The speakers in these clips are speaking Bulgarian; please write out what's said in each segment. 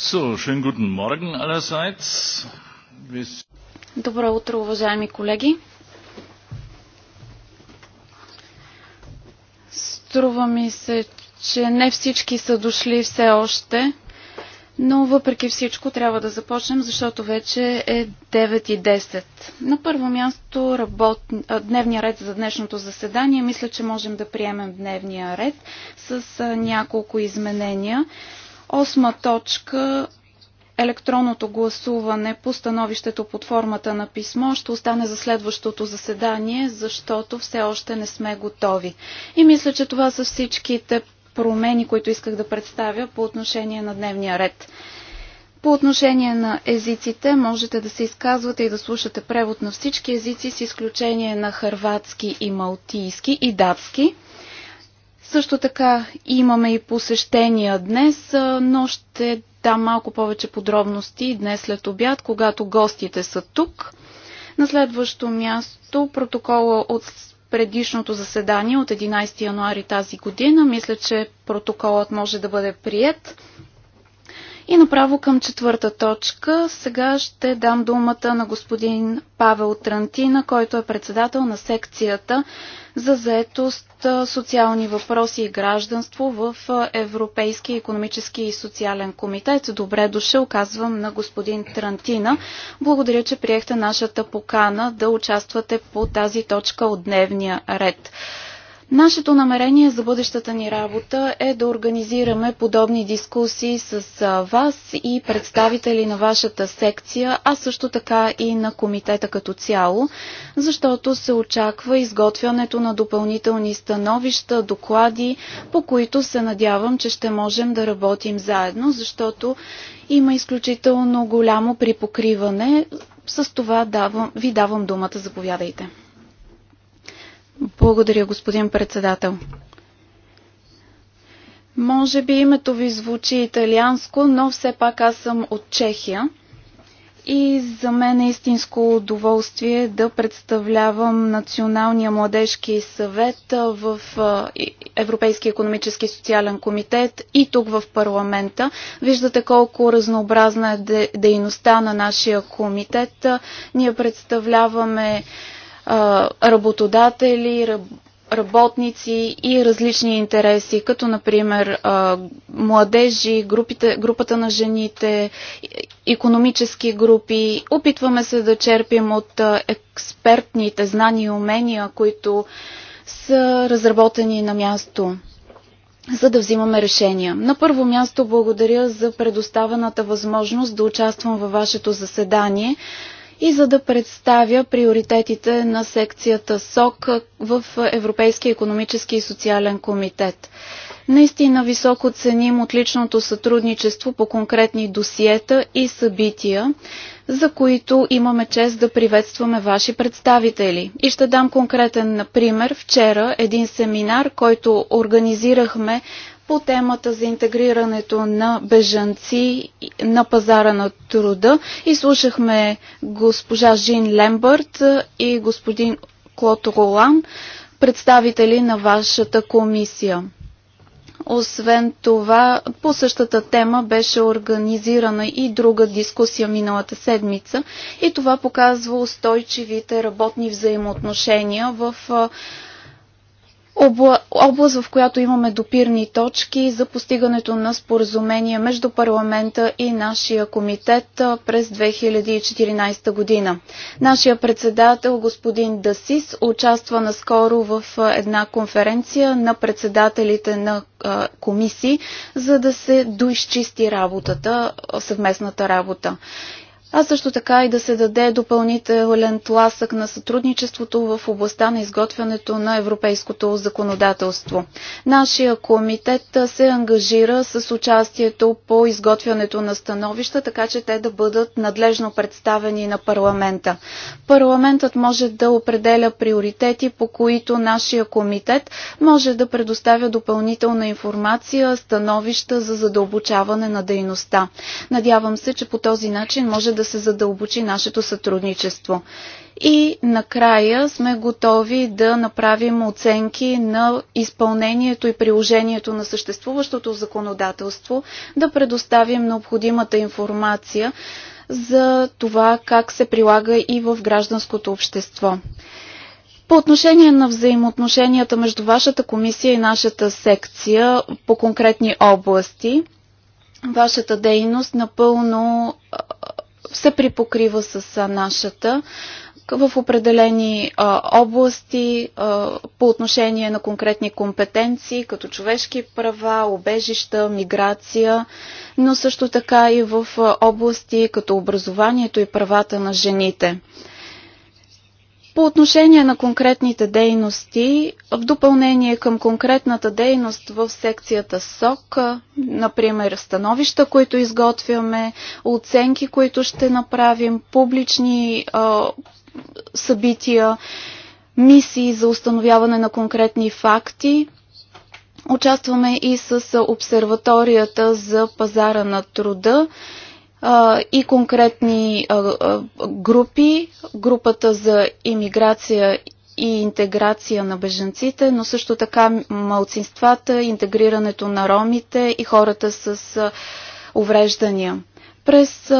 So, schönen guten Morgen allerseits. Bis... Добро утро, уважаеми колеги. Струва ми се, че не всички са дошли все още, но въпреки всичко трябва да започнем, защото вече е 9 и 10. На първо място работ... дневния ред за днешното заседание. Мисля, че можем да приемем дневния ред с няколко изменения. Осма точка електронното гласуване по становището под формата на писмо ще остане за следващото заседание, защото все още не сме готови. И мисля, че това са всичките промени, които исках да представя по отношение на дневния ред. По отношение на езиците, можете да се изказвате и да слушате превод на всички езици, с изключение на хърватски и малтийски и датски. Също така имаме и посещения днес, но ще дам малко повече подробности днес след обяд, когато гостите са тук. На следващо място протокола от предишното заседание от 11 януари тази година. Мисля, че протоколът може да бъде прият. И направо към четвърта точка. Сега ще дам думата на господин Павел Трантина, който е председател на секцията за заетост, социални въпроси и гражданство в Европейския економически и социален комитет. Добре дошъл, казвам на господин Трантина. Благодаря, че приехте нашата покана да участвате по тази точка от дневния ред. Нашето намерение за бъдещата ни работа е да организираме подобни дискусии с вас и представители на вашата секция, а също така и на комитета като цяло, защото се очаква изготвянето на допълнителни становища, доклади, по които се надявам, че ще можем да работим заедно, защото има изключително голямо припокриване. С това давам, ви давам думата. Заповядайте. Благодаря, господин председател. Може би името ви звучи италианско, но все пак аз съм от Чехия. И за мен е истинско удоволствие да представлявам Националния младежки съвет в Европейския економически и социален комитет и тук в парламента. Виждате колко разнообразна е дейността на нашия комитет. Ние представляваме работодатели, работници и различни интереси, като например младежи, групите, групата на жените, економически групи. Опитваме се да черпим от експертните знания и умения, които са разработени на място за да взимаме решения. На първо място благодаря за предоставената възможност да участвам във вашето заседание и за да представя приоритетите на секцията СОК в Европейския економически и социален комитет. Наистина високо ценим отличното сътрудничество по конкретни досиета и събития, за които имаме чест да приветстваме ваши представители. И ще дам конкретен пример. Вчера един семинар, който организирахме по темата за интегрирането на бежанци на пазара на труда и слушахме госпожа Жин Лембърт и господин Клод Ролан, представители на вашата комисия. Освен това, по същата тема беше организирана и друга дискусия миналата седмица и това показва устойчивите работни взаимоотношения в област, в която имаме допирни точки за постигането на споразумение между парламента и нашия комитет през 2014 година. Нашия председател, господин Дасис, участва наскоро в една конференция на председателите на комисии, за да се доизчисти работата, съвместната работа а също така и да се даде допълнителен тласък на сътрудничеството в областта на изготвянето на европейското законодателство. Нашия комитет се ангажира с участието по изготвянето на становища, така че те да бъдат надлежно представени на парламента. Парламентът може да определя приоритети, по които нашия комитет може да предоставя допълнителна информация, становища за задълбочаване на дейността. Надявам се, че по този начин може да да се задълбочи нашето сътрудничество. И накрая сме готови да направим оценки на изпълнението и приложението на съществуващото законодателство, да предоставим необходимата информация за това как се прилага и в гражданското общество. По отношение на взаимоотношенията между вашата комисия и нашата секция по конкретни области, вашата дейност напълно се припокрива с нашата в определени а, области а, по отношение на конкретни компетенции, като човешки права, обежища, миграция, но също така и в области като образованието и правата на жените. По отношение на конкретните дейности, в допълнение към конкретната дейност в секцията СОК, например становища, които изготвяме, оценки, които ще направим, публични а, събития, мисии за установяване на конкретни факти, Участваме и с обсерваторията за пазара на труда и конкретни групи, групата за иммиграция и интеграция на беженците, но също така малцинствата, интегрирането на ромите и хората с увреждания. През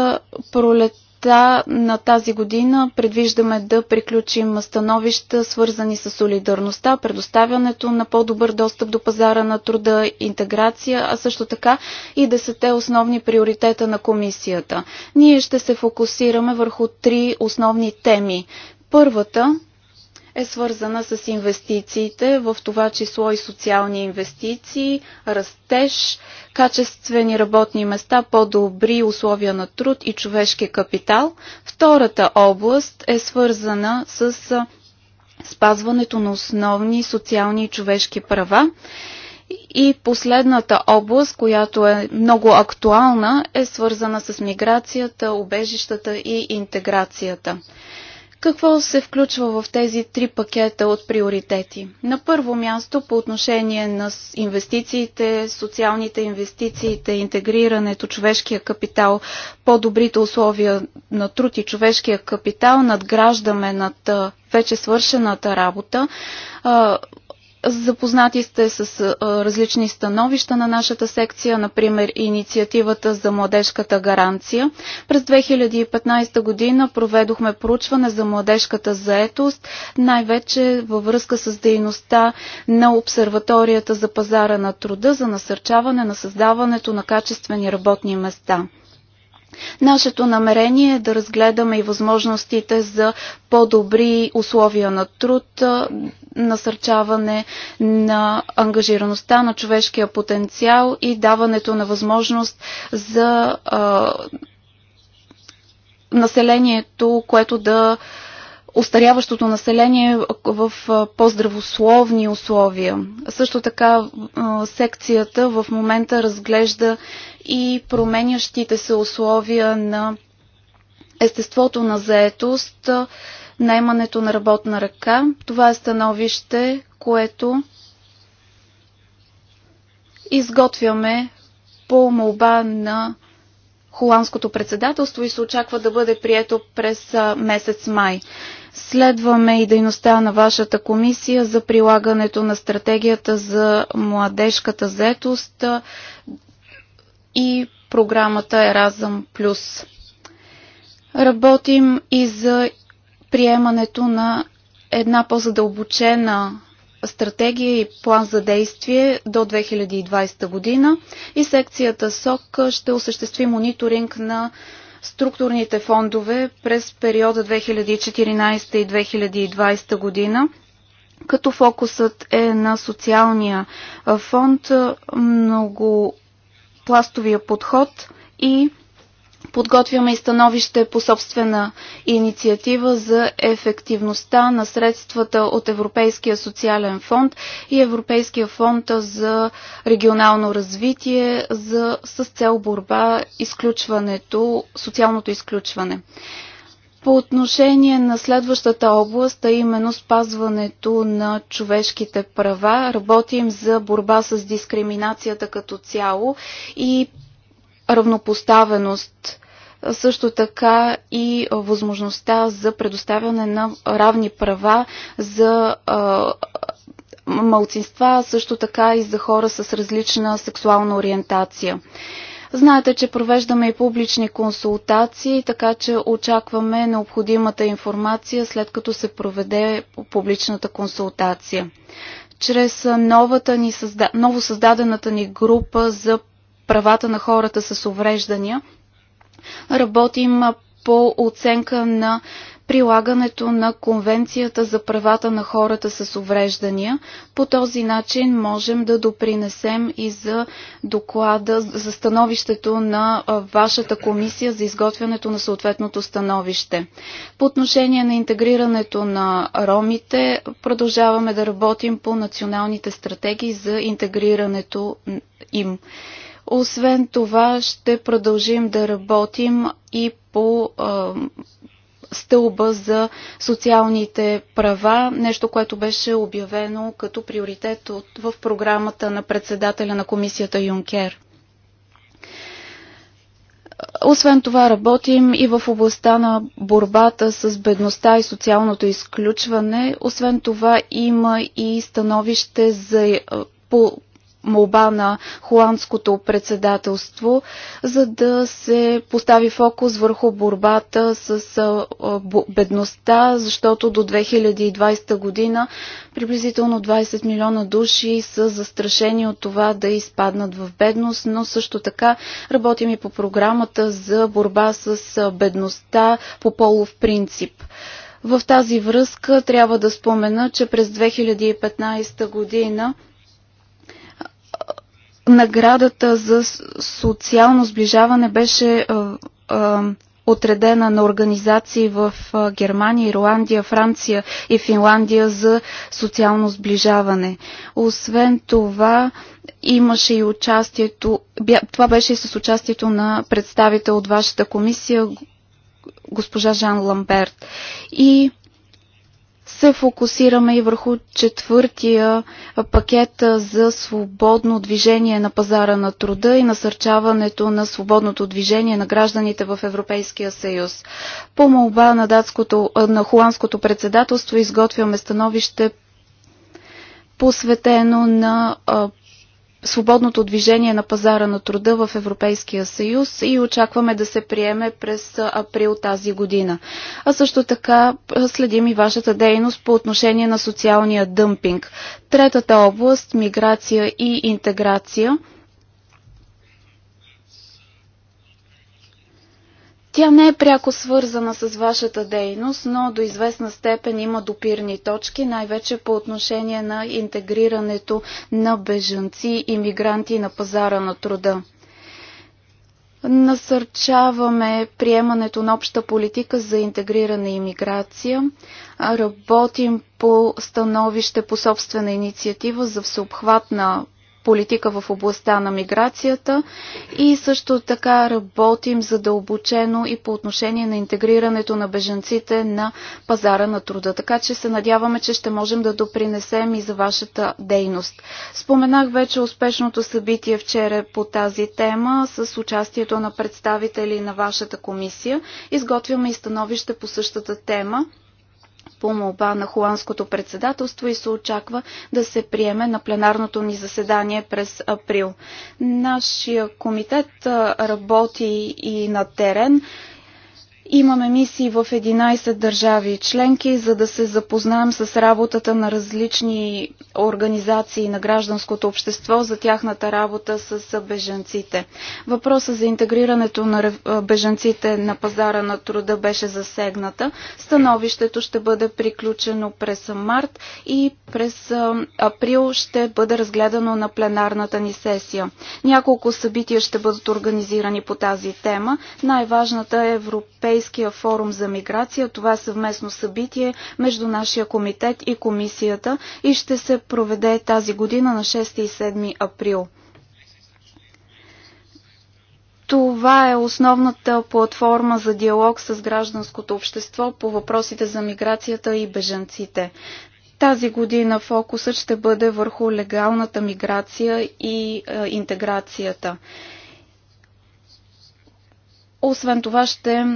пролет Та на тази година предвиждаме да приключим становища, свързани с солидарността, предоставянето на по-добър достъп до пазара на труда, интеграция, а също така и те основни приоритета на комисията. Ние ще се фокусираме върху три основни теми. Първата е свързана с инвестициите, в това число и социални инвестиции, растеж, качествени работни места, по-добри условия на труд и човешки капитал. Втората област е свързана с спазването на основни социални и човешки права. И последната област, която е много актуална, е свързана с миграцията, убежищата и интеграцията. Какво се включва в тези три пакета от приоритети? На първо място по отношение на инвестициите, социалните инвестициите, интегрирането, човешкия капитал, по-добрите условия на труд и човешкия капитал, надграждаме над вече свършената работа Запознати сте с различни становища на нашата секция, например инициативата за младежката гаранция. През 2015 година проведохме проучване за младежката заетост, най-вече във връзка с дейността на обсерваторията за пазара на труда за насърчаване на създаването на качествени работни места. Нашето намерение е да разгледаме и възможностите за по-добри условия на труд, насърчаване на ангажираността на човешкия потенциал и даването на възможност за а, населението, което да устаряващото население в по-здравословни условия. Също така секцията в момента разглежда и променящите се условия на естеството на заетост наймането на работна ръка. Това е становище, което изготвяме по молба на холандското председателство и се очаква да бъде прието през месец май. Следваме и дейността на вашата комисия за прилагането на стратегията за младежката заетост и програмата Еразъм Плюс. Работим и за приемането на една по-задълбочена стратегия и план за действие до 2020 година и секцията СОК ще осъществи мониторинг на структурните фондове през периода 2014 и 2020 година, като фокусът е на социалния фонд, многопластовия подход и Подготвяме и становище по собствена инициатива за ефективността на средствата от Европейския социален фонд и Европейския фонд за регионално развитие за, с цел борба изключването, социалното изключване. По отношение на следващата област, а именно спазването на човешките права, работим за борба с дискриминацията като цяло и равнопоставеност, също така и възможността за предоставяне на равни права за малцинства, също така и за хора с различна сексуална ориентация. Знаете, че провеждаме и публични консултации, така че очакваме необходимата информация след като се проведе публичната консултация чрез новата ни, новосъздадената ни група за правата на хората с увреждания. Работим по оценка на прилагането на Конвенцията за правата на хората с увреждания. По този начин можем да допринесем и за доклада, за становището на вашата комисия за изготвянето на съответното становище. По отношение на интегрирането на ромите, продължаваме да работим по националните стратегии за интегрирането им. Освен това ще продължим да работим и по а, стълба за социалните права, нещо, което беше обявено като приоритет от, в програмата на председателя на комисията Юнкер. Освен това работим и в областта на борбата с бедността и социалното изключване. Освен това има и становище за, по молба на холандското председателство, за да се постави фокус върху борбата с бедността, защото до 2020 година приблизително 20 милиона души са застрашени от това да изпаднат в бедност, но също така работим и по програмата за борба с бедността по полов принцип. В тази връзка трябва да спомена, че през 2015 година наградата за социално сближаване беше е, е, отредена на организации в е, Германия, Ирландия, Франция и Финландия за социално сближаване. Освен това, имаше и участието, това беше и с участието на представител от вашата комисия, госпожа Жан Ламберт. И се фокусираме и върху четвъртия пакет за свободно движение на пазара на труда и насърчаването на свободното движение на гражданите в Европейския съюз. По молба на, датското, на холандското председателство изготвяме становище посветено на свободното движение на пазара на труда в Европейския съюз и очакваме да се приеме през април тази година. А също така следим и вашата дейност по отношение на социалния дъмпинг. Третата област – миграция и интеграция – Тя не е пряко свързана с вашата дейност, но до известна степен има допирни точки, най-вече по отношение на интегрирането на бежанци и мигранти на пазара на труда. Насърчаваме приемането на обща политика за интегриране и миграция. Работим по становище по собствена инициатива за всеобхватна политика в областта на миграцията и също така работим задълбочено и по отношение на интегрирането на беженците на пазара на труда. Така че се надяваме, че ще можем да допринесем и за вашата дейност. Споменах вече успешното събитие вчера по тази тема с участието на представители на вашата комисия. Изготвяме и становище по същата тема по молба на холандското председателство и се очаква да се приеме на пленарното ни заседание през април. Нашия комитет работи и на терен Имаме мисии в 11 държави членки, за да се запознаем с работата на различни организации на гражданското общество за тяхната работа с беженците. Въпросът за интегрирането на беженците на пазара на труда беше засегната. Становището ще бъде приключено през март и през април ще бъде разгледано на пленарната ни сесия. Няколко събития ще бъдат организирани по тази тема. Най-важната е Европейска. Европейския форум за миграция. Това е съвместно събитие между нашия комитет и комисията и ще се проведе тази година на 6 и 7 април. Това е основната платформа за диалог с гражданското общество по въпросите за миграцията и бежанците. Тази година фокусът ще бъде върху легалната миграция и е, интеграцията. Освен това ще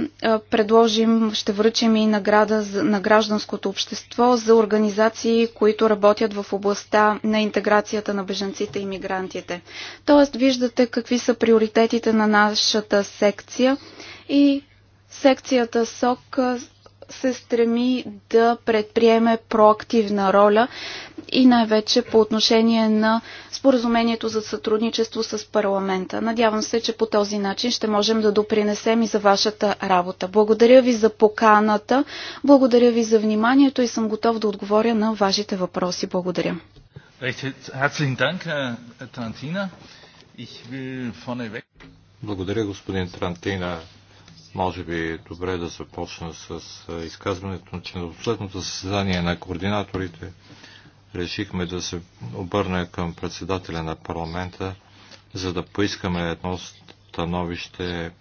предложим, ще връчим и награда на гражданското общество за организации, които работят в областта на интеграцията на бежанците и мигрантите. Тоест виждате какви са приоритетите на нашата секция и секцията СОК се стреми да предприеме проактивна роля и най-вече по отношение на споразумението за сътрудничество с парламента. Надявам се, че по този начин ще можем да допринесем и за вашата работа. Благодаря ви за поканата, благодаря ви за вниманието и съм готов да отговоря на вашите въпроси. Благодаря. Благодаря, господин Трантина. Може би е добре да започна с изказването, че на последното заседание на координаторите решихме да се обърне към председателя на парламента, за да поискаме едно становище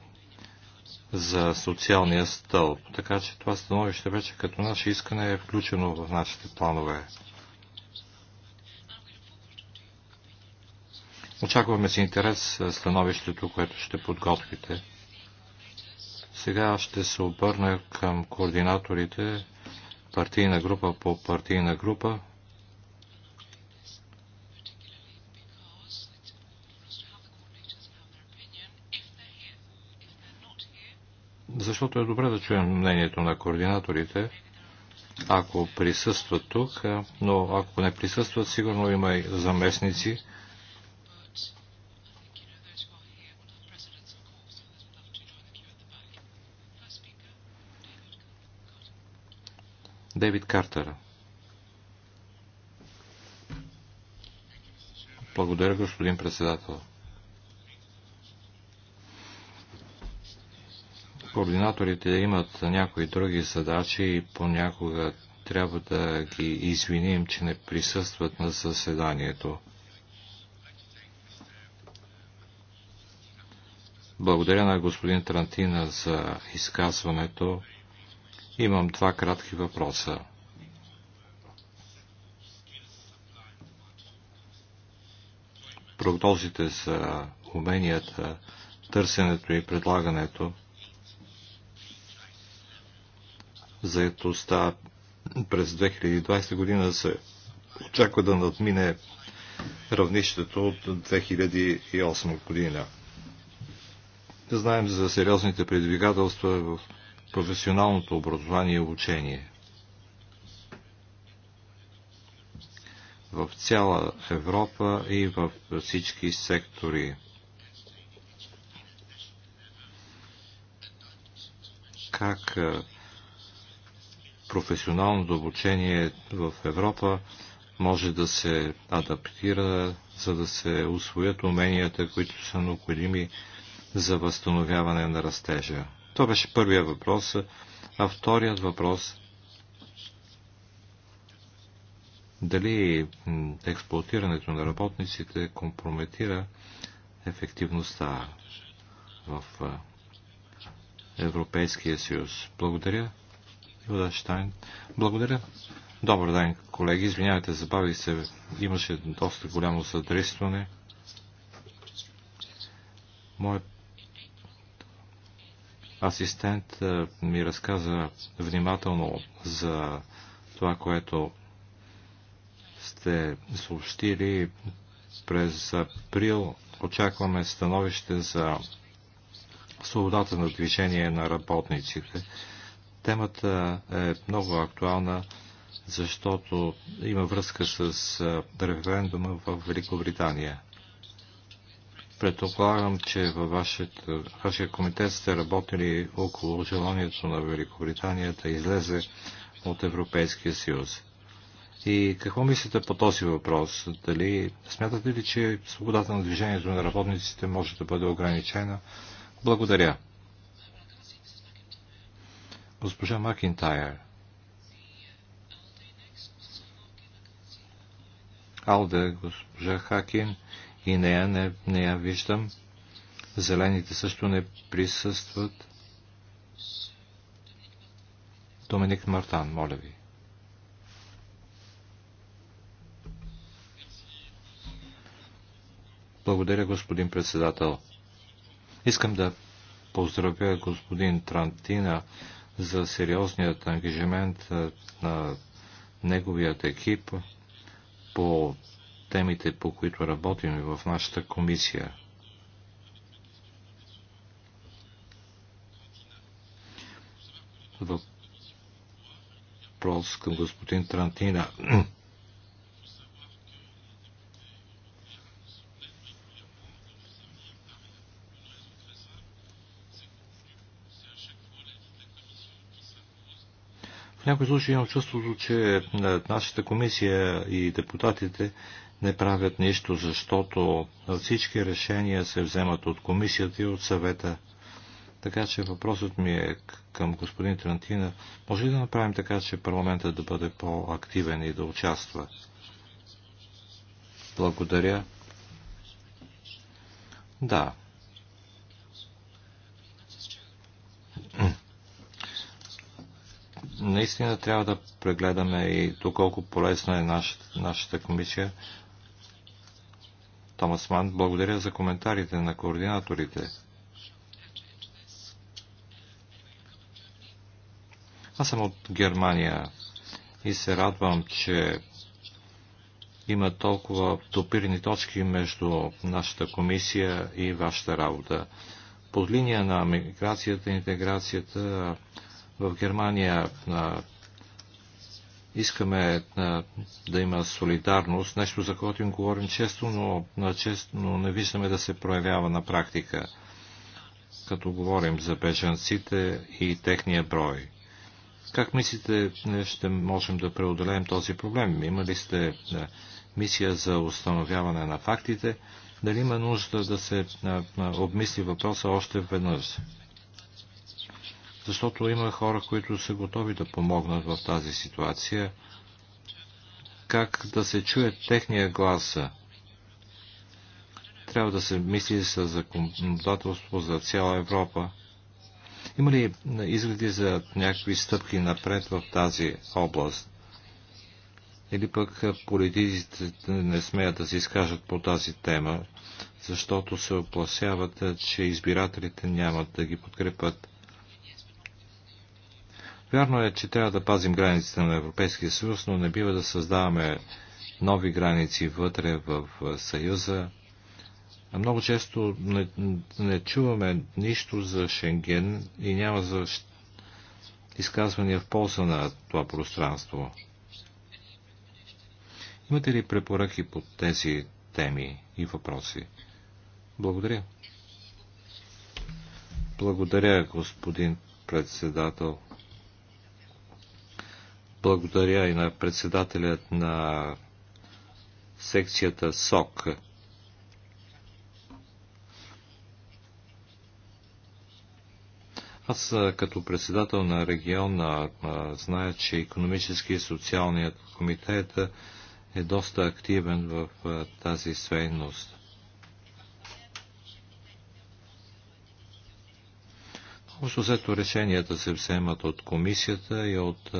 за социалния стълб. Така че това становище вече като наше искане е включено в нашите планове. Очакваме с интерес становището, което ще подготвите. Сега ще се обърна към координаторите, партийна група по партийна група. Защото е добре да чуем мнението на координаторите, ако присъстват тук, но ако не присъстват, сигурно има и заместници Дейвид Картер. Благодаря, господин председател. Координаторите имат някои други задачи и понякога трябва да ги извиним, че не присъстват на заседанието. Благодаря на господин Трантина за изказването. Имам два кратки въпроса. Прогнозите за уменията, търсенето и предлагането, заедостта през 2020 година се очаква да надмине равнището от 2008 година. Знаем за сериозните предвигателства в професионалното образование и обучение. В цяла Европа и в всички сектори. Как професионалното обучение в Европа може да се адаптира, за да се освоят уменията, които са необходими за възстановяване на растежа. Това беше първия въпрос. А вторият въпрос дали експлуатирането на работниците компрометира ефективността в Европейския съюз. Благодаря, Иода Штайн. Благодаря. Добър ден, колеги. Извинявайте, забавих се. Имаше доста голямо съдействане. Моят асистент ми разказа внимателно за това, което сте съобщили през април. Очакваме становище за свободата на движение на работниците. Темата е много актуална, защото има връзка с референдума в Великобритания. Предполагам, че във вашето, вашия комитет сте работили около желанието на Великобритания да излезе от Европейския съюз. И какво мислите по този въпрос? Дали смятате ли, че свободата на движението на работниците може да бъде ограничена? Благодаря. Госпожа Макинтайр. Алде, госпожа Хакин и нея не, не я виждам. Зелените също не присъстват. Доминик Мартан, моля ви. Благодаря, господин председател. Искам да поздравя господин Трантина за сериозният ангажимент на неговият екип по темите, по които работим в нашата комисия. Въпрос към господин Трантина. В някои случаи имам чувството, че е, нашата комисия и депутатите не правят нищо, защото всички решения се вземат от комисията и от съвета. Така че въпросът ми е към господин Трантина. Може ли да направим така, че парламентът да бъде по-активен и да участва? Благодаря. Да, наистина трябва да прегледаме и доколко полезна е нашата, нашата комисия. Томас Ман, благодаря за коментарите на координаторите. Аз съм от Германия и се радвам, че има толкова допирни точки между нашата комисия и вашата работа. Под линия на миграцията и интеграцията в Германия а, искаме а, да има солидарност, нещо за което им говорим често, но, а, често, но не виждаме да се проявява на практика, като говорим за бежанците и техния брой. Как мислите, е, ще можем да преодолеем този проблем? Има ли сте а, мисия за установяване на фактите? Дали има нужда да се а, а, обмисли въпроса още веднъж? защото има хора, които са готови да помогнат в тази ситуация. Как да се чуе техния гласа? Трябва да се мисли с законодателство за цяла Европа. Има ли изгледи за някакви стъпки напред в тази област? Или пък политиците не смеят да се изкажат по тази тема, защото се опласяват, че избирателите нямат да ги подкрепят. Вярно е, че трябва да пазим границите на Европейския съюз, но не бива да създаваме нови граници вътре в Съюза. Много често не, не чуваме нищо за Шенген и няма за изказвания в полза на това пространство. Имате ли препоръки по тези теми и въпроси? Благодаря. Благодаря, господин председател. Благодаря и на председателят на секцията СОК. Аз като председател на региона зная, че економически и социалният комитет е доста активен в тази свейност. Общо взето решенията се вземат от комисията и от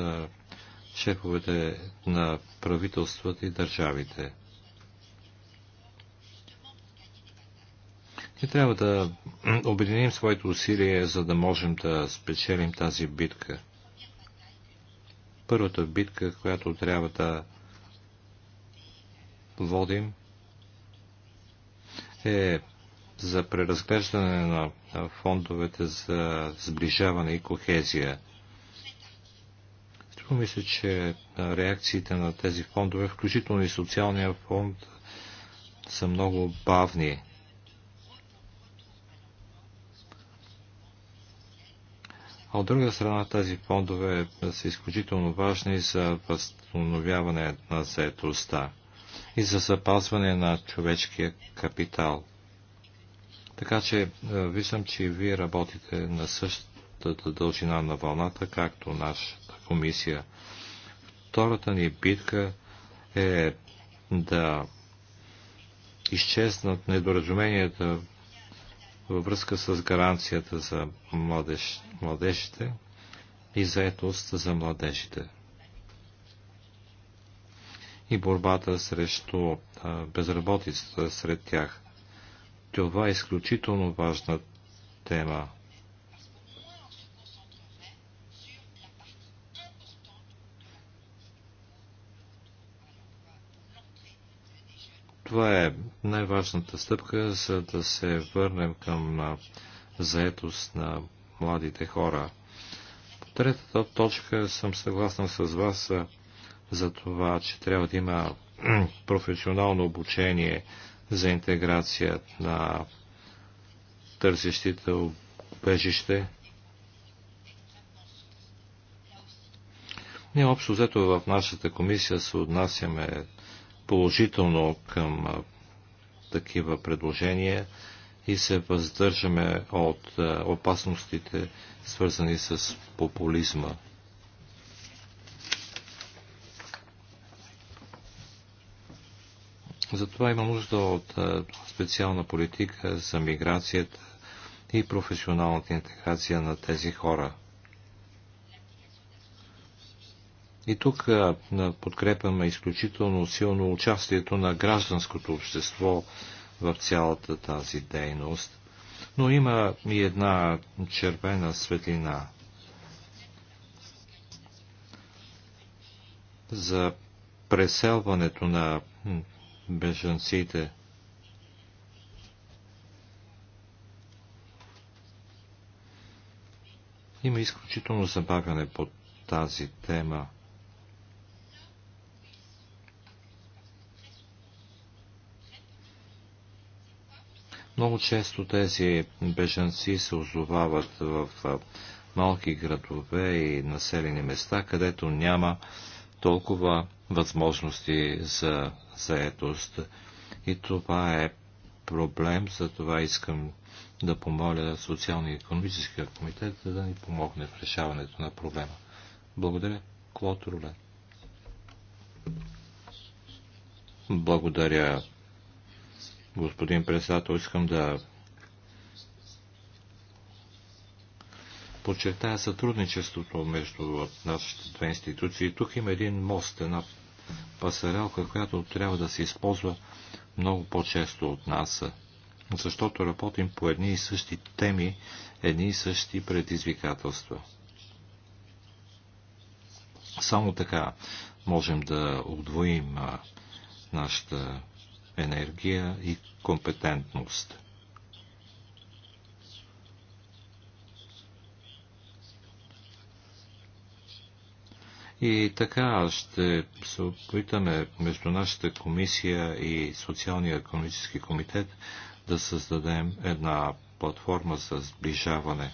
шефовете на правителствата и държавите. Ние трябва да обединим своите усилия, за да можем да спечелим тази битка. Първата битка, която трябва да водим, е за преразглеждане на фондовете за сближаване и кохезия – Струва мисля, че реакциите на тези фондове, включително и социалния фонд, са много бавни. А от друга страна тези фондове са изключително важни за възстановяване на заетостта и за запазване на човешкия капитал. Така че виждам, че и вие работите на същата дължина на вълната, както нашата комисия. Втората ни битка е да изчезнат недоразуменията във връзка с гаранцията за младеж, младежите и заетост за младежите. И борбата срещу безработицата сред тях. Това е изключително важна тема. това е най-важната стъпка, за да се върнем към заетост на младите хора. По третата точка съм съгласен с вас за това, че трябва да има професионално обучение за интеграция на търсещите обежище. Ние общо взето в нашата комисия се отнасяме положително към такива предложения и се въздържаме от опасностите, свързани с популизма. Затова има нужда от специална политика за миграцията и професионалната интеграция на тези хора. И тук подкрепяме изключително силно участието на гражданското общество в цялата тази дейност. Но има и една червена светлина за преселването на бежанците. Има изключително забавяне под тази тема. Много често тези бежанци се озовават в малки градове и населени места, където няма толкова възможности за заетост. И това е проблем, за това искам да помоля Социалния и економическия комитет да ни помогне в решаването на проблема. Благодаря. Клод Руле. Благодаря, Господин председател, искам да подчертая сътрудничеството между нашите две институции. Тук има един мост, една пасарелка, която трябва да се използва много по-често от нас, защото работим по едни и същи теми, едни и същи предизвикателства. Само така можем да удвоим нашата енергия и компетентност. И така ще се опитаме между нашата комисия и Социалния економически комитет да създадем една платформа за сближаване.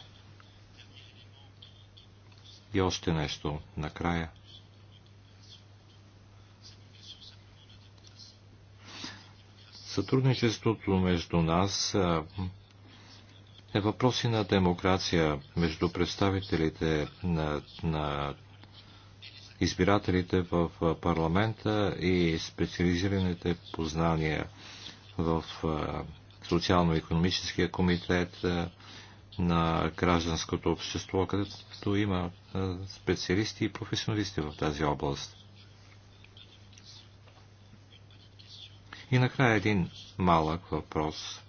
И още нещо накрая. Сътрудничеството между нас е въпроси на демокрация между представителите на, на избирателите в парламента и специализираните познания в социално-економическия комитет на гражданското общество, където има специалисти и професионалисти в тази област. И накрая един малък въпрос.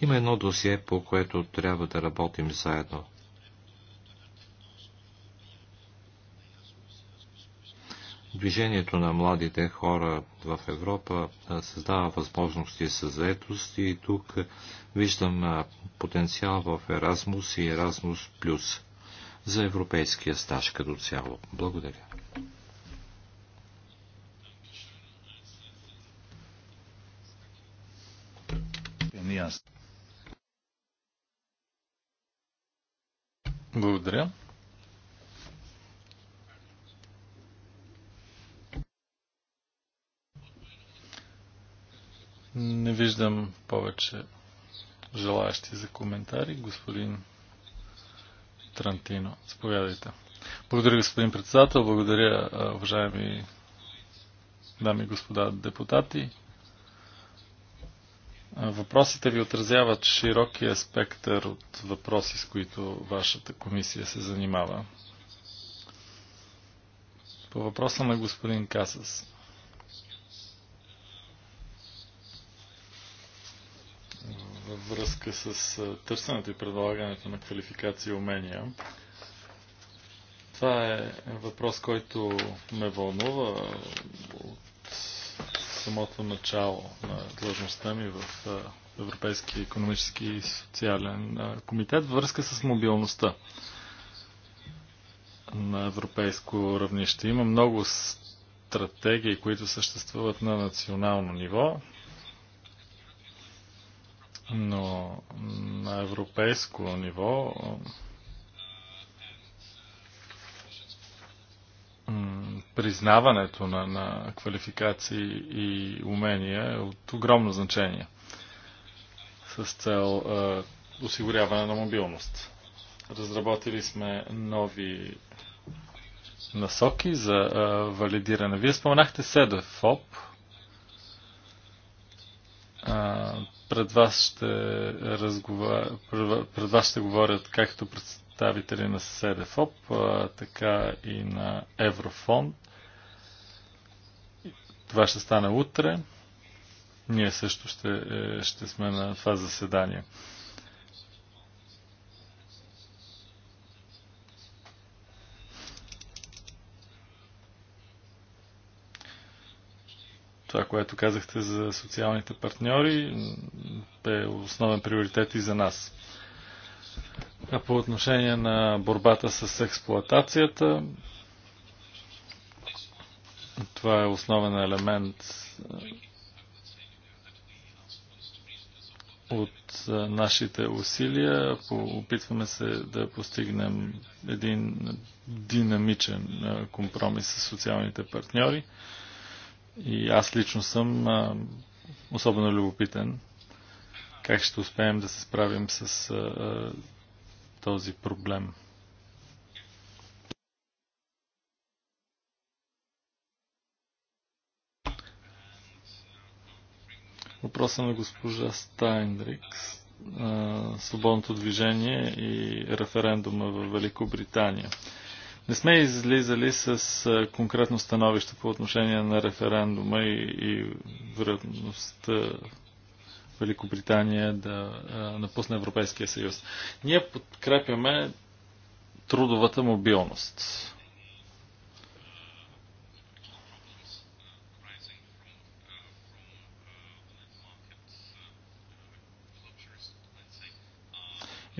Има едно досие, по което трябва да работим заедно. Движението на младите хора в Европа създава възможности за заетост и тук виждам потенциал в Erasmus и Erasmus+ за европейския стаж като цяло. Благодаря. Благодаря. Не виждам повече желаящи за коментари. Господин Тарантино. Заповядайте. Благодаря, господин председател. Благодаря, уважаеми дами и господа депутати. Въпросите ви отразяват широкия спектър от въпроси, с които вашата комисия се занимава. По въпроса на господин Касас. връзка с търсенето и предлагането на квалификации и умения. Това е въпрос, който ме вълнува от самото начало на длъжността ми в Европейски економически и социален комитет във връзка с мобилността на европейско равнище. Има много стратегии, които съществуват на национално ниво, но на европейско ниво признаването на, на квалификации и умения е от огромно значение с цел е, осигуряване на мобилност. Разработили сме нови насоки за е, валидиране. Вие споменахте СЕДЕФОП пред вас ще, разговар... пред вас ще говорят както представители на СДФОП, така и на Еврофонд. Това ще стане утре. Ние също ще, е, ще сме на това заседание. Това, което казахте за социалните партньори, е основен приоритет и за нас. А по отношение на борбата с експлоатацията, това е основен елемент от нашите усилия. Опитваме се да постигнем един динамичен компромис с социалните партньори. И аз лично съм а, особено любопитен как ще успеем да се справим с а, а, този проблем. Въпроса на госпожа Стайндрикс. Свободното движение и референдума в Великобритания. Не сме излизали с конкретно становище по отношение на референдума и, и вероятността Великобритания да напусне Европейския съюз. Ние подкрепяме трудовата мобилност.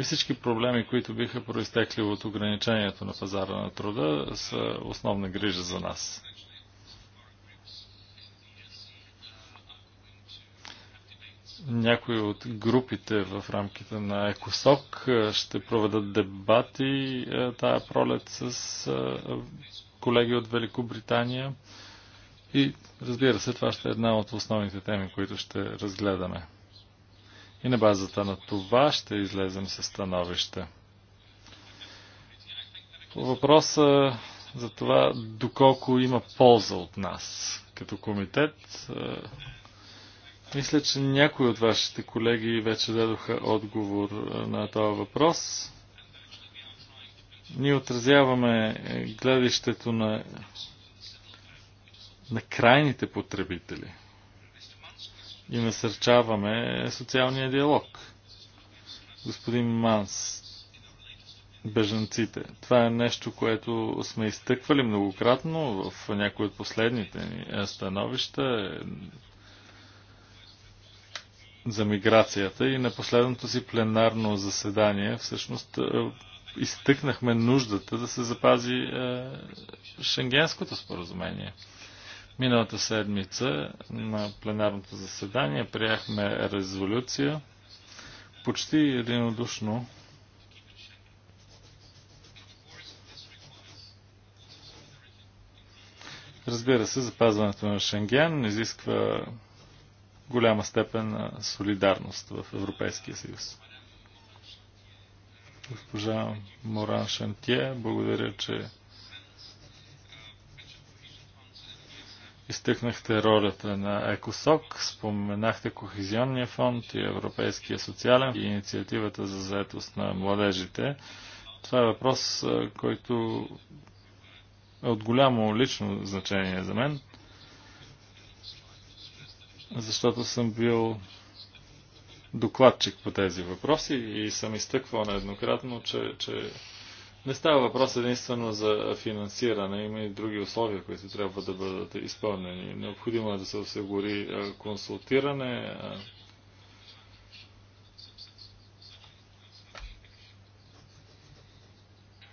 И всички проблеми, които биха проистекли от ограничението на пазара на труда, са основна грижа за нас. някои от групите в рамките на ЕКОСОК ще проведат дебати тая пролет с колеги от Великобритания. И разбира се, това ще е една от основните теми, които ще разгледаме. И на базата на това ще излезем със становище. По въпроса за това доколко има полза от нас като комитет, е, мисля, че някои от вашите колеги вече дадоха отговор е, на този въпрос. Ние отразяваме е, гледището на, на крайните потребители – и насърчаваме социалния диалог. Господин Манс, бежанците. Това е нещо, което сме изтъквали многократно в някои от последните ни е, становища е, за миграцията и на последното си пленарно заседание всъщност е, изтъкнахме нуждата да се запази шенгенското споразумение. Миналата седмица на пленарното заседание приехме резолюция почти единодушно Разбира се, запазването на Шенген изисква голяма степен на солидарност в Европейския съюз. Госпожа Моран Шантие, благодаря, че Изтъкнахте ролята на ЕКОСОК, споменахте Кохезионния фонд и Европейския социален и инициативата за заетост на младежите. Това е въпрос, който е от голямо лично значение за мен, защото съм бил докладчик по тези въпроси и съм изтъквал нееднократно, че, че не става въпрос единствено за финансиране, има и други условия, които трябва да бъдат изпълнени. Необходимо е да се осигури консултиране.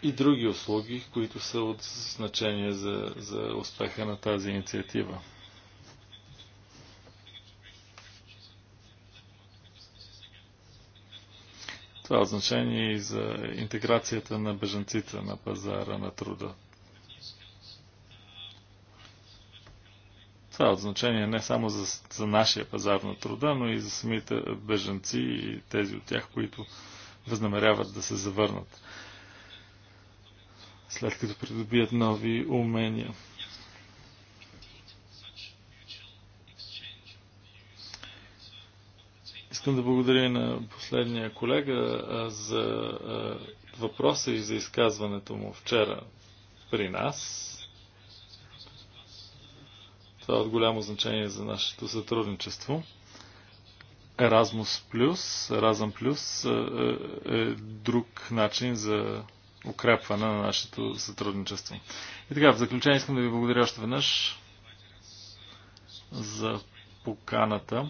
И други услуги, които са от значение за, за успеха на тази инициатива. Това е значение и за интеграцията на бежанците на пазара на труда. Това е от значение не само за, за нашия пазар на труда, но и за самите бежанци и тези от тях, които възнамеряват да се завърнат, след като придобият нови умения. Искам да благодаря на последния колега за въпроса и за изказването му вчера при нас. Това е от голямо значение за нашето сътрудничество. Erasmus Plus, Erasmus Plus е друг начин за укрепване на нашето сътрудничество. И така, в заключение искам да ви благодаря още веднъж за поканата.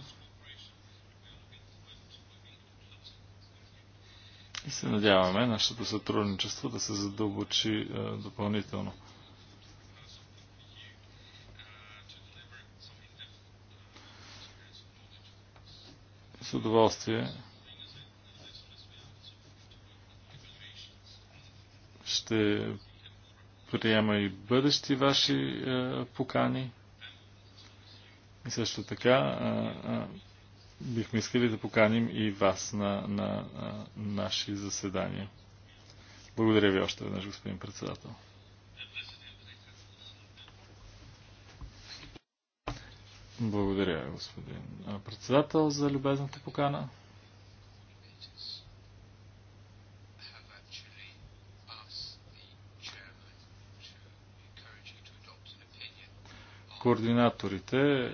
И се надяваме нашето сътрудничество да се задълбочи е, допълнително. С удоволствие ще приема и бъдещи ваши е, покани. И също така е, е, бихме искали да поканим и вас на, на, на наши заседания. Благодаря ви още веднъж, господин председател. Благодаря, господин председател, за любезната покана. Координаторите е,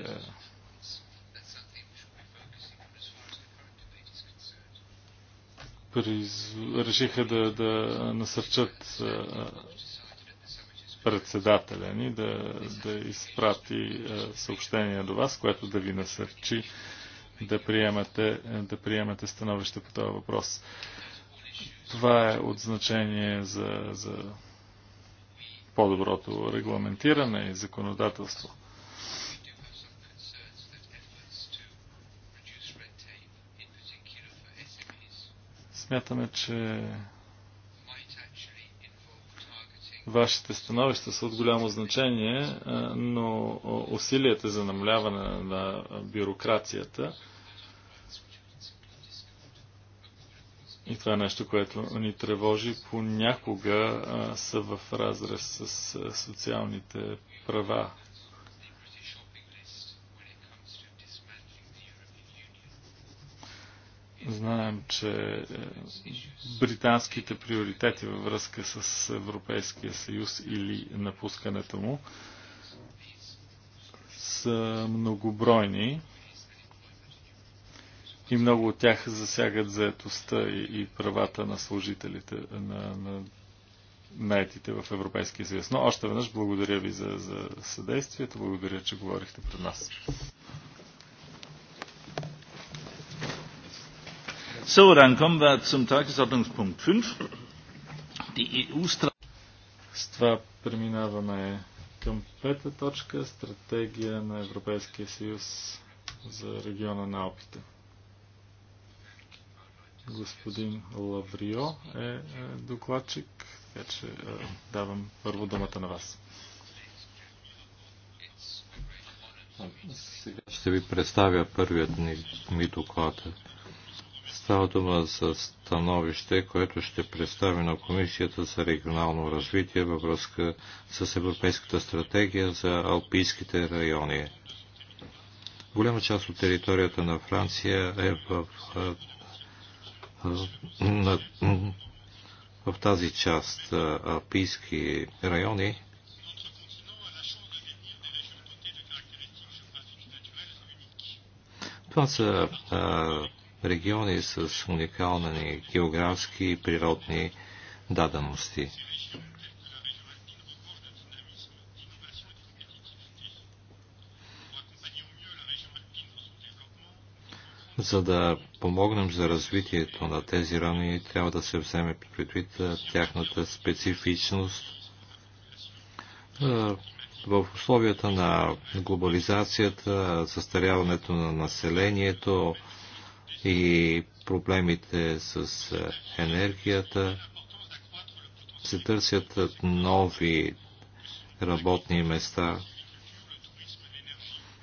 приз... решиха да, да насърчат председателя ни да, да изпрати съобщение до вас, което да ви насърчи да приемате, да приемате становище по този въпрос. Това е от значение за, за по-доброто регламентиране и законодателство. Смятаме, че вашите становища са от голямо значение, но усилията за намаляване на бюрокрацията И това е нещо, което ни тревожи, понякога а, са в разрез с а, социалните права Знаем, че е, британските приоритети във връзка с Европейския съюз или напускането му са многобройни и много от тях засягат заетостта и правата на служителите, на, на наетите в Европейския съюз. Но още веднъж благодаря ви за, за съдействието, благодаря, че говорихте пред нас. So, dann kommen wir zum Tagesordnungspunkt 5. Die EU strategie преминаваме към пета точка стратегия на Европейския съюз за региона на Алпите. Господин Лаврио е, е докладчик, така че е, давам първо думата на вас. Сега ще ви представя първият ми доклад. Става дума за становище, което ще представи на Комисията за регионално развитие във връзка с Европейската стратегия за алпийските райони. Голяма част от територията на Франция е в, на, в тази част алпийски райони. Това са региони с уникални географски и природни дадености. За да помогнем за развитието на тези райони, трябва да се вземе предвид тяхната специфичност. В условията на глобализацията, състаряването на населението, и проблемите с е, енергията. Се търсят нови работни места.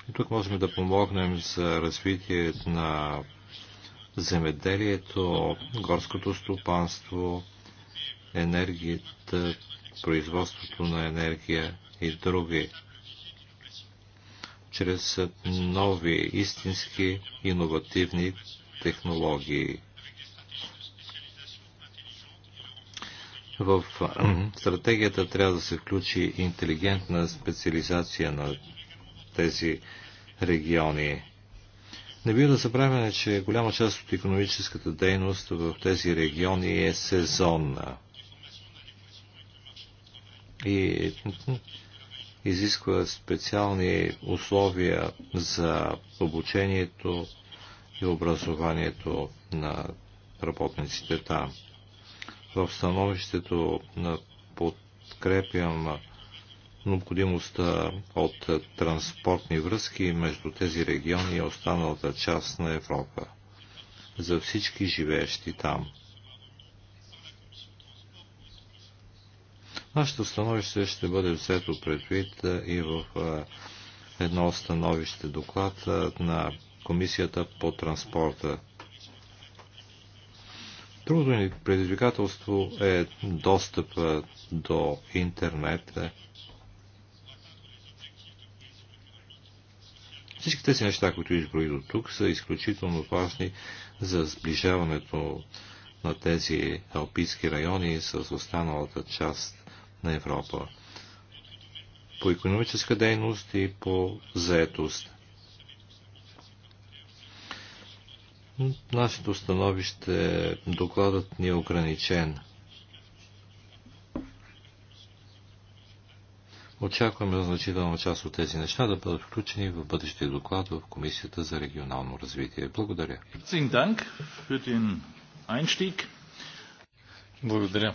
И тук можем да помогнем за развитие на земеделието, горското стопанство, енергията, производството на енергия и други, чрез нови, истински, иновативни технологии. В стратегията трябва да се включи интелигентна специализация на тези региони. Не бива да забравяме, че голяма част от економическата дейност в тези региони е сезонна и изисква специални условия за обучението, и образованието на работниците там. В становището на подкрепям необходимостта от транспортни връзки между тези региони и останалата част на Европа за всички живеещи там. Нашето становище ще бъде взето предвид и в едно становище доклад на Комисията по транспорта. Другото ни предизвикателство е достъп до интернет. Всички тези неща, които изброи до тук, са изключително важни за сближаването на тези алпийски райони с останалата част на Европа. По економическа дейност и по заетост. Нашето становище, докладът ни е ограничен. Очакваме значителна част от тези неща да бъдат включени в бъдещия доклад в Комисията за регионално развитие. Благодаря. Благодаря.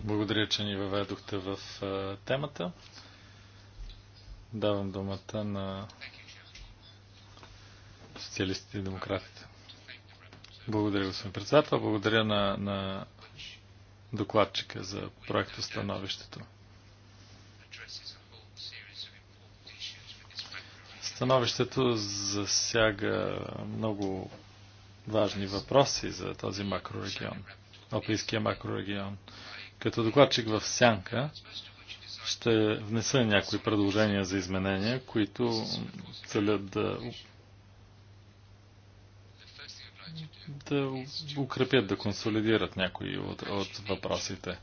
Благодаря, че ни въведохте в темата. Давам думата на социалистите и демократите. Благодаря, господин председател. Благодаря на, на докладчика за проекта становището. Становището засяга много важни въпроси за този макрорегион, Алпийския макрорегион. Като докладчик в Сянка ще внеса някои предложения за изменения, които целят да да укрепят, да консолидират някои от, от въпросите.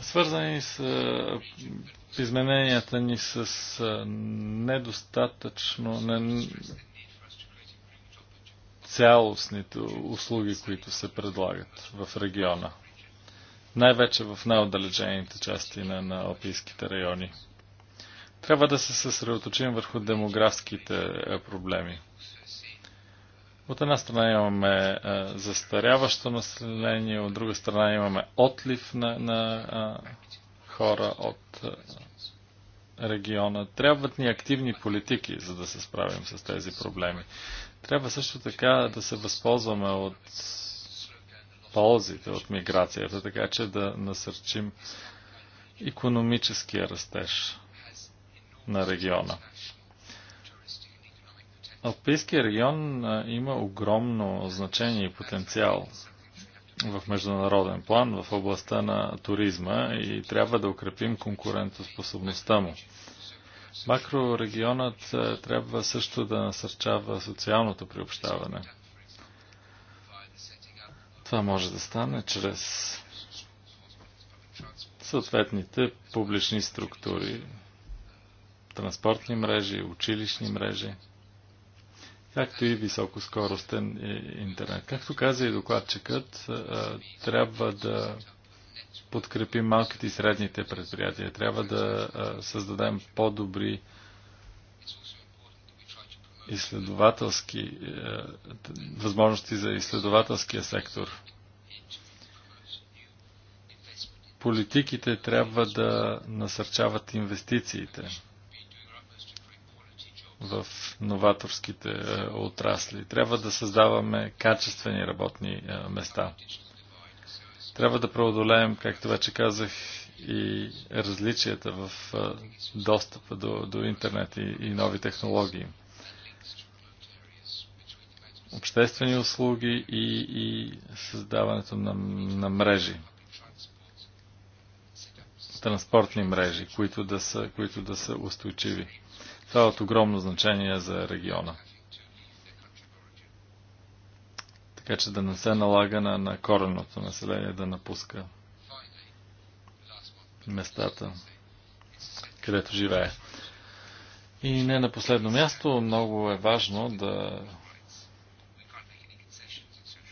Свързани с измененията ни с недостатъчно не, цялостните услуги, които се предлагат в региона. Най-вече в най-отдалечените части на, на Опийските райони. Трябва да се съсредоточим върху демографските е, проблеми. От една страна имаме е, застаряващо население, от друга страна имаме отлив на, на е, хора от региона. Трябват ни активни политики, за да се справим с тези проблеми. Трябва също така да се възползваме от ползите от миграцията, така че да насърчим економическия растеж на региона. Алпийския регион има огромно значение и потенциал в международен план в областта на туризма и трябва да укрепим конкурентоспособността му. Макрорегионът трябва също да насърчава социалното приобщаване. Това може да стане чрез съответните публични структури, транспортни мрежи, училищни мрежи, както и високоскоростен интернет. Както каза и докладчикът, трябва да подкрепим малките и средните предприятия. Трябва да създадем по-добри изследователски възможности за изследователския сектор. Политиките трябва да насърчават инвестициите в новаторските е, отрасли. Трябва да създаваме качествени работни е, места. Трябва да преодолеем, както вече казах, и различията в е, достъпа до, до интернет и, и нови технологии. Обществени услуги и, и създаването на, на мрежи транспортни мрежи, които да са, които да са устойчиви. Това е от огромно значение за региона. Така че да не се налага на, на кореното население да напуска местата, където живее. И не на последно място, много е важно да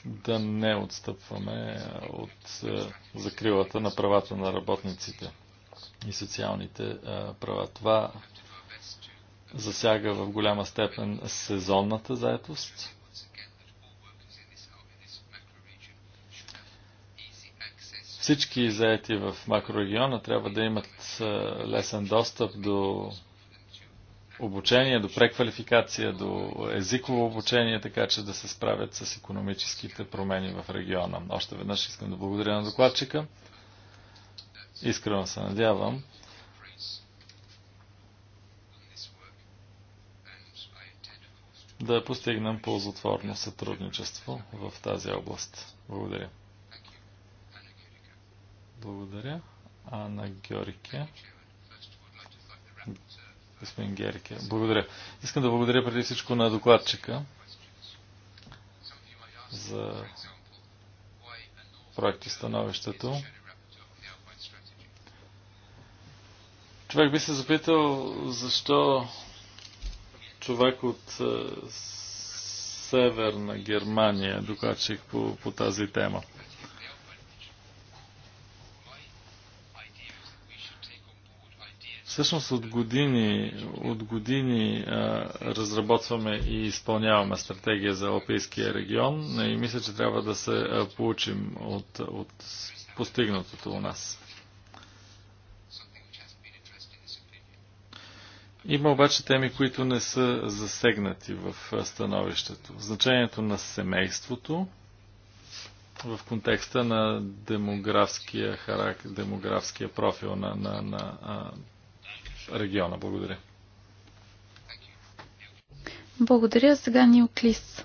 да не отстъпваме от е, закрилата на правата на работниците и социалните е, права. Това засяга в голяма степен сезонната заетост. Всички заети в макрорегиона трябва да имат лесен достъп до обучение, до преквалификация, до езиково обучение, така че да се справят с економическите промени в региона. Още веднъж искам да благодаря на докладчика. Искрено се надявам, да постигнем ползотворно сътрудничество в тази област. Благодаря. Благодаря. Ана Георгия. Господин Георгия. Благодаря. Искам да благодаря преди всичко на докладчика за проекти становището. Човек би се запитал защо човек от е, Северна Германия, докачих по, по тази тема. Всъщност от години, от години а, е, разработваме и изпълняваме стратегия за Европейския регион и мисля, че трябва да се е, получим от, от постигнатото у нас. Има обаче теми, които не са засегнати в становището. Значението на семейството в контекста на демографския, характер, демографския профил на, на, на а, региона. Благодаря. Благодаря. Сега Клис.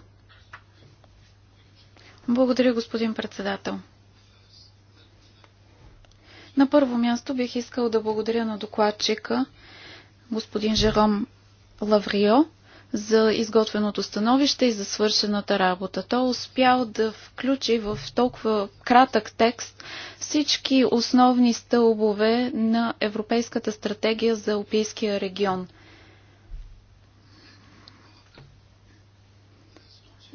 Благодаря, господин председател. На първо място бих искал да благодаря на докладчика – господин Жером Лаврио за изготвеното становище и за свършената работа. Той е успял да включи в толкова кратък текст всички основни стълбове на Европейската стратегия за Опийския регион –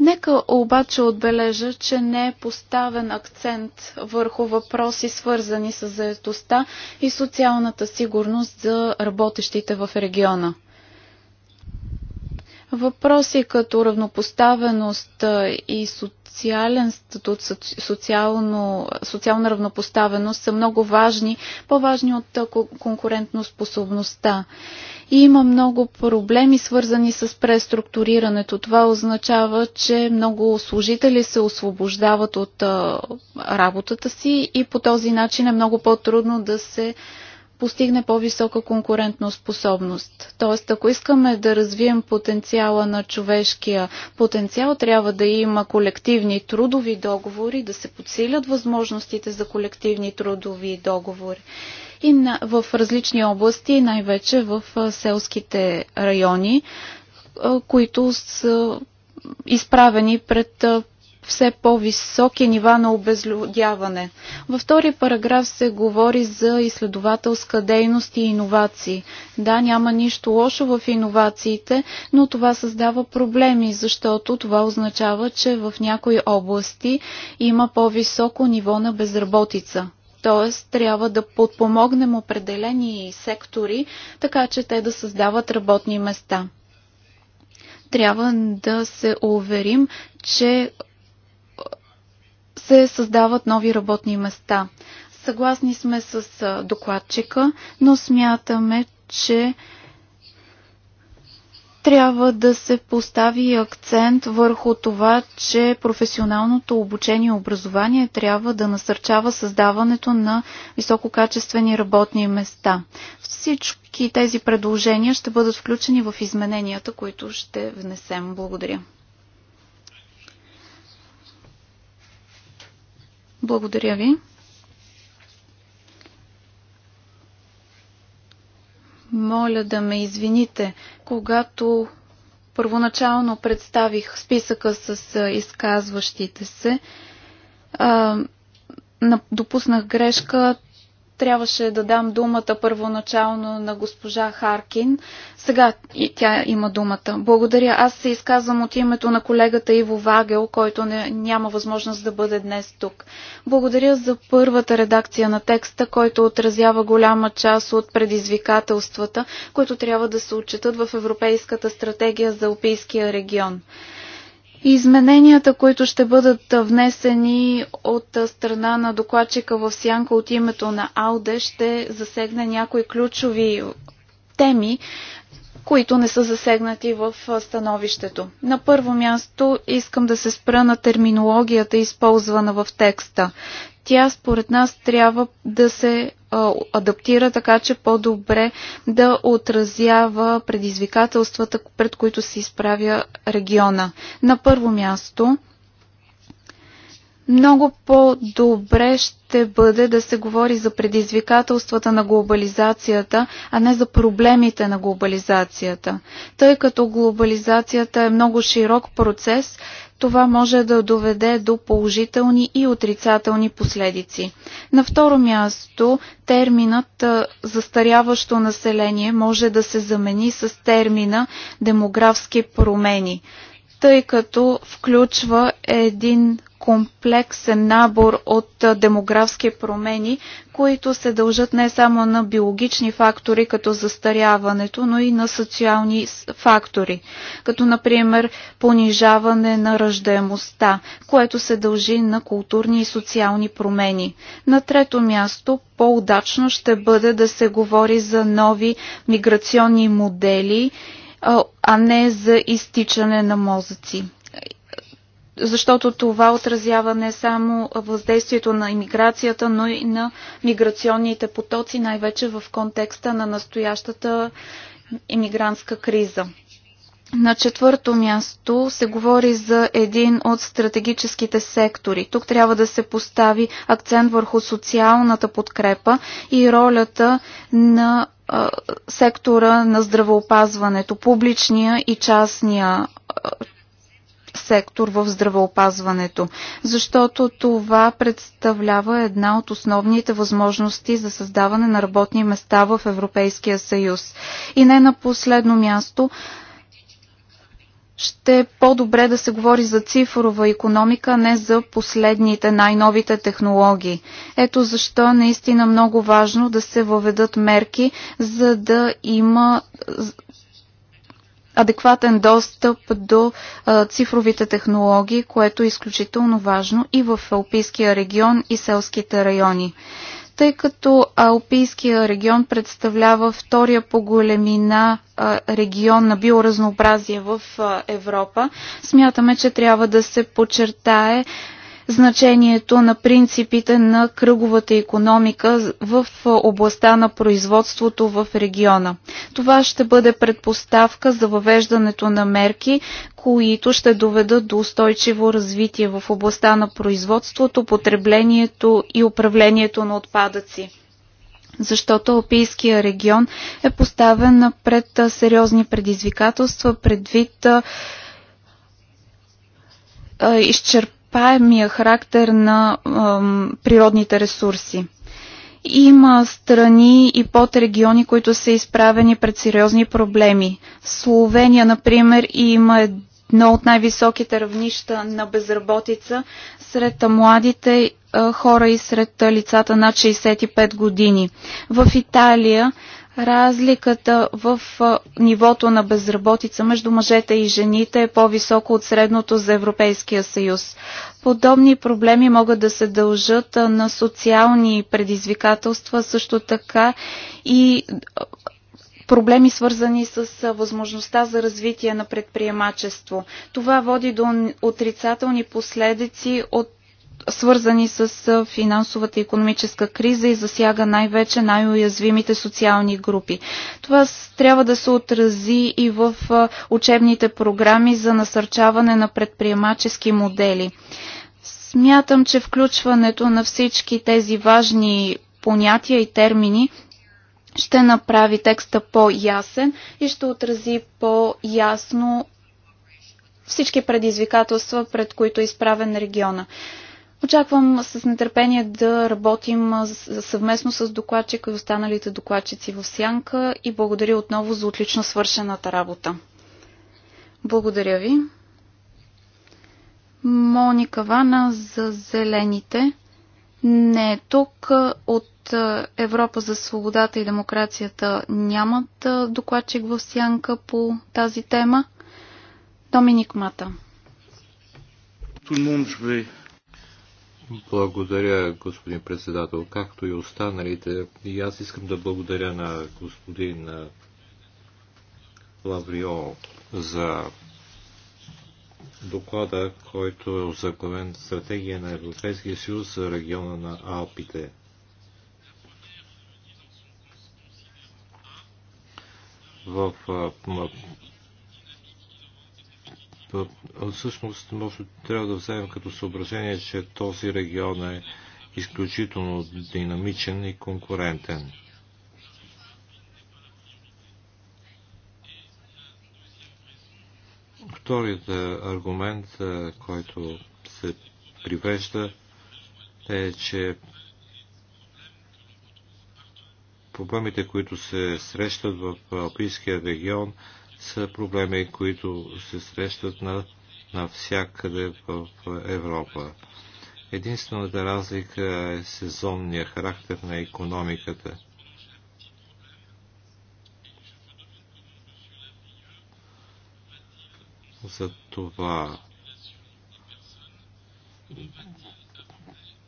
Нека обаче отбележа, че не е поставен акцент върху въпроси свързани с заедостта и социалната сигурност за работещите в региона. Въпроси като равнопоставеност и социален статут, социално, социална равнопоставеност са много важни, по-важни от конкурентно способността. И има много проблеми, свързани с преструктурирането. Това означава, че много служители се освобождават от работата си и по този начин е много по-трудно да се постигне по-висока конкурентна способност. Тоест, ако искаме да развием потенциала на човешкия потенциал, трябва да има колективни трудови договори, да се подсилят възможностите за колективни трудови договори и на, в различни области, най-вече в селските райони, които са изправени пред все по-високи нива на обезлюдяване. Във втори параграф се говори за изследователска дейност и иновации. Да, няма нищо лошо в иновациите, но това създава проблеми, защото това означава, че в някои области има по-високо ниво на безработица. Тоест, трябва да подпомогнем определени сектори, така че те да създават работни места трябва да се уверим, че се създават нови работни места. Съгласни сме с докладчика, но смятаме, че трябва да се постави акцент върху това, че професионалното обучение и образование трябва да насърчава създаването на висококачествени работни места. Всички тези предложения ще бъдат включени в измененията, които ще внесем. Благодаря. Благодаря ви. Моля да ме извините, когато първоначално представих списъка с изказващите се, допуснах грешка трябваше да дам думата първоначално на госпожа Харкин. Сега тя има думата. Благодаря. Аз се изказвам от името на колегата Иво Вагел, който не, няма възможност да бъде днес тук. Благодаря за първата редакция на текста, който отразява голяма част от предизвикателствата, които трябва да се отчитат в Европейската стратегия за Опийския регион. Измененията, които ще бъдат внесени от страна на докладчика в Сянка от името на АУДЕ, ще засегне някои ключови теми, които не са засегнати в становището. На първо място искам да се спра на терминологията, използвана в текста. Тя според нас трябва да се адаптира така, че по-добре да отразява предизвикателствата, пред които се изправя региона. На първо място много по-добре ще бъде да се говори за предизвикателствата на глобализацията, а не за проблемите на глобализацията. Тъй като глобализацията е много широк процес, това може да доведе до положителни и отрицателни последици. На второ място, терминът застаряващо население може да се замени с термина демографски промени тъй като включва един комплексен набор от демографски промени, които се дължат не само на биологични фактори, като застаряването, но и на социални фактори, като например понижаване на ръждаемостта, което се дължи на културни и социални промени. На трето място по-удачно ще бъде да се говори за нови миграционни модели а не за изтичане на мозъци. Защото това отразява не само въздействието на иммиграцията, но и на миграционните потоци, най-вече в контекста на настоящата иммигрантска криза. На четвърто място се говори за един от стратегическите сектори. Тук трябва да се постави акцент върху социалната подкрепа и ролята на а, сектора на здравеопазването, публичния и частния а, сектор в здравеопазването, защото това представлява една от основните възможности за създаване на работни места в Европейския съюз. И не на последно място, ще е по-добре да се говори за цифрова економика, не за последните, най-новите технологии. Ето защо е наистина много важно да се въведат мерки, за да има е, адекватен достъп до е, цифровите технологии, което е изключително важно и в Алпийския регион и селските райони тъй като Алпийския регион представлява втория по големина регион на биоразнообразие в Европа, смятаме, че трябва да се подчертае значението на принципите на кръговата економика в областта на производството в региона. Това ще бъде предпоставка за въвеждането на мерки, които ще доведат до устойчиво развитие в областта на производството, потреблението и управлението на отпадъци защото Алпийския регион е поставен пред сериозни предизвикателства, предвид изчерп изчерпаемия характер на ам, природните ресурси. Има страни и подрегиони, които са изправени пред сериозни проблеми. В Словения, например, има едно от най-високите равнища на безработица сред младите хора и сред лицата над 65 години. В Италия Разликата в нивото на безработица между мъжете и жените е по-високо от средното за Европейския съюз. Подобни проблеми могат да се дължат на социални предизвикателства, също така и проблеми свързани с възможността за развитие на предприемачество. Това води до отрицателни последици от свързани с финансовата и економическа криза и засяга най-вече най-уязвимите социални групи. Това трябва да се отрази и в учебните програми за насърчаване на предприемачески модели. Смятам, че включването на всички тези важни понятия и термини ще направи текста по-ясен и ще отрази по-ясно всички предизвикателства, пред които е изправен региона. Очаквам с нетърпение да работим съвместно с докладчика и останалите докладчици в Сянка и благодаря отново за отлично свършената работа. Благодаря ви. Моника Вана за Зелените не е тук. От Европа за свободата и демокрацията нямат докладчик в Сянка по тази тема. Доминик Мата. Tout le monde, je vais благодаря, господин председател, както и останалите. И аз искам да благодаря на господин Лаврио за доклада, който е озаглавен Стратегия на Европейския съюз за региона на Алпите. В Всъщност, може трябва да вземем като съображение, че този регион е изключително динамичен и конкурентен. Вторият е, аргумент, е, който се привежда, е, че проблемите, които се срещат в Алпийския регион, са проблеми, които се срещат на, навсякъде в Европа. Единствената разлика е сезонния характер на економиката. За това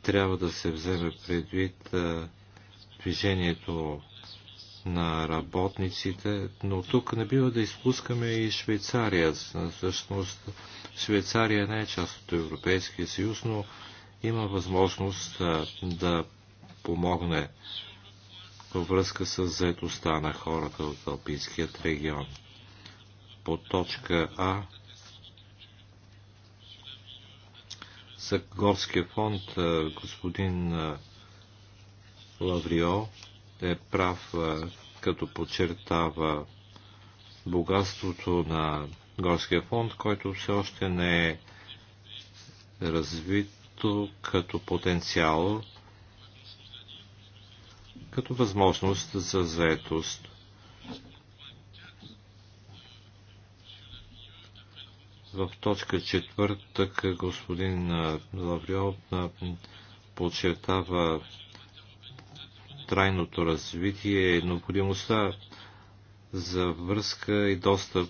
трябва да се вземе предвид движението на работниците, но тук не бива да изпускаме и Швейцария. Всъщност Швейцария не е част от Европейския съюз, но има възможност да помогне във връзка с заедостта на хората от Алпийският регион. По точка А за горския фонд господин Лаврио е прав, като подчертава богатството на горския фонд, който все още не е развито като потенциал, като възможност за заетост. В точка четвъртък господин Лавриот подчертава трайното развитие е необходимостта за връзка и достъп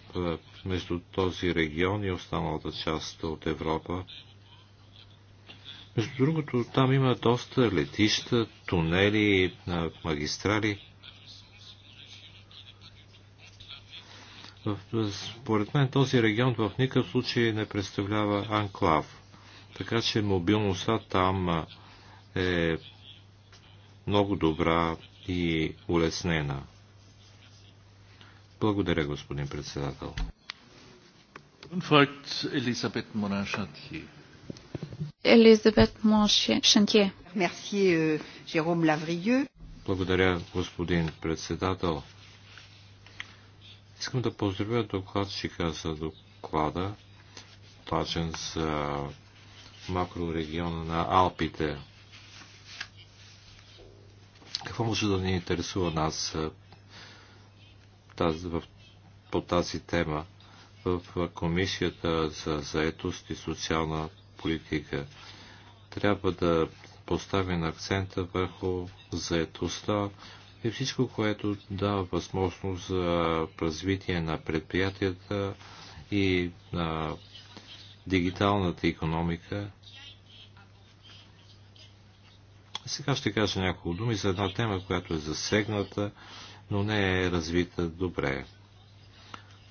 между този регион и останалата част от Европа. Между другото, там има доста летища, тунели, магистрали. Според мен този регион в никакъв случай не представлява анклав, така че мобилността там е много добра и улеснена. Благодаря, господин председател. Елизабет Моран Елизабет Мерси, е, Жером Лавриeux. Благодаря, господин председател. Искам да поздравя докладчика за доклада, важен за макрорегиона на Алпите. Какво може да ни интересува нас тази, в, по тази тема в Комисията за заетост и социална политика? Трябва да поставим акцента върху заетостта и всичко, което дава възможност за развитие на предприятията и на дигиталната економика сега ще кажа няколко думи за една тема, която е засегната, но не е развита добре.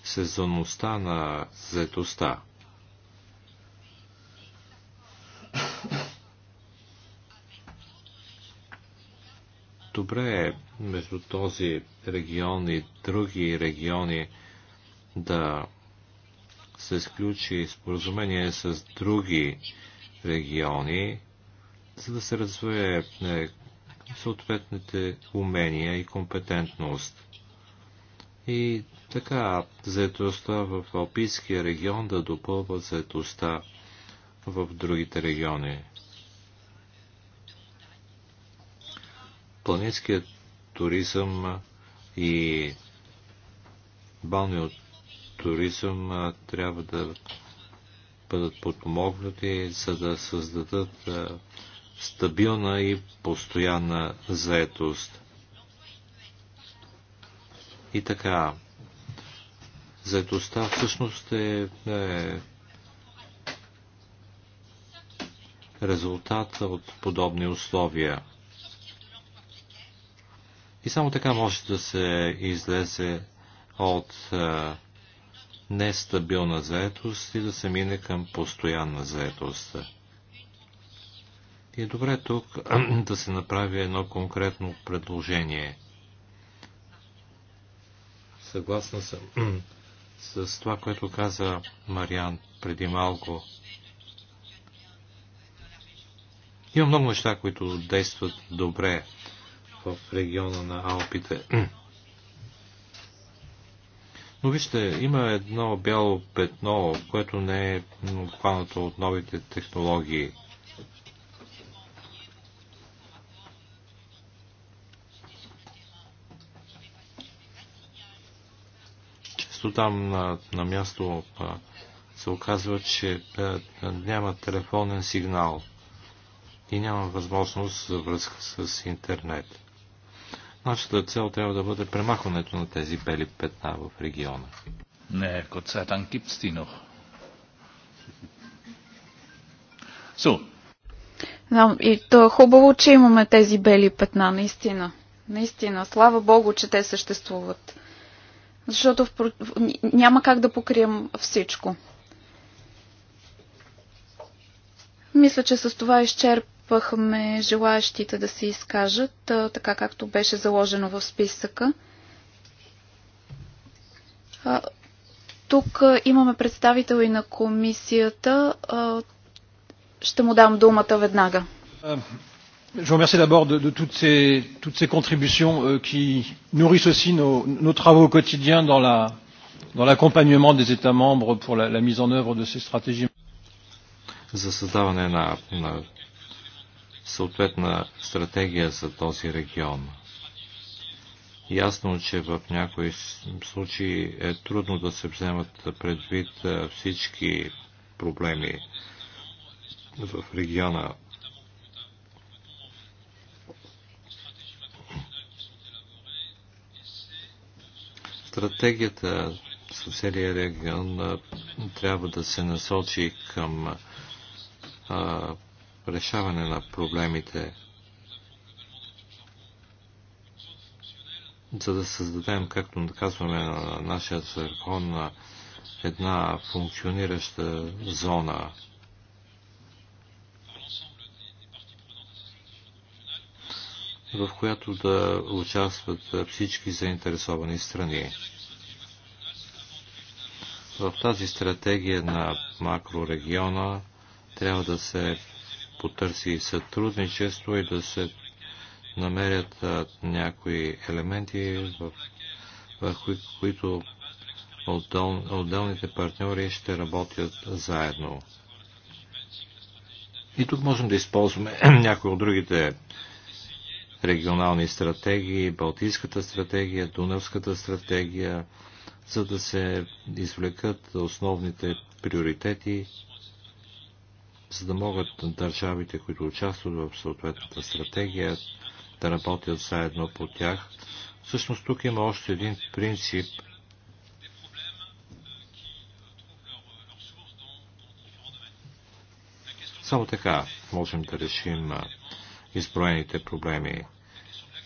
Сезонността на заетостта. Добре е между този регион и други региони да се сключи споразумение с други региони, за да се развие е, съответните умения и компетентност. И така, заедостта в Алпийския регион да допълва заедостта в другите региони. Планинският туризъм и балният туризъм трябва да бъдат подпомогнати, за да създадат стабилна и постоянна заетост. И така, заетостта всъщност е, е резултат от подобни условия. И само така може да се излезе от е, нестабилна заетост и да се мине към постоянна заетост. И е добре тук да се направи едно конкретно предложение. Съгласна съм с това, което каза Мариан преди малко. Има много неща, които действат добре в региона на Алпите. Но вижте, има едно бяло петно, което не е обхванато от новите технологии – място, там на, на място се оказва, че няма телефонен сигнал и няма възможност за връзка с интернет. Нашата цел трябва да бъде премахването на тези бели петна в региона. Не, Gott sei там gibt's Да, и то е хубаво, че имаме тези бели петна, наистина. Наистина, слава Богу, че те съществуват защото в, няма как да покрием всичко. Мисля, че с това изчерпахме желаящите да се изкажат, така както беше заложено в списъка. Тук имаме представител и на комисията. Ще му дам думата веднага. Je vous remercie d'abord de, de toutes, ces, toutes ces contributions euh, qui nourrissent aussi nos, nos travaux au quotidien dans l'accompagnement la, dans des États membres pour la, la mise en œuvre de ces stratégies. За създаване на, на съответна стратегия за този регион. Ясно, че в някои случаи е трудно да се вземат предвид всички проблеми в региона Стратегията с целия регион трябва да се насочи към а, решаване на проблемите, за да създадем, както казваме на нашия закон, една функционираща зона в която да участват всички заинтересовани страни. В тази стратегия на макрорегиона трябва да се потърси сътрудничество и да се намерят някои елементи, върху които отделните партньори ще работят заедно. И тук можем да използваме някои от другите регионални стратегии, Балтийската стратегия, Дунавската стратегия, за да се извлекат основните приоритети, за да могат държавите, които участват в съответната стратегия, да работят заедно по тях. Всъщност тук има още един принцип, Само така можем да решим изброените проблеми.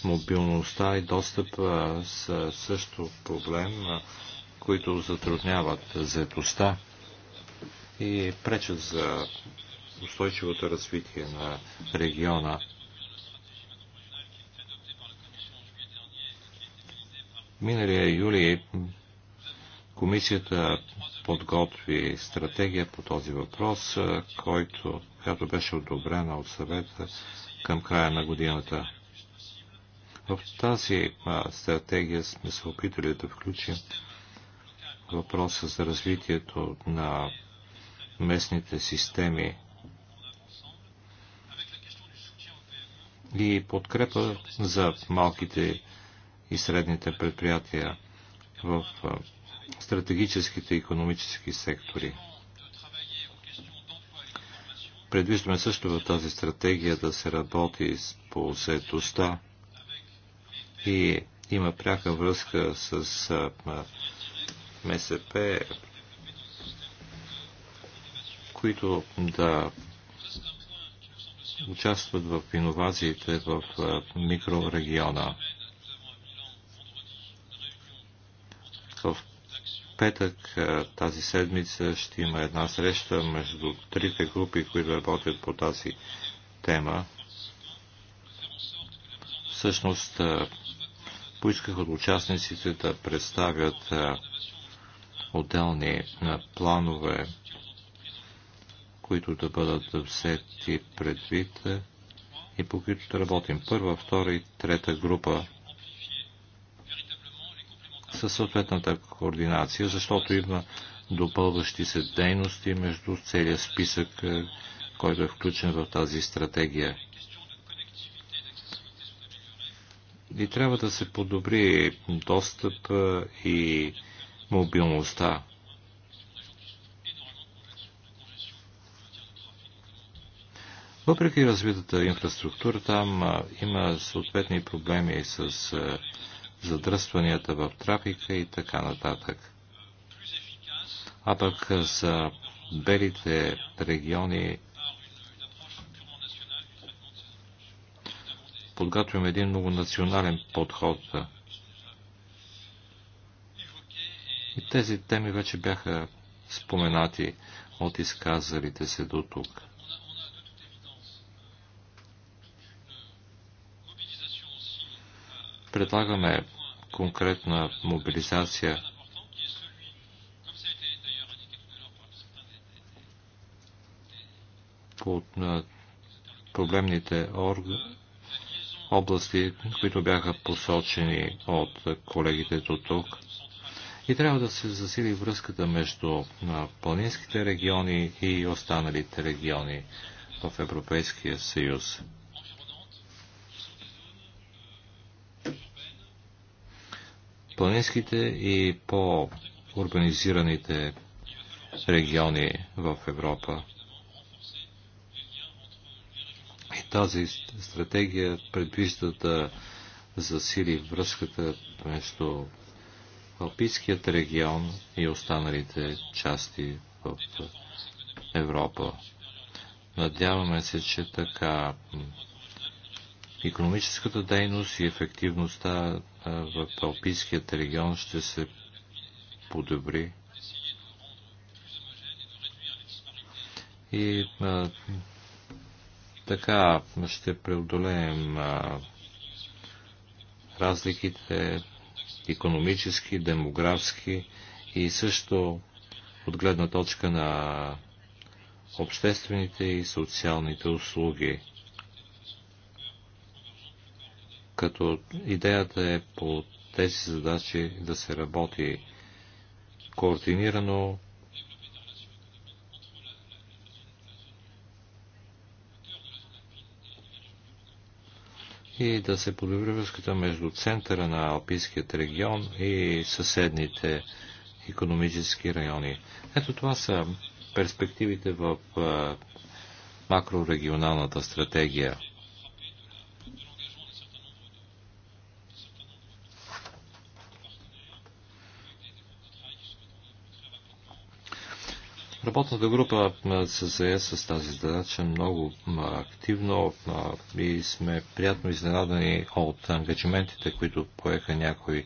Мобилността и достъп са също проблем, които затрудняват заедостта и пречат за устойчивото развитие на региона. Миналия юли комисията подготви стратегия по този въпрос, който, която беше одобрена от съвета към края на годината. В тази стратегия сме се опитали да включим въпроса за развитието на местните системи и подкрепа за малките и средните предприятия в стратегическите економически сектори. Предвиждаме също в тази стратегия да се работи по заедостта и има пряка връзка с МСП, които да участват в иновациите в микрорегиона. В петък тази седмица ще има една среща между трите групи, които работят по тази тема. Всъщност, поисках от участниците да представят отделни планове, които да бъдат взети предвид и по които да работим. Първа, втора и трета група със съответната координация, защото има допълващи се дейности между целия списък, е, който е включен в тази стратегия. И трябва да се подобри достъп и мобилността. Въпреки развитата инфраструктура, там има съответни проблеми с задръстванията в трафика и така нататък. А пък за белите региони подготвим един много национален подход. И тези теми вече бяха споменати от изказалите се до тук. Предлагаме конкретна мобилизация по проблемните области, които бяха посочени от колегите до тук. И трябва да се засили връзката между планинските региони и останалите региони в Европейския съюз. планинските и по-урбанизираните региони в Европа. И тази стратегия предвижда да засили връзката между Алпийският регион и останалите части в Европа. Надяваме се, че така Економическата дейност и ефективността в Алпийският регион ще се подобри. И а, така ще преодолеем а, разликите економически, демографски и също от гледна точка на обществените и социалните услуги като идеята е по тези задачи да се работи координирано, и да се подобри връзката между центъра на Алпийският регион и съседните економически райони. Ето това са перспективите в макрорегионалната стратегия. Работната група се зае с тази задача много активно и сме приятно изненадани от ангажиментите, които поеха някои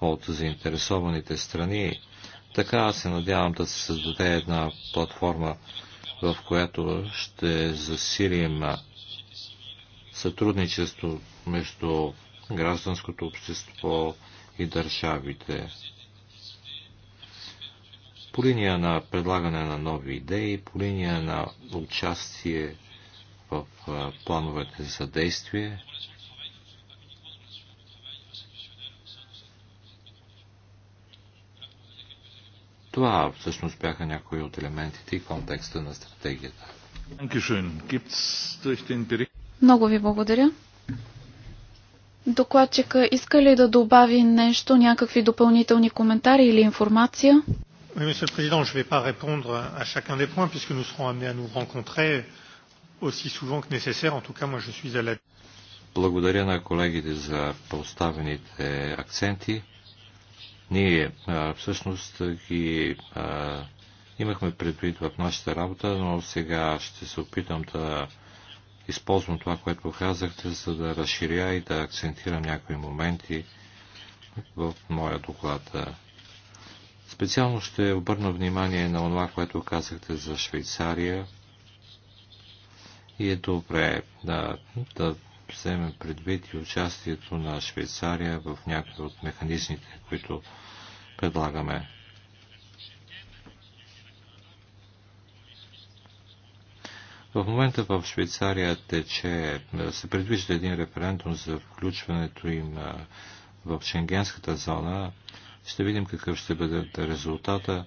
от заинтересованите страни. Така се надявам да се създаде една платформа, в която ще засилим сътрудничество между гражданското общество и държавите по линия на предлагане на нови идеи, по линия на участие в плановете за действие. Това всъщност бяха някои от елементите и контекста на стратегията. Много ви благодаря. Докладчика иска ли да добави нещо, някакви допълнителни коментари или информация? Monsieur le Président, je ne vais pas répondre à chacun des points puisque nous serons amenés à nous rencontrer aussi souvent que nécessaire. En tout cas, moi, je suis à la... Благодаря на колегите за поставените акценти. Ние всъщност ги а, имахме предвид в нашата работа, но сега ще се опитам да използвам това, което казахте, за да разширя и да акцентирам някои моменти в моя доклад. Специално ще обърна внимание на това, което казахте за Швейцария. И е добре да, да вземем предвид и участието на Швейцария в някои от механизмите, които предлагаме. В момента в Швейцария тече, се предвижда един референдум за включването им в Шенгенската зона. Ще видим какъв ще бъде резултата,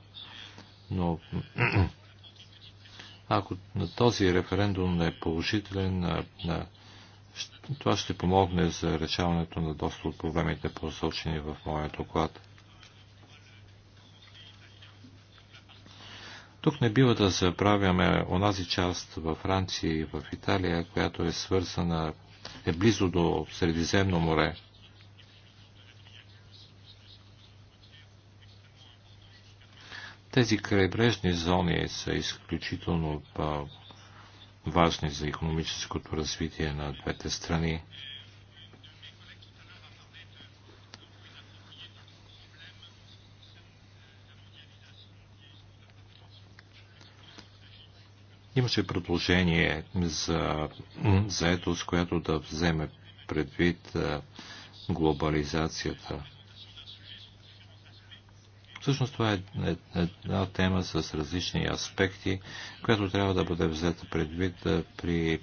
но ако на този референдум не е положителен, на, на, това ще помогне за решаването на доста от проблемите, посочени в моя доклад. Тук не бива да забравяме онази част във Франция и в Италия, която е свързана, е близо до Средиземно море. Тези крайбрежни зони са изключително важни за економическото развитие на двете страни. Имаше предложение за заетост, която да вземе предвид глобализацията. Всъщност това е, е една тема с различни аспекти, която трябва да бъде взета предвид е, при е,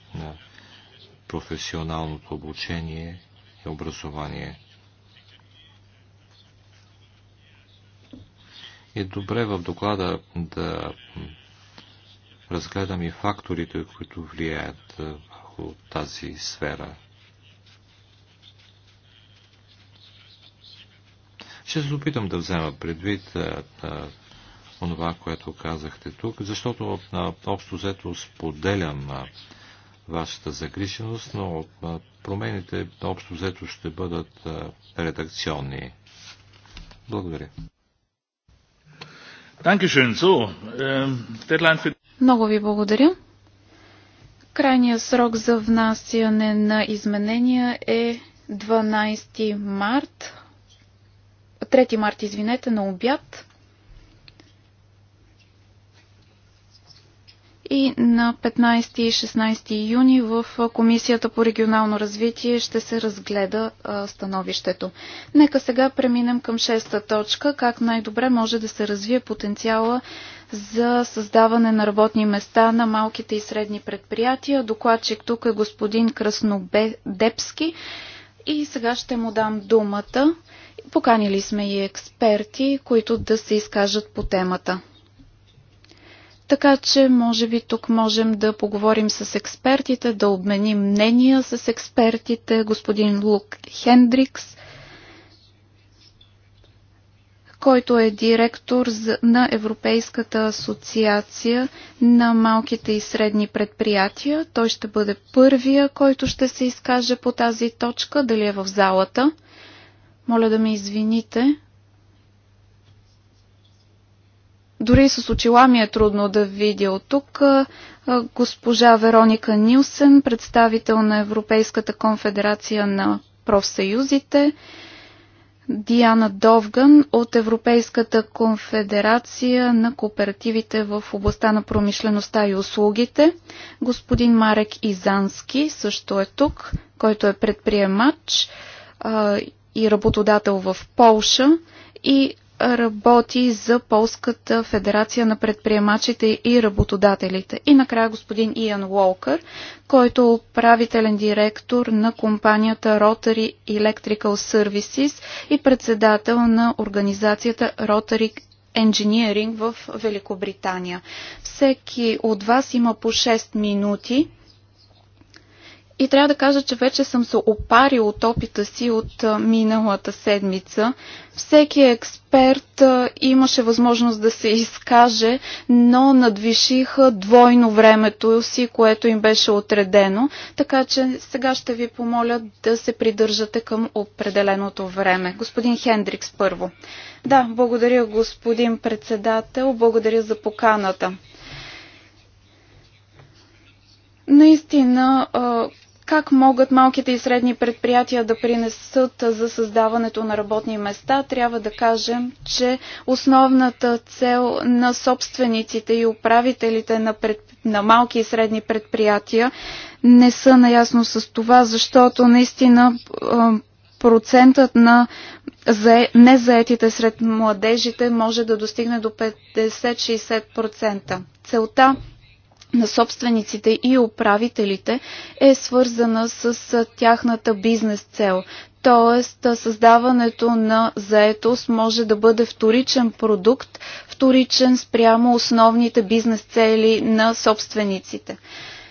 професионалното обучение и образование. И добре в доклада да разгледам и факторите, които влияят върху тази сфера. Ще се опитам да взема предвид а, а, онова, което казахте тук, защото а, общо взето споделям а, вашата загриженост, но а, промените общо взето ще бъдат а, редакционни. Благодаря. Ähm, Много ви благодаря. Крайният срок за внасяне на изменения е 12 март 3 марта, извинете, на обяд. И на 15 и 16 юни в Комисията по регионално развитие ще се разгледа становището. Нека сега преминем към шеста точка, как най-добре може да се развие потенциала за създаване на работни места на малките и средни предприятия. Докладчик тук е господин Краснодепски. Депски и сега ще му дам думата. Поканили сме и експерти, които да се изкажат по темата. Така че, може би, тук можем да поговорим с експертите, да обменим мнения с експертите. Господин Лук Хендрикс който е директор на Европейската асоциация на малките и средни предприятия. Той ще бъде първия, който ще се изкаже по тази точка, дали е в залата. Моля да ме извините. Дори с очила ми е трудно да видя от тук госпожа Вероника Нилсен, представител на Европейската конфедерация на профсъюзите. Диана Довган от Европейската конфедерация на кооперативите в областта на промишлеността и услугите. Господин Марек Изански също е тук, който е предприемач и работодател в Полша и работи за Полската федерация на предприемачите и работодателите. И накрая господин Иан Уолкър, който е управителен директор на компанията Rotary Electrical Services и председател на организацията Rotary Engineering в Великобритания. Всеки от вас има по 6 минути и трябва да кажа, че вече съм се опарил от опита си от миналата седмица. Всеки експерт имаше възможност да се изкаже, но надвишиха двойно времето си, което им беше отредено. Така че сега ще ви помоля да се придържате към определеното време. Господин Хендрикс първо. Да, благодаря господин председател, благодаря за поканата. Наистина, как могат малките и средни предприятия да принесат за създаването на работни места? Трябва да кажем, че основната цел на собствениците и управителите на, пред... на малки и средни предприятия не са наясно с това, защото наистина процентът на незаетите сред младежите може да достигне до 50-60%. Целта на собствениците и управителите е свързана с тяхната бизнес цел. Тоест, създаването на заетост може да бъде вторичен продукт, вторичен спрямо основните бизнес цели на собствениците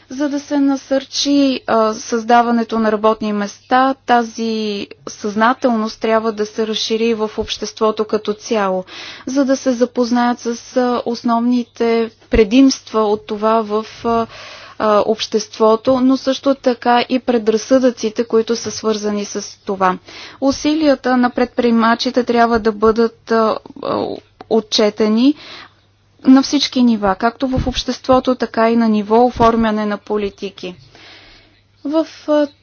за да се насърчи а, създаването на работни места, тази съзнателност трябва да се разшири в обществото като цяло, за да се запознаят с а, основните предимства от това в а, обществото, но също така и предразсъдъците, които са свързани с това. Усилията на предприемачите трябва да бъдат отчетени, на всички нива, както в обществото, така и на ниво оформяне на политики. В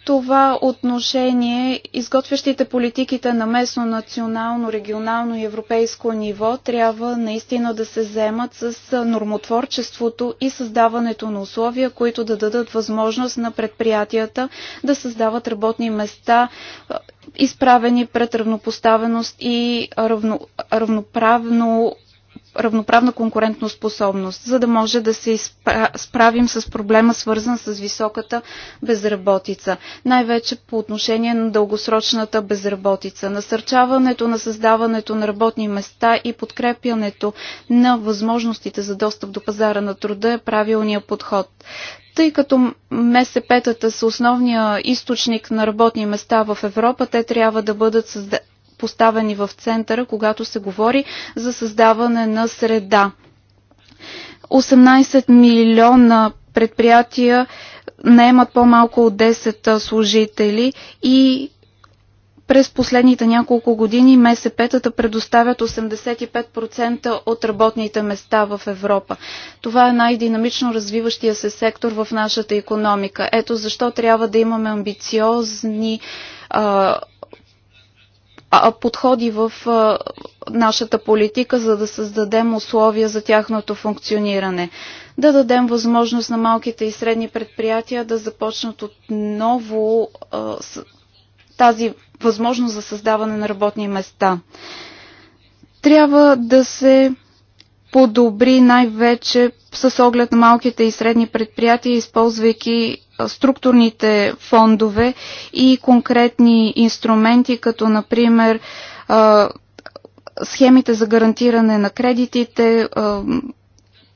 това отношение изготвящите политиките на местно, национално, регионално и европейско ниво трябва наистина да се вземат с нормотворчеството и създаването на условия, които да дадат възможност на предприятията да създават работни места, изправени пред равнопоставеност и равно, равноправно равноправна конкурентно способност, за да може да се справим с проблема, свързан с високата безработица. Най-вече по отношение на дългосрочната безработица. Насърчаването на създаването на работни места и подкрепянето на възможностите за достъп до пазара на труда е правилният подход тъй като МСП-тата са основния източник на работни места в Европа, те трябва да бъдат поставени в центъра, когато се говори за създаване на среда. 18 милиона предприятия наемат по-малко от 10 служители и през последните няколко години МСП-тата предоставят 85% от работните места в Европа. Това е най-динамично развиващия се сектор в нашата економика. Ето защо трябва да имаме амбициозни а, подходи в нашата политика, за да създадем условия за тяхното функциониране. Да дадем възможност на малките и средни предприятия да започнат отново тази възможност за създаване на работни места. Трябва да се подобри най-вече с оглед на малките и средни предприятия, използвайки структурните фондове и конкретни инструменти, като например схемите за гарантиране на кредитите,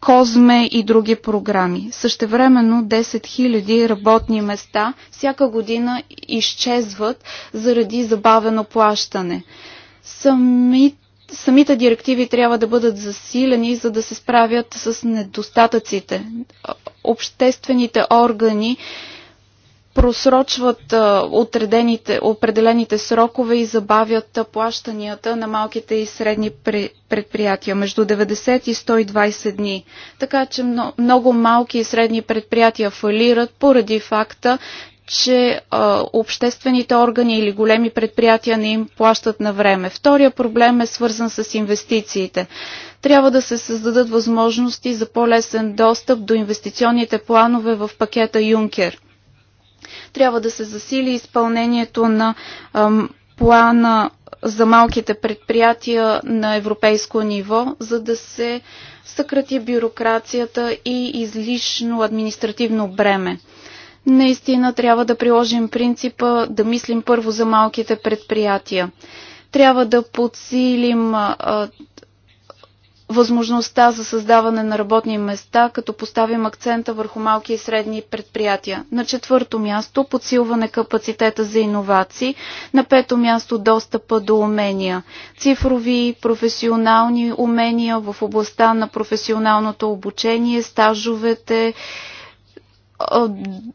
Козме и други програми. Същевременно 10 000 работни места всяка година изчезват заради забавено плащане. Самите самите директиви трябва да бъдат засилени, за да се справят с недостатъците. Обществените органи просрочват определените срокове и забавят плащанията на малките и средни предприятия между 90 и 120 дни. Така че много малки и средни предприятия фалират поради факта, че а, обществените органи или големи предприятия не им плащат на време. Втория проблем е свързан с инвестициите. Трябва да се създадат възможности за по-лесен достъп до инвестиционните планове в пакета Юнкер. Трябва да се засили изпълнението на а, плана за малките предприятия на европейско ниво, за да се съкрати бюрокрацията и излишно административно бреме наистина трябва да приложим принципа да мислим първо за малките предприятия. Трябва да подсилим а, възможността за създаване на работни места, като поставим акцента върху малки и средни предприятия. На четвърто място подсилване капацитета за иновации. На пето място достъпа до умения. Цифрови, професионални умения в областта на професионалното обучение, стажовете,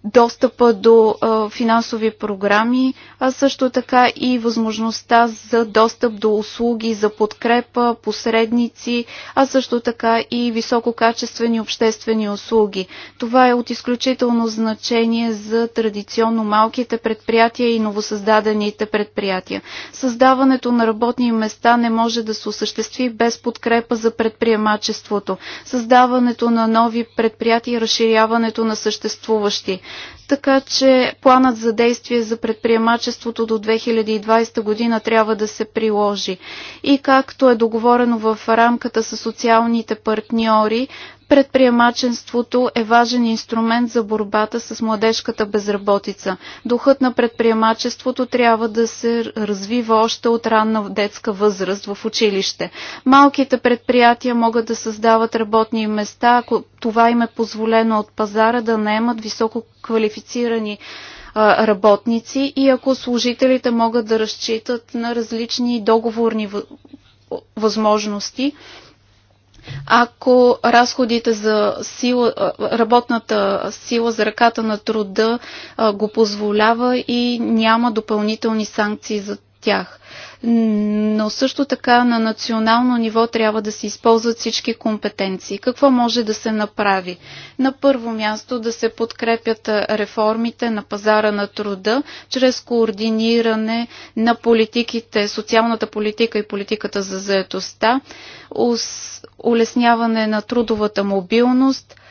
достъпа до финансови програми, а също така и възможността за достъп до услуги за подкрепа, посредници, а също така и висококачествени обществени услуги. Това е от изключително значение за традиционно малките предприятия и новосъздадените предприятия. Създаването на работни места не може да се осъществи без подкрепа за предприемачеството. Създаването на нови предприятия и разширяването на съществуването съществуващи. Така че планът за действие за предприемачеството до 2020 година трябва да се приложи. И както е договорено в рамката с социалните партньори, Предприемаченството е важен инструмент за борбата с младежката безработица. Духът на предприемачеството трябва да се развива още от ранна детска възраст в училище. Малките предприятия могат да създават работни места, ако това им е позволено от пазара да наемат високо квалифицирани работници и ако служителите могат да разчитат на различни договорни възможности, ако разходите за сила, работната сила за ръката на труда го позволява и няма допълнителни санкции за тях. Но също така на национално ниво трябва да се използват всички компетенции. Какво може да се направи? На първо място да се подкрепят реформите на пазара на труда чрез координиране на политиките, социалната политика и политиката за заетостта, улесняване на трудовата мобилност –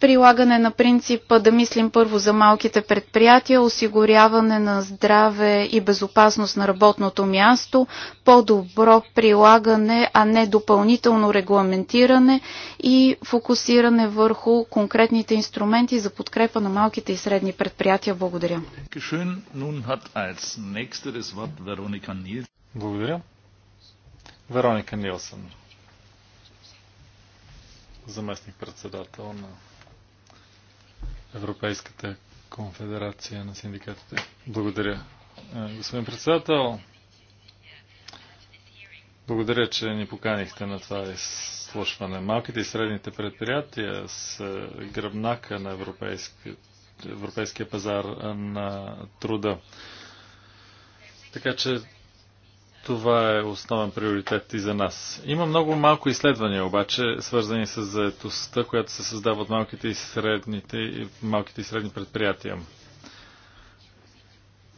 прилагане на принципа да мислим първо за малките предприятия, осигуряване на здраве и безопасност на работното място, по-добро прилагане, а не допълнително регламентиране и фокусиране върху конкретните инструменти за подкрепа на малките и средни предприятия. Благодаря. Благодаря. Вероника Нилсън заместник-председател на Европейската конфедерация на синдикатите. Благодаря. Е, господин председател, благодаря, че ни поканихте на това изслушване. Малките и средните предприятия с гръбнака на европейски, европейския пазар на труда. Така че това е основен приоритет и за нас. Има много малко изследвания обаче, свързани с заетостта, която се създава от малките и, средните, малките и средни предприятия.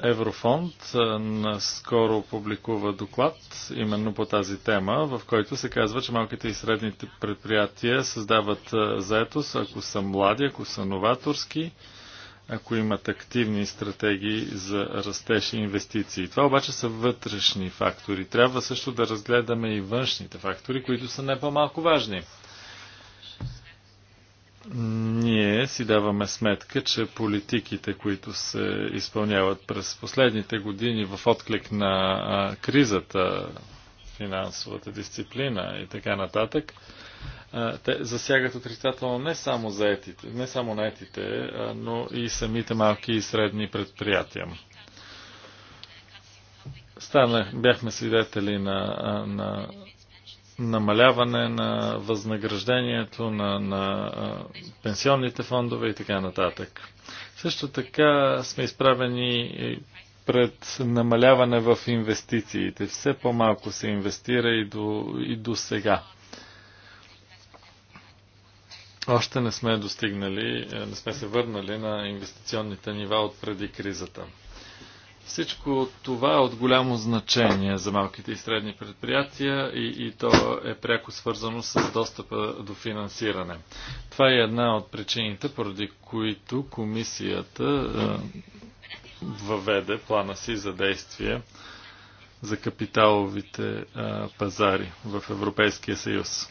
Еврофонд наскоро публикува доклад именно по тази тема, в който се казва, че малките и средните предприятия създават заетост, ако са млади, ако са новаторски, ако имат активни стратегии за растеж и инвестиции. Това обаче са вътрешни фактори. Трябва също да разгледаме и външните фактори, които са не по-малко важни. Ние си даваме сметка, че политиките, които се изпълняват през последните години в отклик на кризата, финансовата дисциплина и така нататък, те засягат отрицателно не само заетите, не само наетите, но и самите малки и средни предприятия. Стана, бяхме свидетели на, на намаляване на възнаграждението на, на пенсионните фондове и така нататък. Също така сме изправени пред намаляване в инвестициите. Все по-малко се инвестира и до, и до сега още не сме достигнали, е, не сме се върнали на инвестиционните нива от преди кризата. Всичко това е от голямо значение за малките и средни предприятия и, и то е пряко свързано с достъпа до финансиране. Това е една от причините, поради които комисията е, въведе плана си за действие за капиталовите е, пазари в Европейския съюз.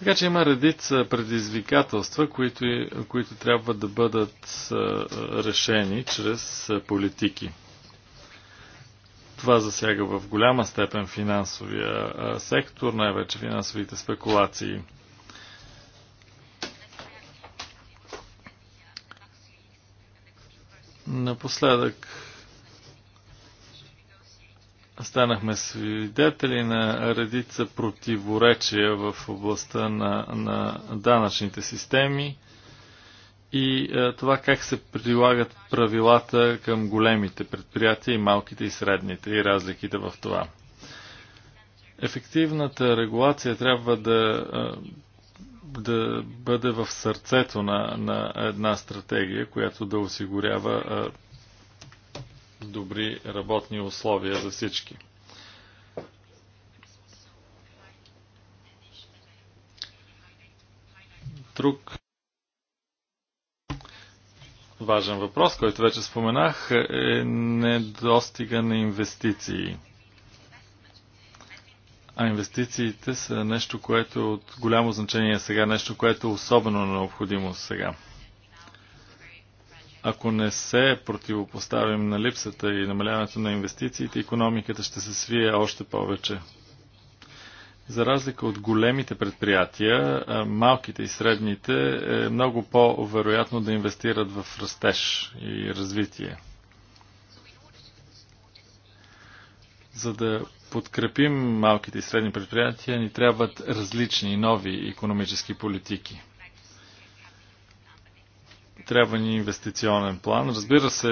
Така че има редица предизвикателства, които, които трябва да бъдат решени чрез политики. Това засяга в голяма степен финансовия сектор, най-вече финансовите спекулации. Напоследък станахме свидетели на редица противоречия в областта на, на данъчните системи и е, това как се прилагат правилата към големите предприятия и малките и средните и разликите в това. Ефективната регулация трябва да, е, да бъде в сърцето на, на една стратегия, която да осигурява е, добри работни условия за всички. Друг важен въпрос, който вече споменах, е недостига на инвестиции. А инвестициите са нещо, което е от голямо значение сега, нещо, което е особено необходимо сега ако не се противопоставим на липсата и намаляването на инвестициите, економиката ще се свие още повече. За разлика от големите предприятия, малките и средните е много по-вероятно да инвестират в растеж и развитие. За да подкрепим малките и средни предприятия, ни трябват различни нови економически политики – трябва ни инвестиционен план. Разбира се,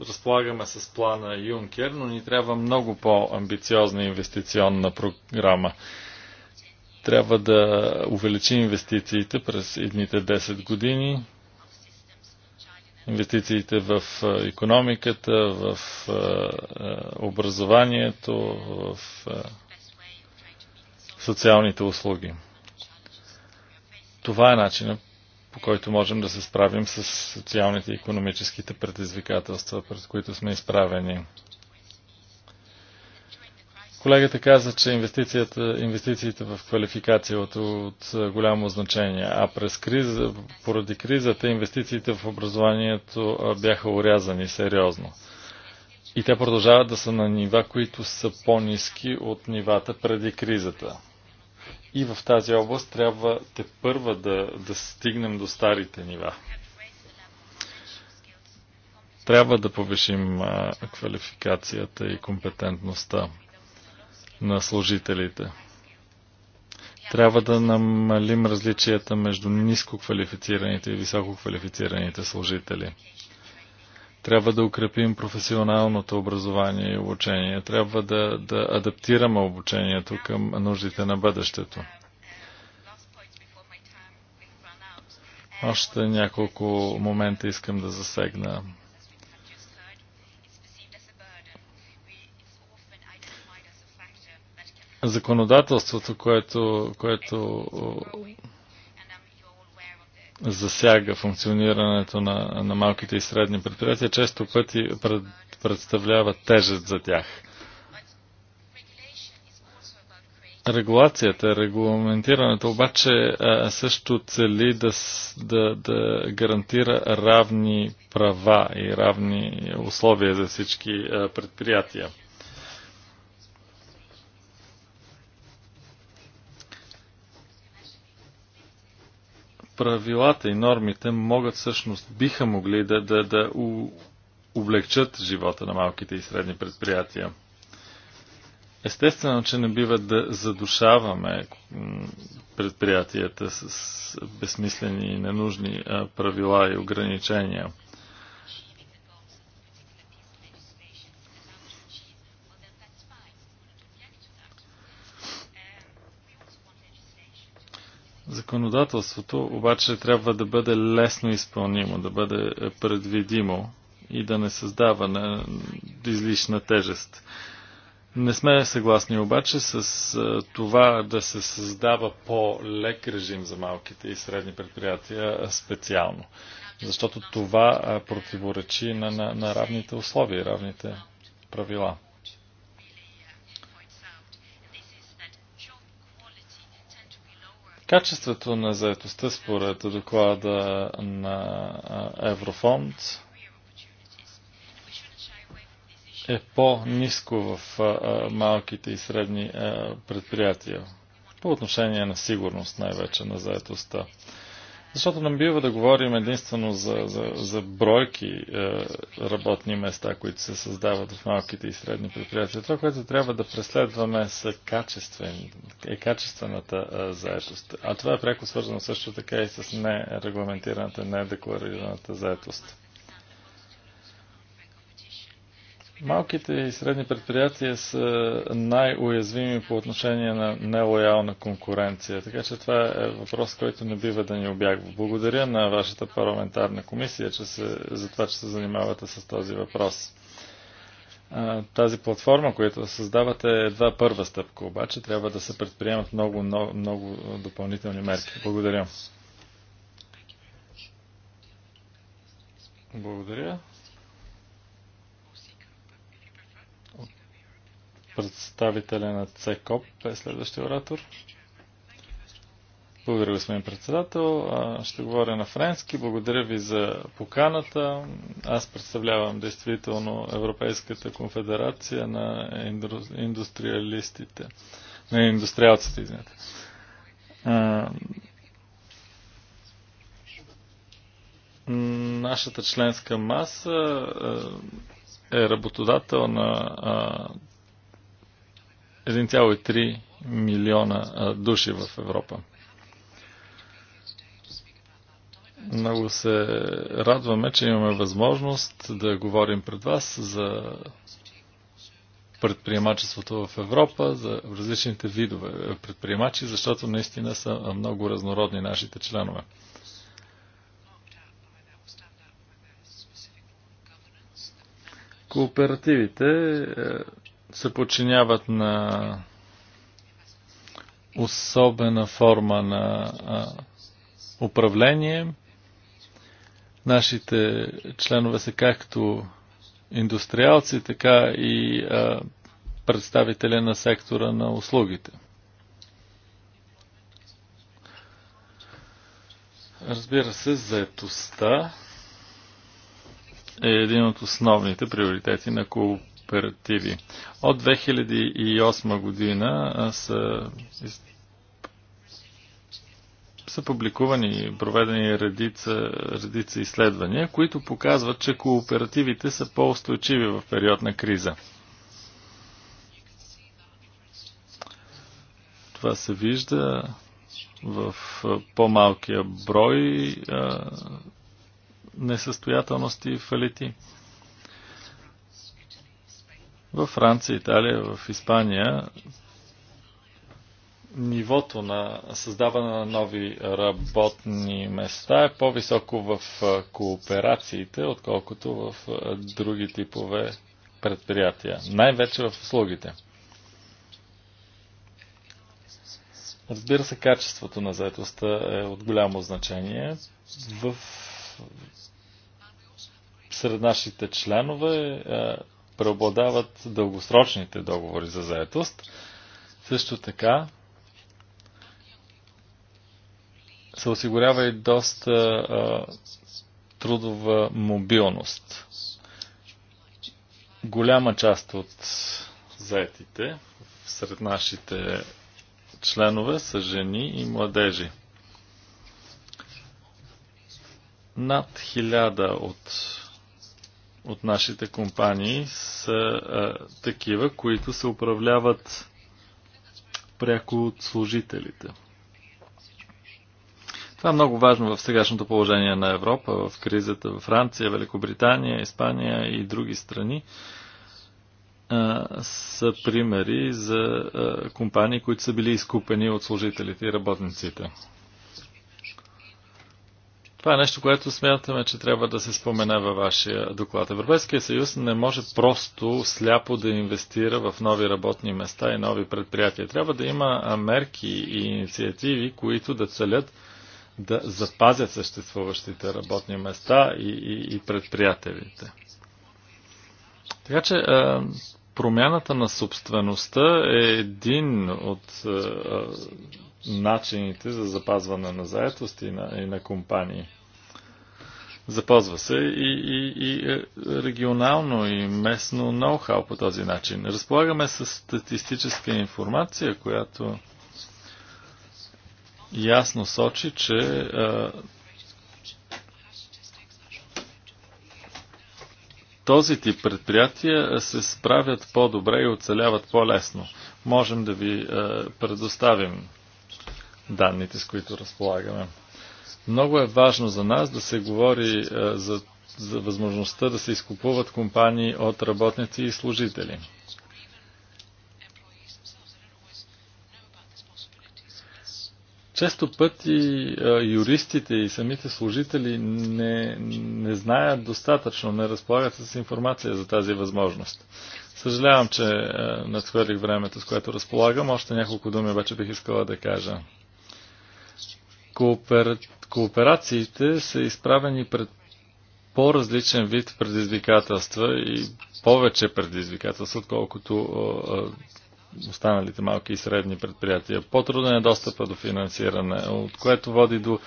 разполагаме с плана Юнкер, но ни трябва много по-амбициозна инвестиционна програма. Трябва да увеличи инвестициите през едните 10 години, инвестициите в економиката, в образованието, в социалните услуги. Това е начинът по който можем да се справим с социалните и економическите предизвикателства, пред които сме изправени. Колегата каза, че инвестициите в квалификация от, от голямо значение, а през криза, поради кризата инвестициите в образованието бяха урязани сериозно. И те продължават да са на нива, които са по-низки от нивата преди кризата. И в тази област трябва те първа да, да стигнем до старите нива. Трябва да повишим а, квалификацията и компетентността на служителите. Трябва да намалим различията между ниско квалифицираните и високо квалифицираните служители. Трябва да укрепим професионалното образование и обучение. Трябва да, да адаптираме обучението към нуждите на бъдещето. Още няколко момента искам да засегна. Законодателството, което, което засяга функционирането на, на малките и средни предприятия, често пъти пред, представлява тежест за тях. Регулацията, регламентирането обаче също цели да, да, да гарантира равни права и равни условия за всички предприятия. правилата и нормите могат всъщност, биха могли да, да, да у, облегчат живота на малките и средни предприятия. Естествено, че не бива да задушаваме предприятията с безсмислени и ненужни правила и ограничения. Законодателството обаче трябва да бъде лесно изпълнимо, да бъде предвидимо и да не създава на излишна тежест. Не сме съгласни обаче с това да се създава по-лек режим за малките и средни предприятия специално, защото това противоречи на, на, на равните условия и равните правила. Качеството на заетостта според доклада на Еврофонд е по-ниско в малките и средни предприятия по отношение на сигурност най-вече на заетостта. Защото не бива да говорим единствено за, за, за бройки е, работни места, които се създават в малките и средни предприятия. Това, което трябва да преследваме са качествен, е качествената е, заетост. А това е пряко свързано също така и с нерегламентираната, недекларираната заетост. Малките и средни предприятия са най-уязвими по отношение на нелоялна конкуренция, така че това е въпрос, който не бива да ни обягва. Благодаря на вашата парламентарна комисия че се, за това, че се занимавате с този въпрос. Тази платформа, която създавате е едва първа стъпка, обаче трябва да се предприемат много, много, много допълнителни мерки. Благодаря. Благодаря. Представителя на ЦКОП е следващия оратор. Благодаря, господин председател. Ще говоря на френски. Благодаря ви за поканата. Аз представлявам действително Европейската конфедерация на индустриалистите. На индустриалците, извинете. Нашата членска маса е работодател на 1,3 милиона души в Европа. Много се радваме, че имаме възможност да говорим пред вас за предприемачеството в Европа, за различните видове предприемачи, защото наистина са много разнородни нашите членове. Кооперативите е, се подчиняват на особена форма на управление. Нашите членове са както индустриалци, така и представители на сектора на услугите. Разбира се, заетостта е един от основните приоритети на кооперативи. От 2008 година са, са публикувани и проведени редица, редица изследвания, които показват, че кооперативите са по-устойчиви в период на криза. Това се вижда в по-малкия брой несъстоятелности и фалити. Във Франция, Италия, в Испания нивото на създаване на нови работни места е по-високо в кооперациите, отколкото в други типове предприятия. Най-вече в услугите. Разбира се, качеството на заетостта е от голямо значение. В... Сред нашите членове преобладават дългосрочните договори за заетост. Също така се осигурява и доста а, трудова мобилност. Голяма част от заетите сред нашите членове са жени и младежи. Над хиляда от от нашите компании са а, такива, които се управляват пряко от служителите. Това е много важно в сегашното положение на Европа, в кризата в Франция, Великобритания, Испания и други страни а, са примери за а, компании, които са били изкупени от служителите и работниците. Това е нещо, което смятаме, че трябва да се спомене във вашия доклад. Европейския съюз не може просто сляпо да инвестира в нови работни места и нови предприятия. Трябва да има мерки и инициативи, които да целят да запазят съществуващите работни места и, и, и предприятелите. Така че промяната на собствеността е един от начините за запазване на заетост и на, и на компании. Запазва се и, и, и е, регионално и местно ноу-хау по този начин. Разполагаме с статистическа информация, която ясно сочи, че а, е, този тип предприятия се справят по-добре и оцеляват по-лесно. Можем да ви а, е, предоставим данните, с които разполагаме. Много е важно за нас да се говори е, за, за възможността да се изкупуват компании от работници и служители. често пъти е, юристите и самите служители не, не знаят достатъчно, не разполагат с информация за тази възможност. Съжалявам, че е, надхвърлих времето, с което разполагам. Още няколко думи обаче бих искала да кажа. Коопер... Кооперациите са изправени пред по-различен вид предизвикателства и повече предизвикателства, отколкото останалите малки и средни предприятия. По-труден е достъпа до финансиране, от което води до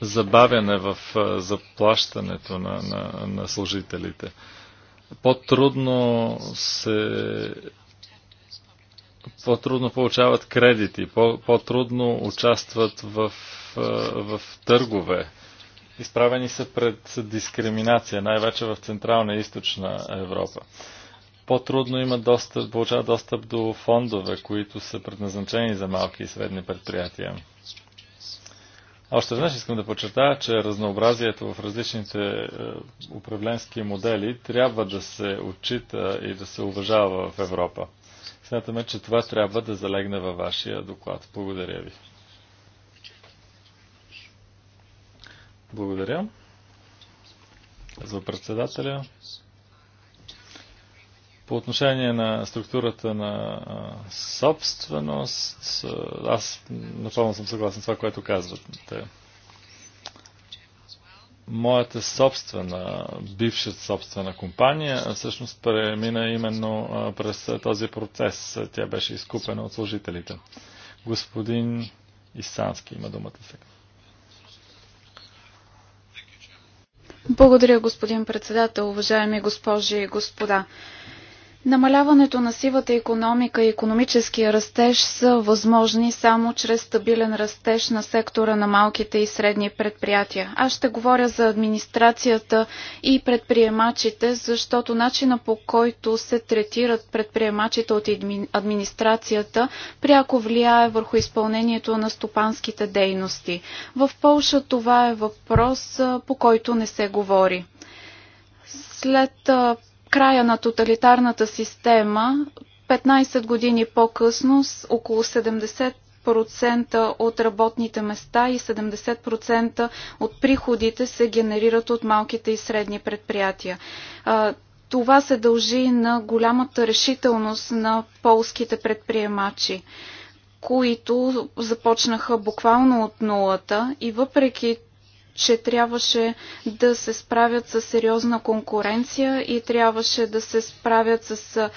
забавяне в заплащането на, на, на служителите. По-трудно се по-трудно получават кредити, по-трудно -по участват в, в търгове. Изправени са пред дискриминация, най-вече в Централна и Източна Европа. По-трудно има достъп, получават достъп до фондове, които са предназначени за малки и средни предприятия. Още веднъж искам да подчертая, че разнообразието в различните е, управленски модели трябва да се отчита и да се уважава в Европа. Смятаме, че това трябва да залегне във вашия доклад. Благодаря ви. Благодаря. За председателя. По отношение на структурата на собственост, аз напълно съм съгласен с това, което казвате моята собствена, бивша собствена компания, всъщност премина именно през този процес. Тя беше изкупена от служителите. Господин Исански има думата сега. Благодаря, господин председател, уважаеми госпожи и господа. Намаляването на сивата економика и економическия растеж са възможни само чрез стабилен растеж на сектора на малките и средни предприятия. Аз ще говоря за администрацията и предприемачите, защото начина по който се третират предприемачите от администрацията пряко влияе върху изпълнението на стопанските дейности. В Полша това е въпрос, по който не се говори. След края на тоталитарната система, 15 години по-късно, около 70% от работните места и 70% от приходите се генерират от малките и средни предприятия. Това се дължи на голямата решителност на полските предприемачи които започнаха буквално от нулата и въпреки че трябваше да се справят с сериозна конкуренция и трябваше да се справят с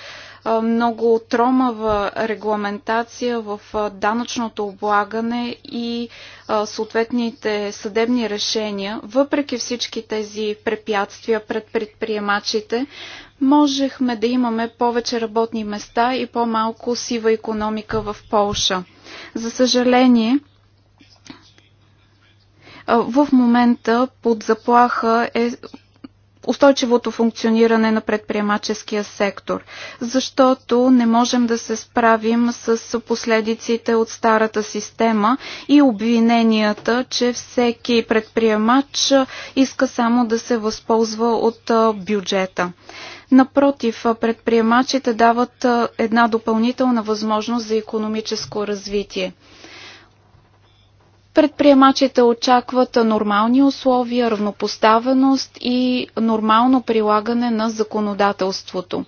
много тромава регламентация в данъчното облагане и съответните съдебни решения, въпреки всички тези препятствия пред предприемачите, можехме да имаме повече работни места и по-малко сива економика в Полша. За съжаление, в момента под заплаха е устойчивото функциониране на предприемаческия сектор, защото не можем да се справим с последиците от старата система и обвиненията, че всеки предприемач иска само да се възползва от бюджета. Напротив, предприемачите дават една допълнителна възможност за економическо развитие. Предприемачите очакват нормални условия, равнопоставеност и нормално прилагане на законодателството.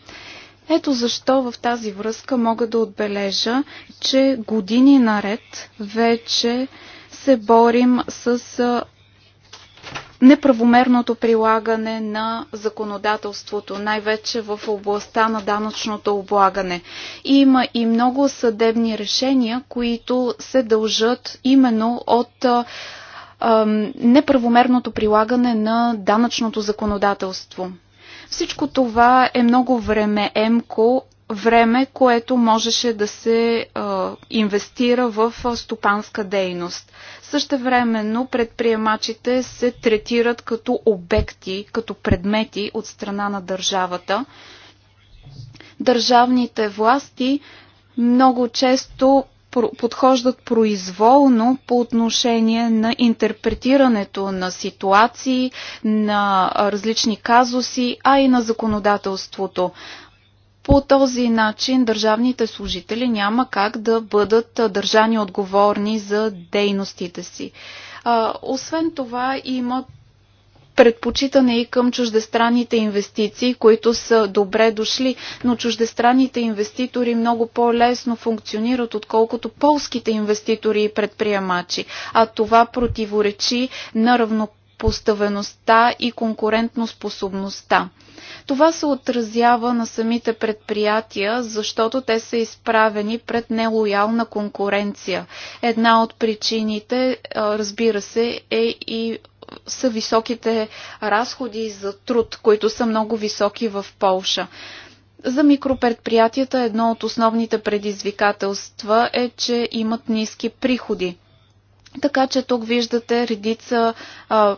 Ето защо в тази връзка мога да отбележа, че години наред вече се борим с неправомерното прилагане на законодателството, най-вече в областта на данъчното облагане. И има и много съдебни решения, които се дължат именно от неправомерното прилагане на данъчното законодателство. Всичко това е много времеемко време, което можеше да се а, инвестира в а, стопанска дейност. Същевременно предприемачите се третират като обекти, като предмети от страна на държавата. Държавните власти много често подхождат произволно по отношение на интерпретирането на ситуации, на различни казуси, а и на законодателството. По този начин държавните служители няма как да бъдат държани отговорни за дейностите си. А, освен това има предпочитане и към чуждестранните инвестиции, които са добре дошли, но чуждестранните инвеститори много по-лесно функционират, отколкото полските инвеститори и предприемачи. А това противоречи на равноправието Поставеността и конкурентноспособността. Това се отразява на самите предприятия, защото те са изправени пред нелоялна конкуренция. Една от причините, разбира се, е и са високите разходи за труд, които са много високи в Полша. За микропредприятията едно от основните предизвикателства е, че имат ниски приходи. Така че тук виждате редица а,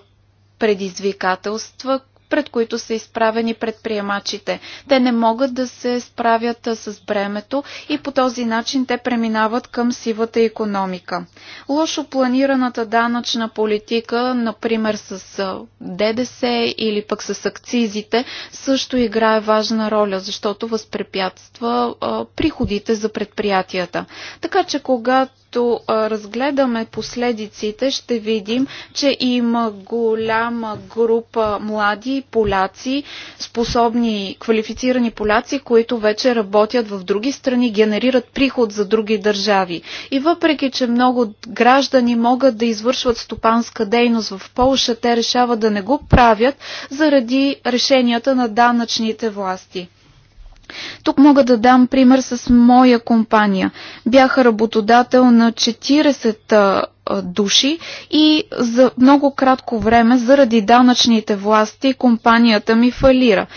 предизвикателства, пред които са изправени предприемачите. Те не могат да се справят с бремето и по този начин те преминават към сивата економика. Лошо планираната данъчна политика, например с ДДС или пък с акцизите, също играе важна роля, защото възпрепятства приходите за предприятията. Така че когато като разгледаме последиците, ще видим, че има голяма група млади поляци, способни, квалифицирани поляци, които вече работят в други страни, генерират приход за други държави. И въпреки, че много граждани могат да извършват стопанска дейност в Полша, те решават да не го правят заради решенията на данъчните власти. Тук мога да дам пример с моя компания. Бях работодател на 40 души и за много кратко време заради данъчните власти компанията ми фалира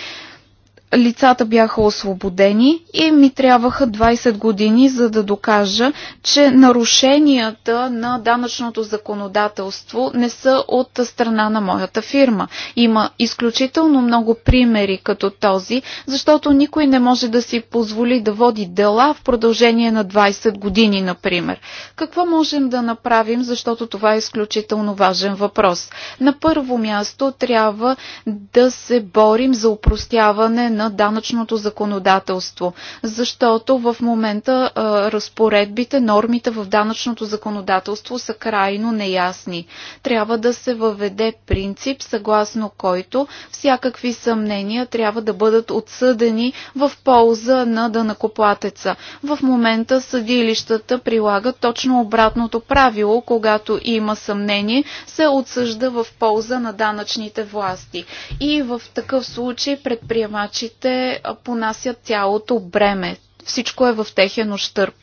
лицата бяха освободени и ми трябваха 20 години, за да докажа, че нарушенията на данъчното законодателство не са от страна на моята фирма. Има изключително много примери като този, защото никой не може да си позволи да води дела в продължение на 20 години, например. Какво можем да направим, защото това е изключително важен въпрос? На първо място трябва да се борим за упростяване на на данъчното законодателство, защото в момента разпоредбите, нормите в данъчното законодателство са крайно неясни. Трябва да се въведе принцип, съгласно който всякакви съмнения трябва да бъдат отсъдени в полза на дънакоплатеца. В момента съдилищата прилагат точно обратното правило, когато има съмнение, се отсъжда в полза на данъчните власти. И в такъв случай предприемачи преводачите понасят цялото бреме. Всичко е в техен ощърп.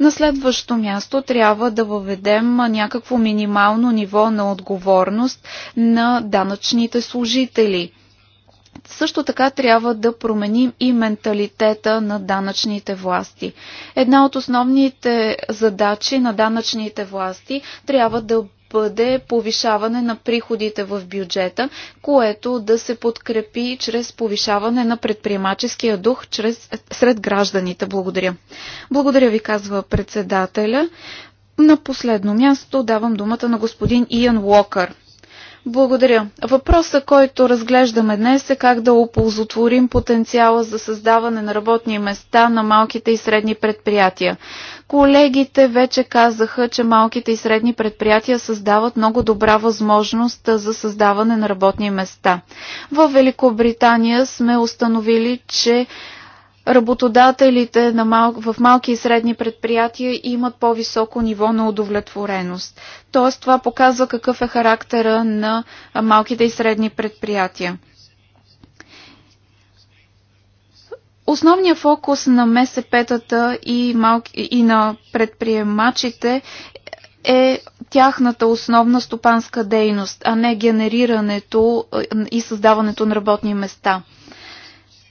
На следващо място трябва да въведем някакво минимално ниво на отговорност на данъчните служители. Също така трябва да променим и менталитета на данъчните власти. Една от основните задачи на данъчните власти трябва да бъде повишаване на приходите в бюджета, което да се подкрепи чрез повишаване на предприемаческия дух чрез, сред гражданите. Благодаря. Благодаря ви, казва председателя. На последно място давам думата на господин Иан Уокър. Благодаря. Въпросът, който разглеждаме днес е как да оползотворим потенциала за създаване на работни места на малките и средни предприятия. Колегите вече казаха, че малките и средни предприятия създават много добра възможност за създаване на работни места. В Великобритания сме установили, че работодателите на мал... в малки и средни предприятия имат по-високо ниво на удовлетвореност. Тоест това показва какъв е характера на малките и средни предприятия. Основният фокус на МСП-тата и, малки, и на предприемачите е тяхната основна стопанска дейност, а не генерирането и създаването на работни места –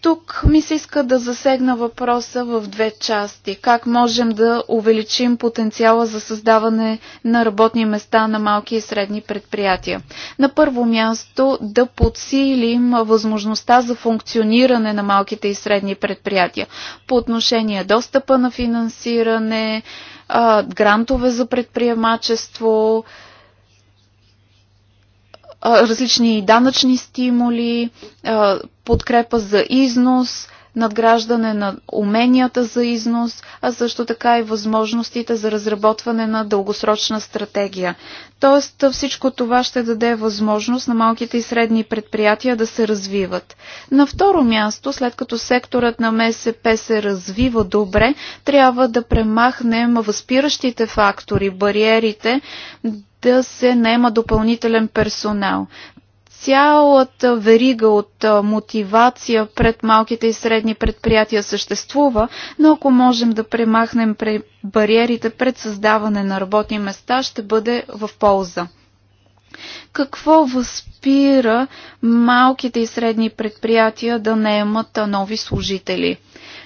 тук ми се иска да засегна въпроса в две части. Как можем да увеличим потенциала за създаване на работни места на малки и средни предприятия? На първо място да подсилим възможността за функциониране на малките и средни предприятия по отношение достъпа на финансиране, грантове за предприемачество, различни данъчни стимули, подкрепа за износ, надграждане на уменията за износ, а също така и възможностите за разработване на дългосрочна стратегия. Тоест всичко това ще даде възможност на малките и средни предприятия да се развиват. На второ място, след като секторът на МСП се развива добре, трябва да премахнем възпиращите фактори, бариерите, да се наема допълнителен персонал цялата верига от мотивация пред малките и средни предприятия съществува, но ако можем да премахнем бариерите пред създаване на работни места, ще бъде в полза какво възпира малките и средни предприятия да наемат нови служители?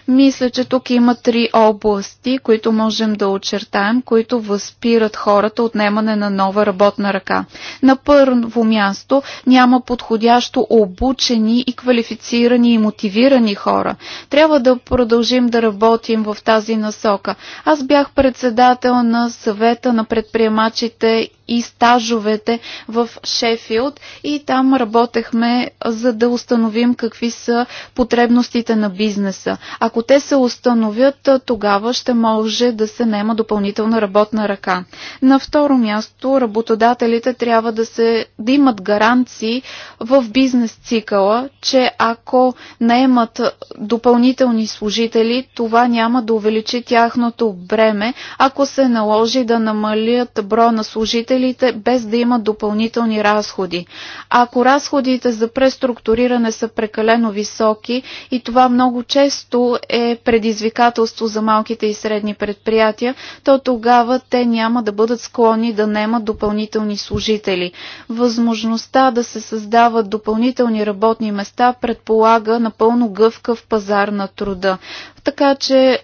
Мисля, че тук има три области, които можем да очертаем, които възпират хората от наемане на нова работна ръка. На първо място няма подходящо обучени и квалифицирани и мотивирани хора. Трябва да продължим да работим в тази насока. Аз бях председател на съвета на предприемачите и стажовете в Шефилд и там работехме за да установим какви са потребностите на бизнеса. Ако те се установят, тогава ще може да се нема допълнителна работна ръка. На второ място, работодателите трябва да, се, да имат гаранции в бизнес цикъла, че ако наемат допълнителни служители, това няма да увеличи тяхното бреме, ако се наложи да намалят броя на служителите без да имат допълнителни допълнителни разходи. Ако разходите за преструктуриране са прекалено високи и това много често е предизвикателство за малките и средни предприятия, то тогава те няма да бъдат склонни да немат допълнителни служители. Възможността да се създават допълнителни работни места предполага напълно гъвкав пазар на труда така че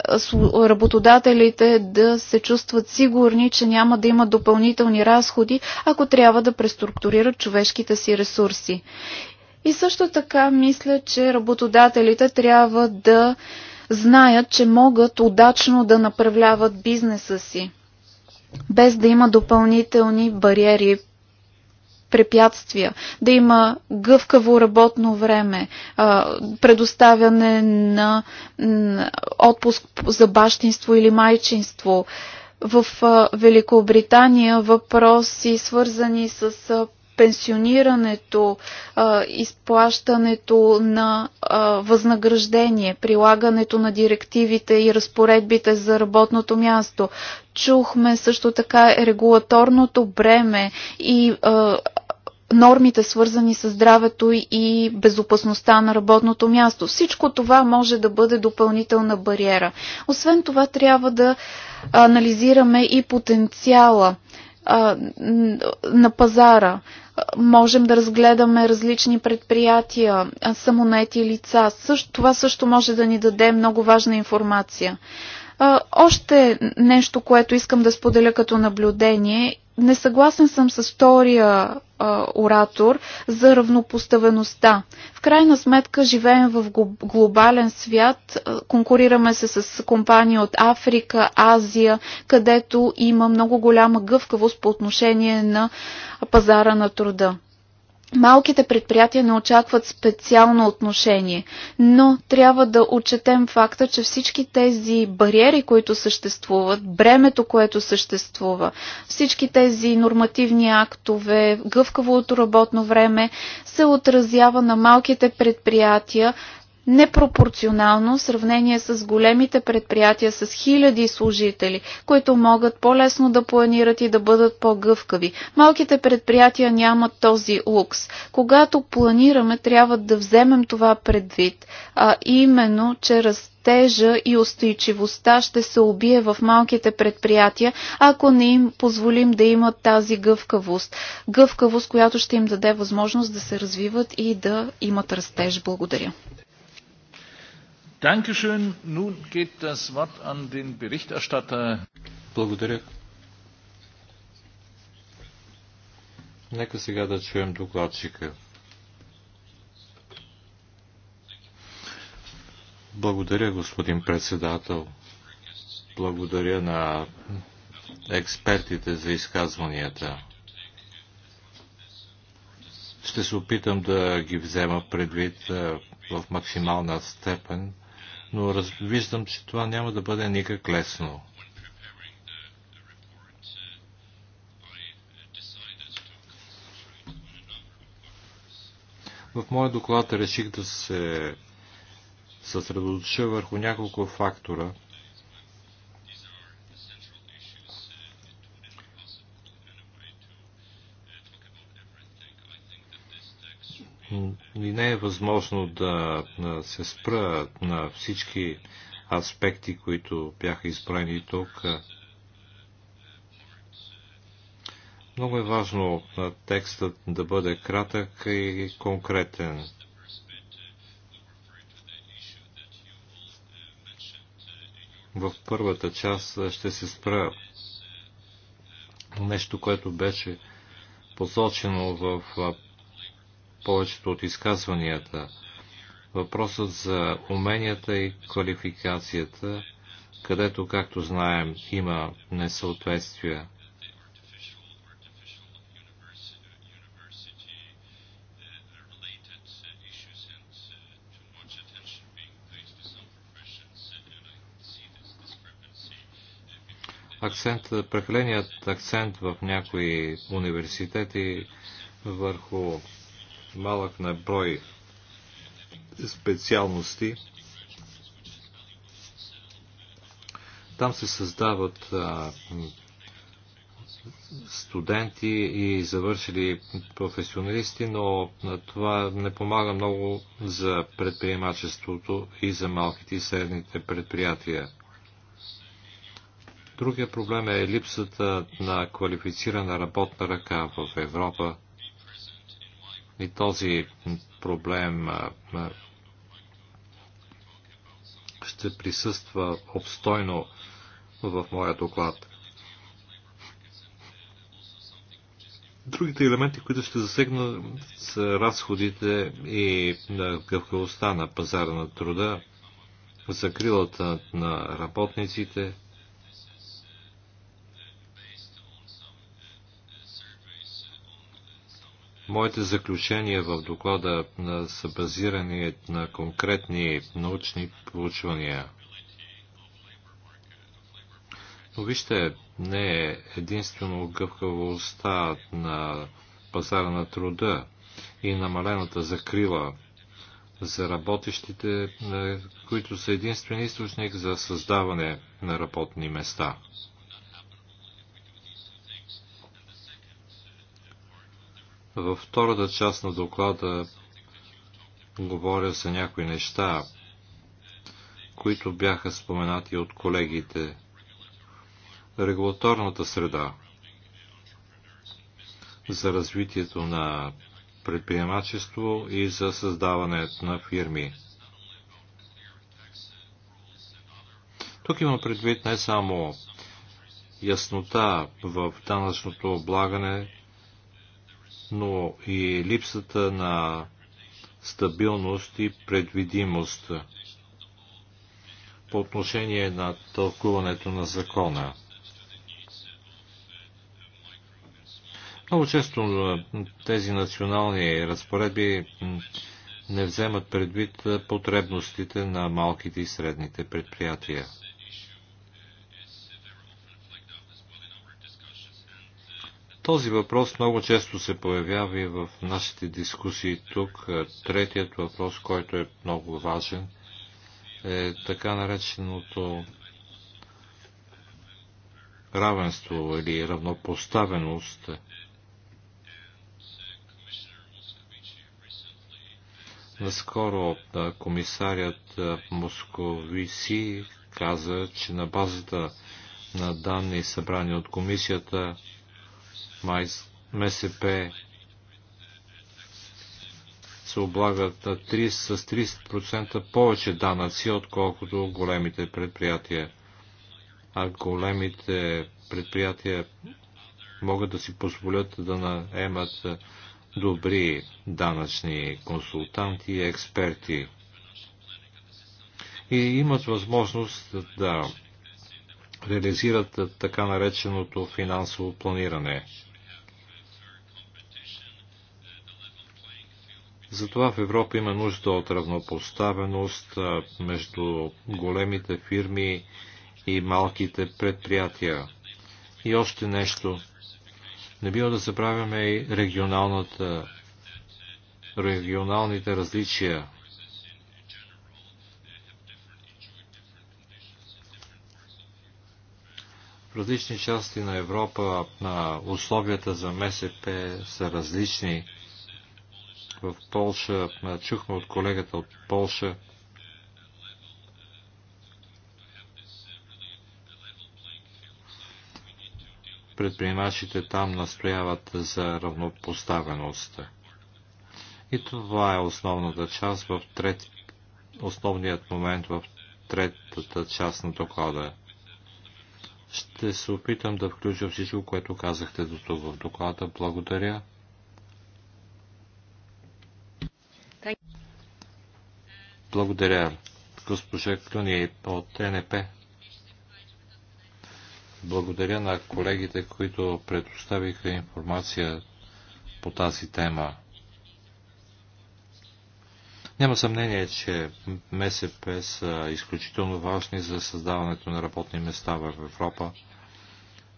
работодателите да се чувстват сигурни, че няма да има допълнителни разходи, ако трябва да преструктурират човешките си ресурси. И също така мисля, че работодателите трябва да знаят, че могат удачно да направляват бизнеса си, без да има допълнителни бариери препятствия, да има гъвкаво работно време, предоставяне на отпуск за бащинство или майчинство. В Великобритания въпроси, свързани с пенсионирането, изплащането на възнаграждение, прилагането на директивите и разпоредбите за работното място. Чухме също така регулаторното бреме и нормите, свързани с здравето и безопасността на работното място. Всичко това може да бъде допълнителна бариера. Освен това, трябва да анализираме и потенциала на пазара. Можем да разгледаме различни предприятия, самонети лица. Това също може да ни даде много важна информация. Още нещо, което искам да споделя като наблюдение Несъгласен съм с втория а, оратор за равнопоставеността. В крайна сметка живеем в глобален свят, конкурираме се с компании от Африка, Азия, където има много голяма гъвкавост по отношение на пазара на труда. Малките предприятия не очакват специално отношение, но трябва да отчетем факта, че всички тези бариери, които съществуват, бремето, което съществува, всички тези нормативни актове, гъвкавото работно време се отразява на малките предприятия непропорционално в сравнение с големите предприятия с хиляди служители, които могат по-лесно да планират и да бъдат по-гъвкави. Малките предприятия нямат този лукс. Когато планираме, трябва да вземем това предвид, а именно, че раз растежа и устойчивостта ще се убие в малките предприятия, ако не им позволим да имат тази гъвкавост. Гъвкавост, която ще им даде възможност да се развиват и да имат растеж. Благодаря. Dankeschön. Nun geht das Wort an den Berichterstatter. Благодаря. Нека сега да чуем докладчика. Благодаря, господин председател. Благодаря на експертите за изказванията. Ще се опитам да ги взема предвид в максимална степен но виждам, че това няма да бъде никак лесно. В моя доклад реших да се съсредоточа върху няколко фактора – и не е възможно да се спра на всички аспекти, които бяха изброени тук. Много е важно текстът да бъде кратък и конкретен. В първата част ще се спра нещо, което беше посочено в повечето от изказванията. Въпросът за уменията и квалификацията, където, както знаем, има несъответствия. акцент, прекаленият акцент в някои университети върху малък наброй специалности. Там се създават а, студенти и завършили професионалисти, но това не помага много за предприемачеството и за малките и средните предприятия. Другия проблем е липсата на квалифицирана работна ръка в Европа. И този проблем ще присъства обстойно в моя доклад. Другите елементи, които ще засегна, са разходите и гъвкавостта на пазара на труда, закрилата на работниците, Моите заключения в доклада са базирани на конкретни научни проучвания. Но вижте, не е единствено гъвкавостта на пазара на труда и намалената закрила за работещите, които са единствен източник за създаване на работни места. Във втората част на доклада говоря за някои неща, които бяха споменати от колегите. Регулаторната среда за развитието на предприемачество и за създаване на фирми. Тук има предвид не само яснота в данъчното облагане, но и липсата на стабилност и предвидимост по отношение на тълкуването на закона. Много често тези национални разпоредби не вземат предвид потребностите на малките и средните предприятия. Този въпрос много често се появява и в нашите дискусии тук. Третият въпрос, който е много важен, е така нареченото равенство или равнопоставеност. Наскоро комисарят Московиси каза, че на базата на данни събрани от комисията МСП се облагат с 30% повече данъци, отколкото големите предприятия. А големите предприятия могат да си позволят да наемат добри данъчни консултанти и експерти. И имат възможност да реализират така нареченото финансово планиране – Затова в Европа има нужда от равнопоставеност между големите фирми и малките предприятия. И още нещо. Не бива да забравяме и регионалната, регионалните различия. В различни части на Европа на условията за МСП са различни в Полша. Чухме от колегата от Полша. Предприемачите там настояват за равнопоставеност. И това е основната част в трет... основният момент в третата част на доклада. Ще се опитам да включа всичко, което казахте до тук в доклада. Благодаря. Благодаря, госпожа Клюни от НП. Благодаря на колегите, които предоставиха информация по тази тема. Няма съмнение, че МСП са изключително важни за създаването на работни места в Европа.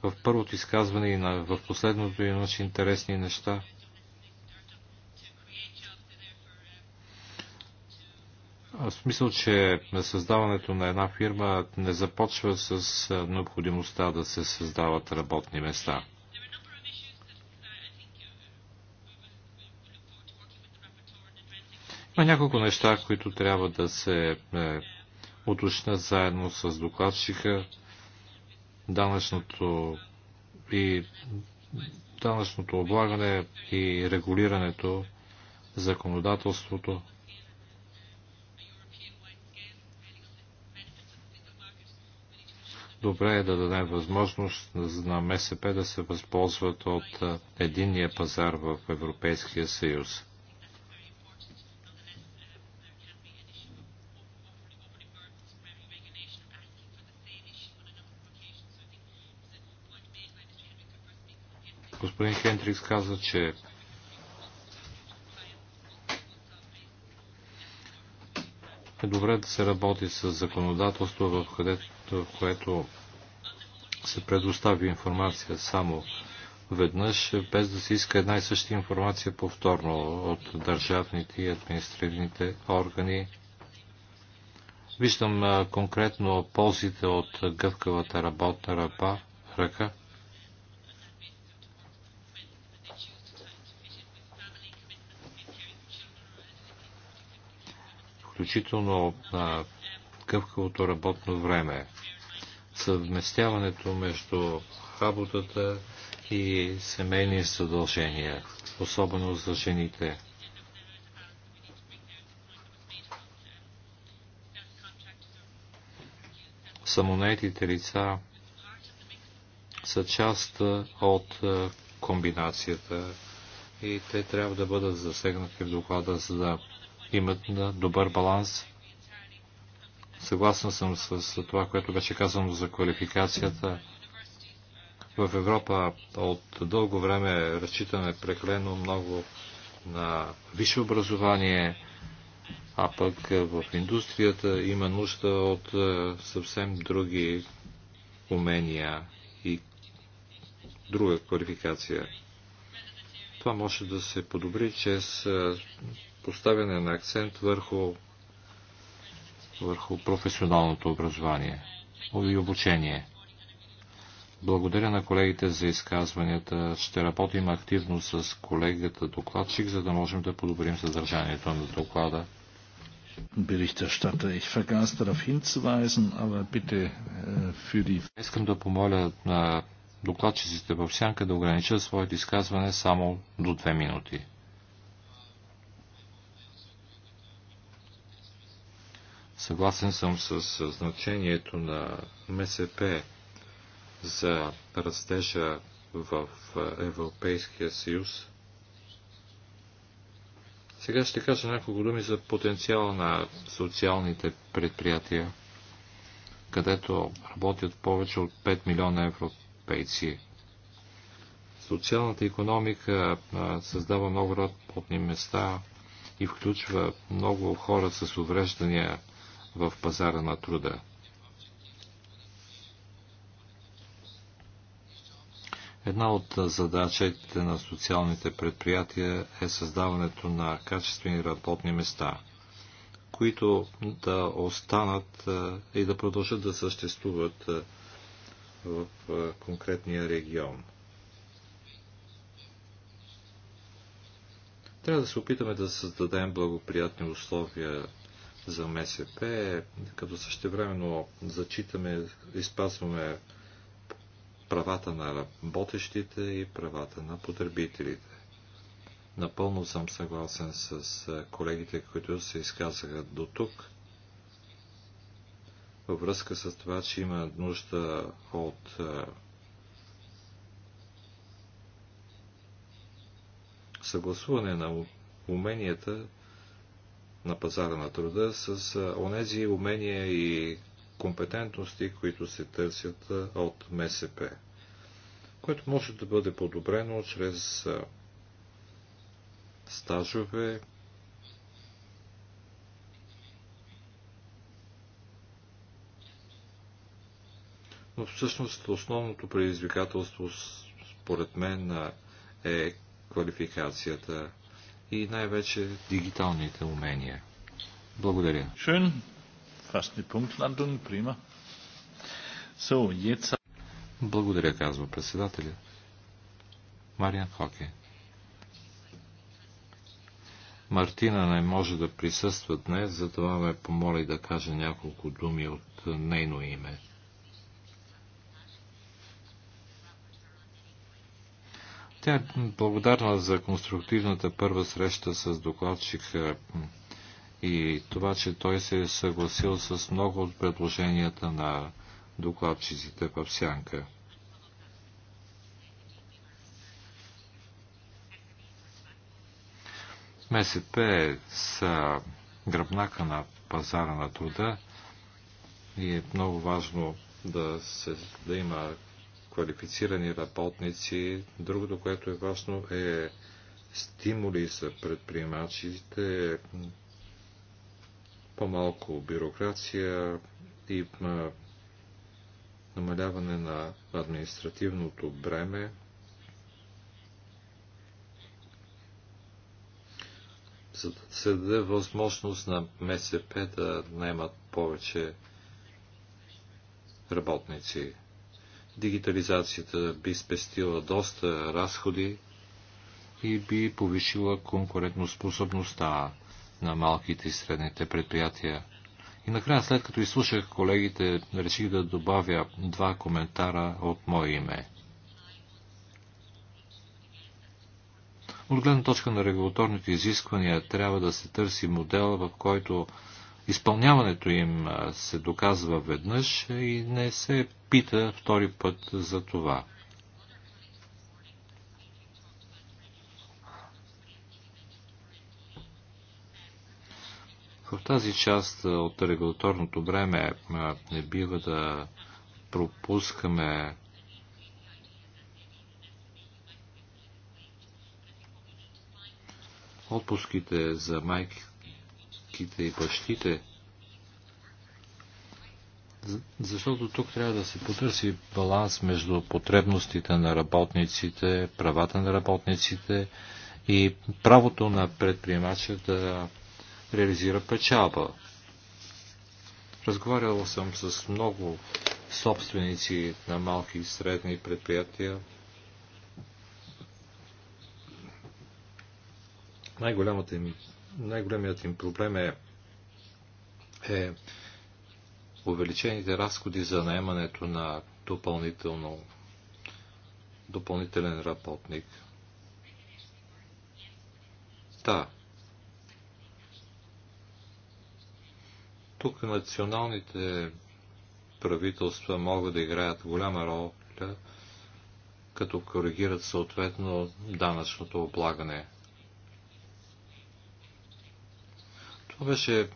В първото изказване и на, в последното имаше интересни неща – Аз мисля, че създаването на една фирма не започва с необходимостта да се създават работни места. Има няколко неща, които трябва да се е, уточнят заедно с докладчика, данъчното и данъчното облагане и регулирането, законодателството. Добре е да дадем възможност на МСП да се възползват от единния пазар в Европейския съюз. Господин Хендрикс каза, че е добре да се работи с законодателство, в, където, в което се предостави информация само веднъж, без да се иска една и съща информация повторно от държавните и административните органи. Виждам конкретно ползите от гъвкавата работна ръка. изключително а, къвкавото работно време, съвместяването между работата и семейни задължения, особено за жените. Самонетите лица са част от комбинацията и те трябва да бъдат засегнати в доклада, за да имат добър баланс. Съгласен съм с това, което беше казано за квалификацията. В Европа от дълго време разчитаме прекалено много на висше образование, а пък в индустрията има нужда от е, съвсем други умения и друга квалификация. Това може да се подобри чрез е, поставяне на акцент върху, върху професионалното образование и обучение. Благодаря на колегите за изказванията. Ще работим активно с колегата докладчик, за да можем да подобрим съдържанието на доклада. Äh, Искам да помоля на докладчиците в сянка да ограничат своите изказване само до две минути. Съгласен съм с значението на МСП за растежа в Европейския съюз. Сега ще кажа няколко думи за потенциала на социалните предприятия, където работят повече от 5 милиона европейци. Социалната економика създава много работни места и включва много хора с увреждания, в пазара на труда. Една от задачите на социалните предприятия е създаването на качествени работни места, които да останат и да продължат да съществуват в конкретния регион. Трябва да се опитаме да създадем благоприятни условия за МСП, като същевременно зачитаме и спазваме правата на работещите и правата на потребителите. Напълно съм съгласен с колегите, които се изказаха до тук, във връзка с това, че има нужда от е, съгласуване на уменията на пазара на труда с онези умения и компетентности, които се търсят от МСП, което може да бъде подобрено чрез стажове, Но всъщност основното предизвикателство, според мен, е квалификацията и най-вече дигиталните умения. Благодаря. Schön. фастни пункт, Punktlandung. прима. So, jetzt... Благодаря, казва председателя. Мариан Хоке. Мартина не може да присъства днес, затова ме помоли да каже няколко думи от нейно име. Тя е благодарна за конструктивната първа среща с докладчика и това, че той се е съгласил с много от предложенията на докладчиците в сянка. МСП са гръбнака на пазара на труда и е много важно да, се, да има квалифицирани работници. Другото, което е важно, е стимули за предприемачите, по-малко бюрокрация и намаляване на административното бреме. За да се даде възможност на МСП да наймат повече работници. Дигитализацията би спестила доста разходи и би повишила конкурентоспособността на малките и средните предприятия. И накрая, след като изслушах колегите, реших да добавя два коментара от мое име. От гледна точка на регулаторните изисквания трябва да се търси модел, в който изпълняването им се доказва веднъж и не се пита втори път за това. В тази част от регулаторното време не бива да пропускаме отпуските за майки, майките и бащите. Защото тук трябва да се потърси баланс между потребностите на работниците, правата на работниците и правото на предприемача да реализира печалба. Разговарял съм с много собственици на малки и средни предприятия. Най-голямата им най-големият им проблем е, е увеличените разходи за наемането на допълнително, допълнителен работник. Да. Тук националните правителства могат да играят голяма роля, като коригират съответно данъчното облагане – Това беше е,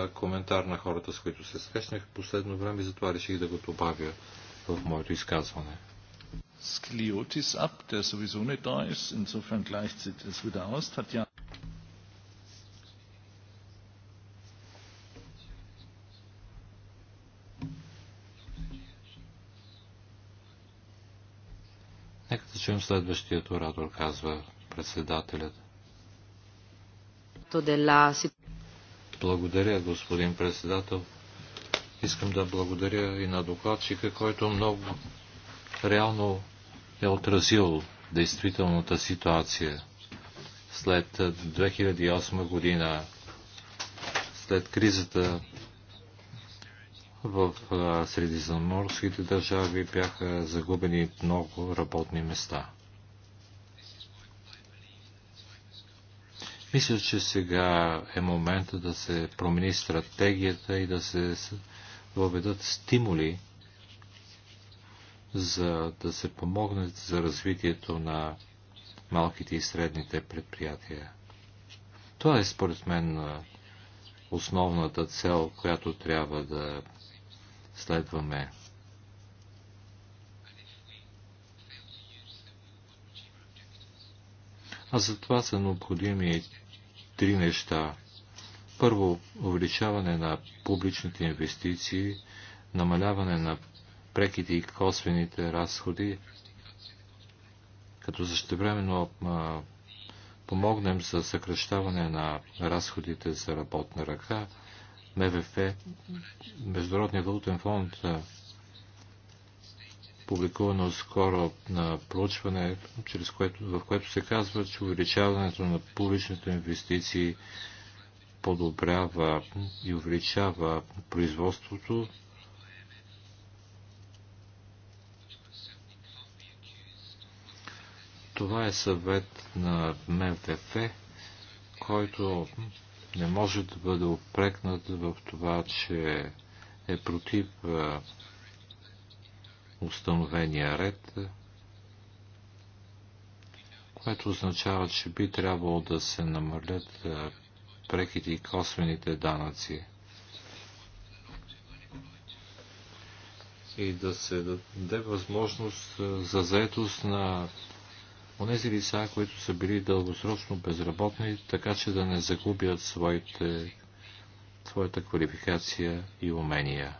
е, коментар на хората, с които се срещнах в последно време и затова реших да го добавя в моето изказване. der sowieso nicht da ist, insofern gleicht sich das wieder aus. Нека да чуем следващият оратор, казва председателят. Благодаря, господин председател. Искам да благодаря и на докладчика, който много реално е отразил действителната ситуация след 2008 година, след кризата в средиземноморските държави бяха загубени много работни места. Мисля, че сега е момента да се промени стратегията и да се въведат стимули за да се помогне за развитието на малките и средните предприятия. Това е според мен основната цел, която трябва да следваме. А за това са необходими три неща. Първо, увеличаване на публичните инвестиции, намаляване на преките и косвените разходи, като същевременно помогнем за съкръщаване на разходите за работна ръка, МВФ, Международния валутен фонд публикувано скоро на проучване, чрез което, в което се казва, че увеличаването на публичните инвестиции подобрява и увеличава производството. Това е съвет на МВФ, който не може да бъде опрекнат в това, че е против установения ред, което означава, че би трябвало да се намалят преките и косвените данъци и да се даде възможност за заетост на онези лица, които са били дългосрочно безработни, така че да не загубят своите, своята квалификация и умения.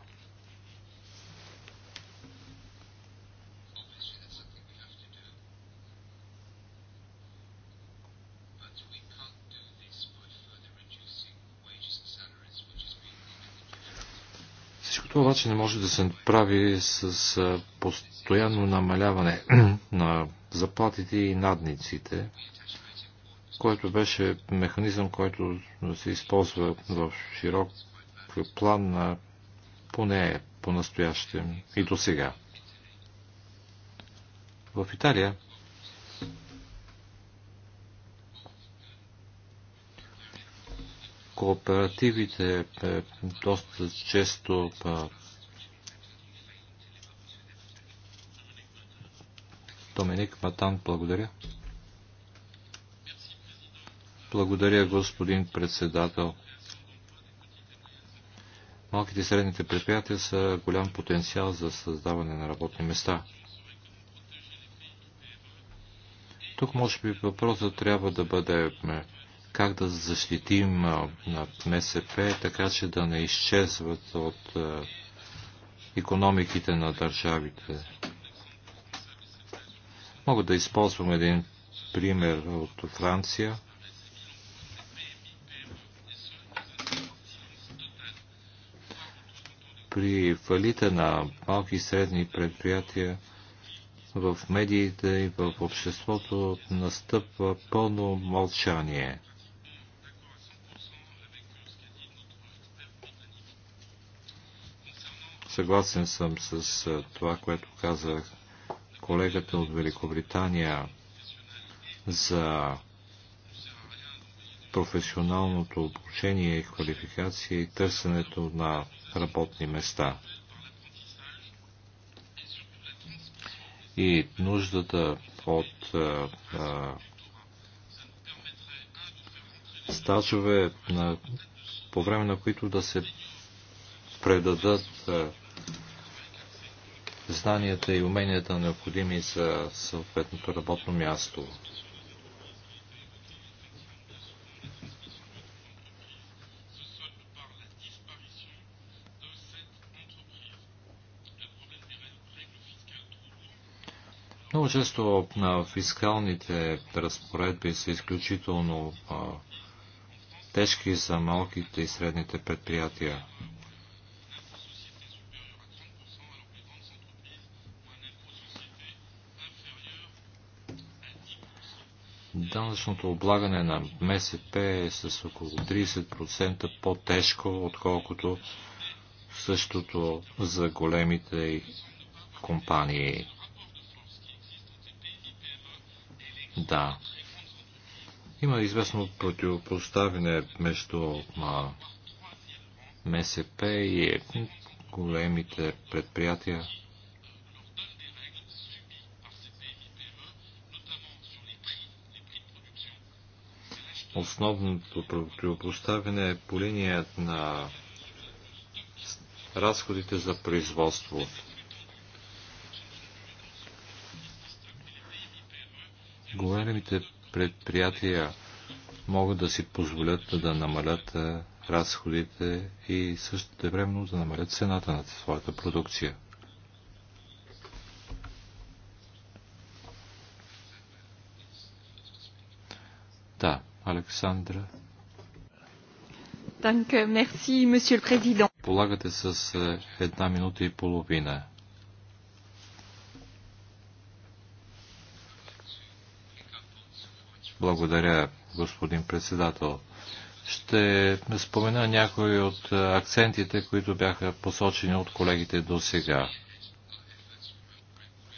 обаче не може да се направи с постоянно намаляване на заплатите и надниците, който беше механизъм, който се използва в широк план на поне по-настоящем и до сега. В Италия Кооперативите е доста често Доминик Матан, благодаря. Благодаря, господин председател. Малките и средните предприятия са голям потенциал за създаване на работни места. Тук може би въпросът трябва да бъде как да защитим МСП, така че да не изчезват от економиките на държавите. Мога да използвам един пример от Франция. При фалите на малки и средни предприятия в медиите и в обществото настъпва пълно мълчание. Съгласен съм с това, което каза колегата от Великобритания за професионалното обучение и квалификация и търсенето на работни места. И нуждата от а, а, стажове, на, по време на които да се предадат а, знанията и уменията необходими за съответното работно място. Много често на фискалните разпоредби са изключително а, тежки за малките и средните предприятия. Данъчното облагане на МСП е с около 30% по-тежко, отколкото същото за големите компании. Да. Има известно противопоставяне между МСП и големите предприятия. Основното противопоставяне е по линия на разходите за производство. Големите предприятия могат да си позволят да намалят е, разходите и също времено да намалят цената на своята продукция. Да, Александра. Danke, euh, merci, monsieur le Полагате с е, една минута и половина. Благодаря, господин председател. Ще спомена някои от е, акцентите, които бяха посочени от колегите до сега.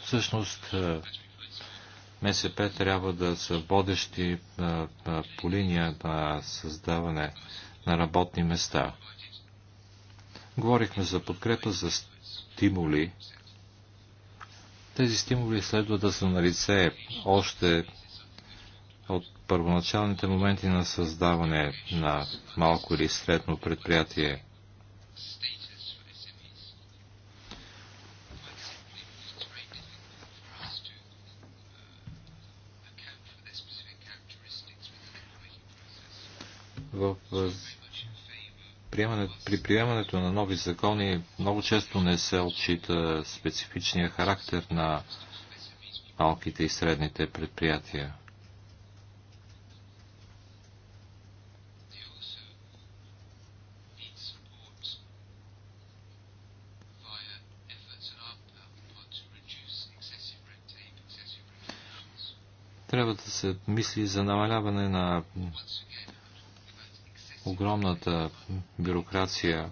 Всъщност, е, МСП трябва да са водещи по линия на създаване на работни места. Говорихме за подкрепа за стимули. Тези стимули следва да са на лице още от първоначалните моменти на създаване на малко или средно предприятие. в приемане, при приемането на нови закони много често не се отчита специфичния характер на малките и средните предприятия. Трябва да се мисли за намаляване на огромната бюрокрация.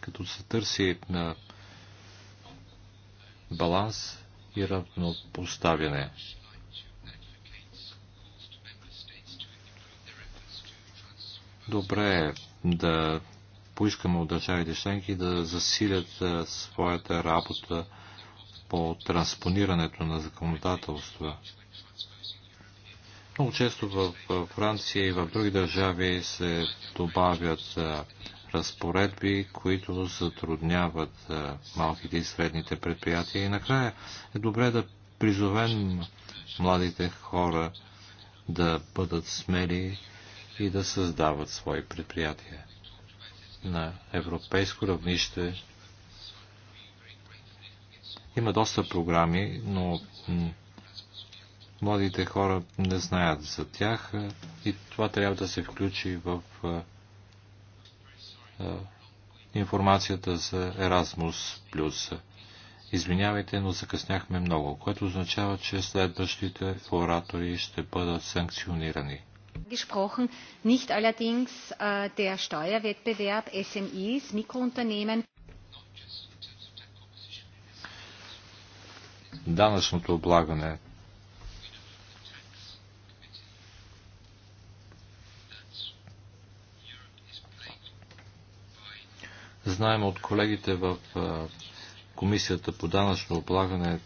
Като се търси на баланс и равнопоставяне. Добре е да поискаме от държавите членки да засилят своята работа по транспонирането на законодателства. Много често в Франция и в други държави се добавят разпоредби, които затрудняват малките и средните предприятия. И накрая е добре да призовем младите хора да бъдат смели и да създават свои предприятия на европейско равнище има доста програми, но младите хора не знаят за тях и това трябва да се включи в информацията за Erasmus+. Извинявайте, но закъсняхме много, което означава, че следващите оратори ще бъдат санкционирани. Gesprochen, nicht allerdings der Steuerwettbewerb SMIs, Mikrounternehmen данъчното облагане. Знаем от колегите в Комисията по данъчно облагане,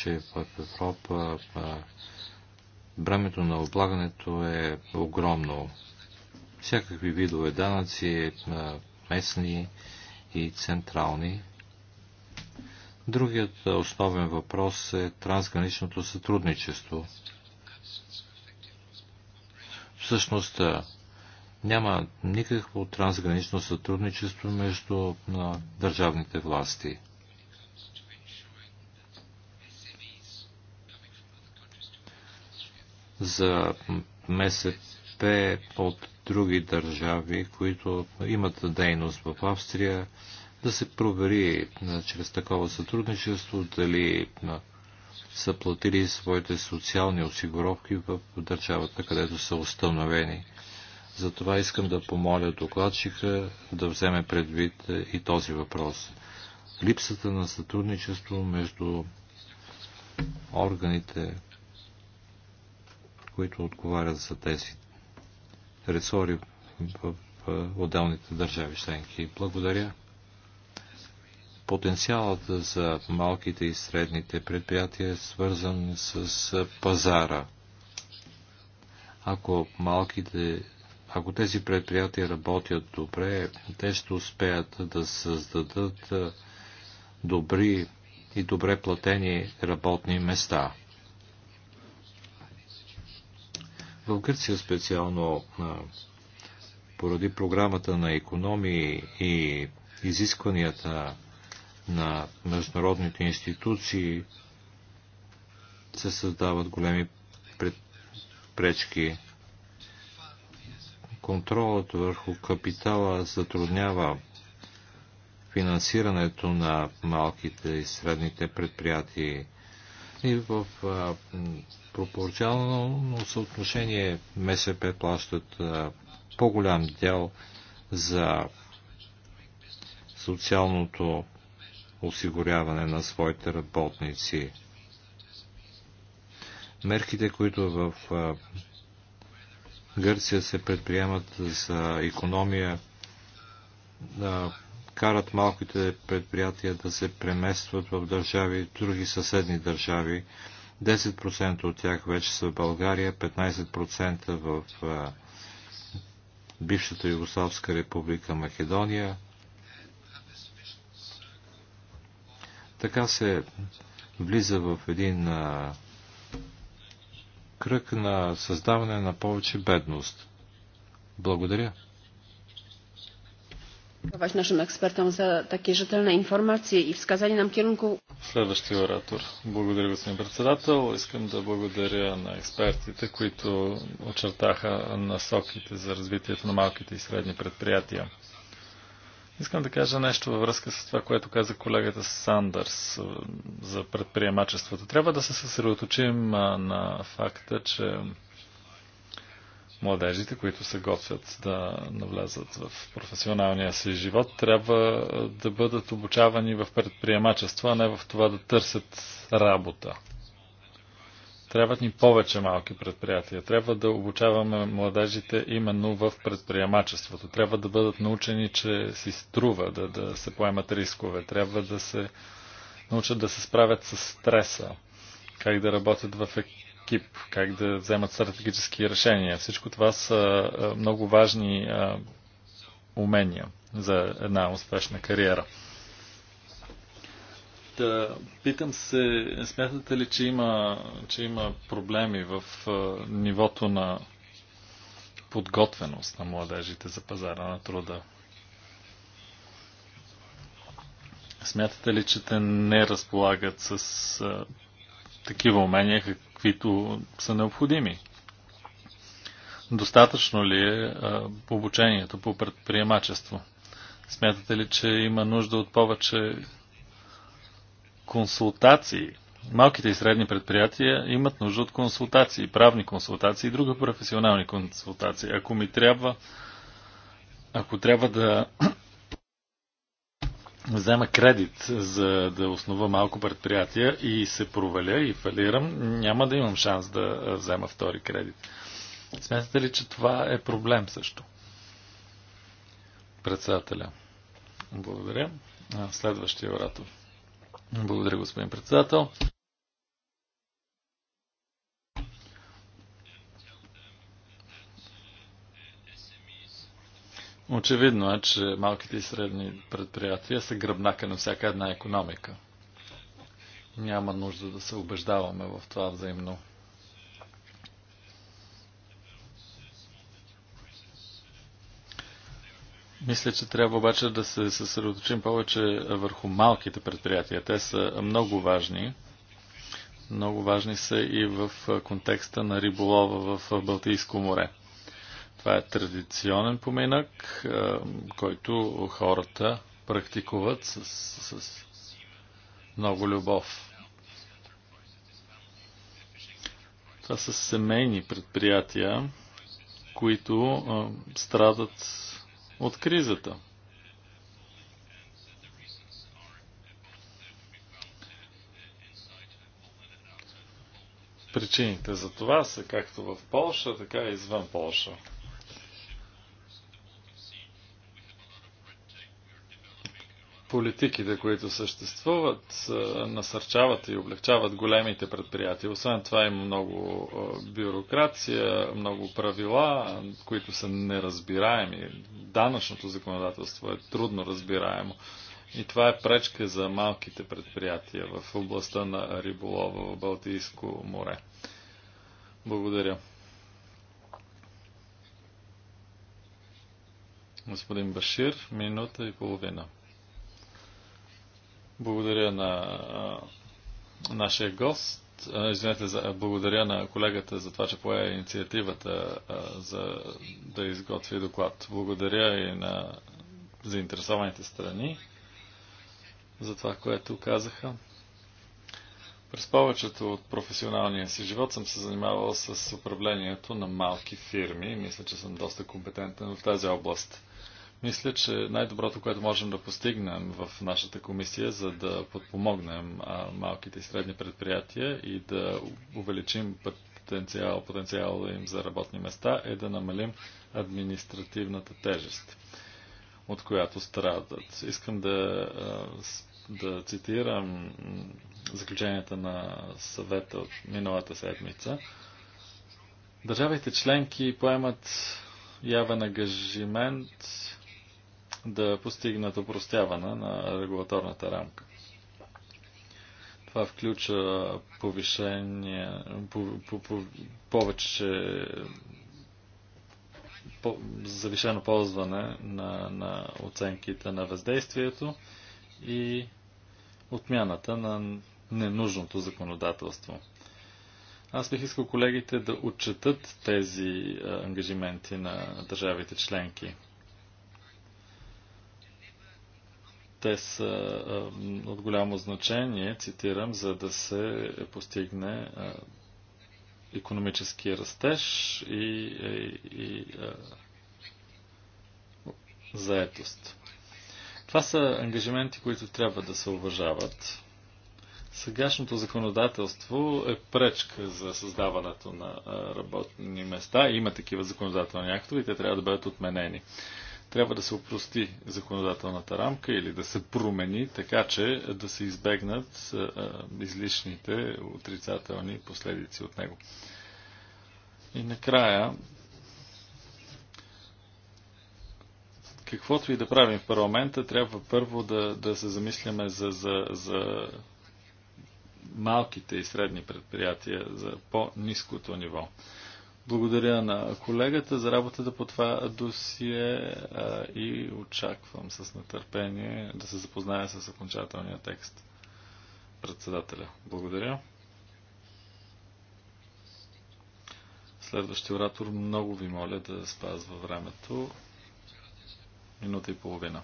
че в Европа бремето на облагането е огромно. Всякакви видове данъци, местни и централни – Другият основен въпрос е трансграничното сътрудничество. Всъщност няма никакво трансгранично сътрудничество между държавните власти. За МСП от други държави, които имат дейност в Австрия, да се провери чрез такова сътрудничество дали са платили своите социални осигуровки в държавата, където са установени. Затова искам да помоля докладчика да вземе предвид и този въпрос. Липсата на сътрудничество между органите, които отговарят за тези ресори в отделните държави членки. Благодаря. Потенциалът за малките и средните предприятия е свързан с пазара. Ако малките ако тези предприятия работят добре, те ще успеят да създадат добри и добре платени работни места. В Гърция специално поради програмата на економии и изискванията на международните институции се създават големи пречки. Контролът върху капитала затруднява финансирането на малките и средните предприятия и в а, пропорционално съотношение МСП плащат по-голям дял за социалното осигуряване на своите работници. Мерките, които в Гърция се предприемат за економия, да карат малките предприятия да се преместват в държави, други съседни държави. 10% от тях вече са в България, 15% в бившата Югославска република Македония, Така се влиза в един а, кръг на създаване на повече бедност. Благодаря. Нашим експертам за такива информации и нам Следващия оратор. Благодаря, господин председател. Искам да благодаря на експертите, които очертаха насоките за развитието на малките и средни предприятия. Искам да кажа нещо във връзка с това, което каза колегата Сандърс за предприемачеството. Трябва да се съсредоточим на факта, че младежите, които се готвят да навлязат в професионалния си живот, трябва да бъдат обучавани в предприемачество, а не в това да търсят работа. Трябват ни повече малки предприятия. Трябва да обучаваме младежите именно в предприемачеството. Трябва да бъдат научени, че си струва да, да се поемат рискове. Трябва да се научат да се справят с стреса. Как да работят в екип, как да вземат стратегически решения. Всичко това са много важни умения за една успешна кариера. Да, питам се, смятате ли, че има, че има проблеми в нивото на подготвеност на младежите за пазара на труда? Смятате ли, че те не разполагат с а, такива умения, каквито са необходими? Достатъчно ли е а, обучението по предприемачество? Смятате ли, че има нужда от повече консултации. Малките и средни предприятия имат нужда от консултации, правни консултации и други професионални консултации. Ако ми трябва, ако трябва да взема кредит за да основа малко предприятие и се проваля и фалирам, няма да имам шанс да взема втори кредит. Смятате ли, че това е проблем също? Председателя. Благодаря. Следващия оратор. Благодаря, господин председател. Очевидно е, че малките и средни предприятия са гръбнака на всяка една економика. Няма нужда да се убеждаваме в това взаимно Мисля, че трябва обаче да се съсредоточим повече върху малките предприятия. Те са много важни. Много важни са и в контекста на риболова в Балтийско море. Това е традиционен поминък, е, който хората практикуват с, с, с много любов. Това са семейни предприятия, които е, страдат от кризата. Причините за това са както в Полша, така и извън Полша. политиките, които съществуват, насърчават и облегчават големите предприятия. Освен това има много бюрокрация, много правила, които са неразбираеми. Данъчното законодателство е трудно разбираемо. И това е пречка за малките предприятия в областта на риболова в Балтийско море. Благодаря. Господин Башир, минута и половина. Благодаря на нашия гост. Извинете, благодаря на колегата за това, че пое инициативата за да изготви доклад. Благодаря и на заинтересованите страни за това, което казаха. През повечето от професионалния си живот съм се занимавал с управлението на малки фирми. Мисля, че съм доста компетентен в тази област. Мисля, че най-доброто, което можем да постигнем в нашата комисия, за да подпомогнем малките и средни предприятия и да увеличим потенциал, потенциала им за работни места, е да намалим административната тежест, от която страдат. Искам да, да цитирам заключенията на съвета от миналата седмица. Държавите членки поемат явен ангажимент да постигнат опростяване на регулаторната рамка. Това включва повишение, по, по, по, повече по, завишено ползване на, на оценките на въздействието и отмяната на ненужното законодателство. Аз бих искал колегите да отчетат тези ангажименти на държавите членки. те са от голямо значение, цитирам, за да се постигне економически растеж и, и, и заетост. Това са ангажименти, които трябва да се уважават. Сегашното законодателство е пречка за създаването на работни места. Има такива законодателни актове и те трябва да бъдат отменени. Трябва да се опрости законодателната рамка или да се промени, така че да се избегнат излишните отрицателни последици от него. И накрая, каквото и да правим в парламента, трябва първо да, да се замисляме за, за, за малките и средни предприятия, за по-низкото ниво. Благодаря на колегата за работата по това досие и очаквам с нетърпение да се запозная с окончателния текст. Председателя. Благодаря. Следващия оратор, много ви моля да спазва времето. Минута и половина.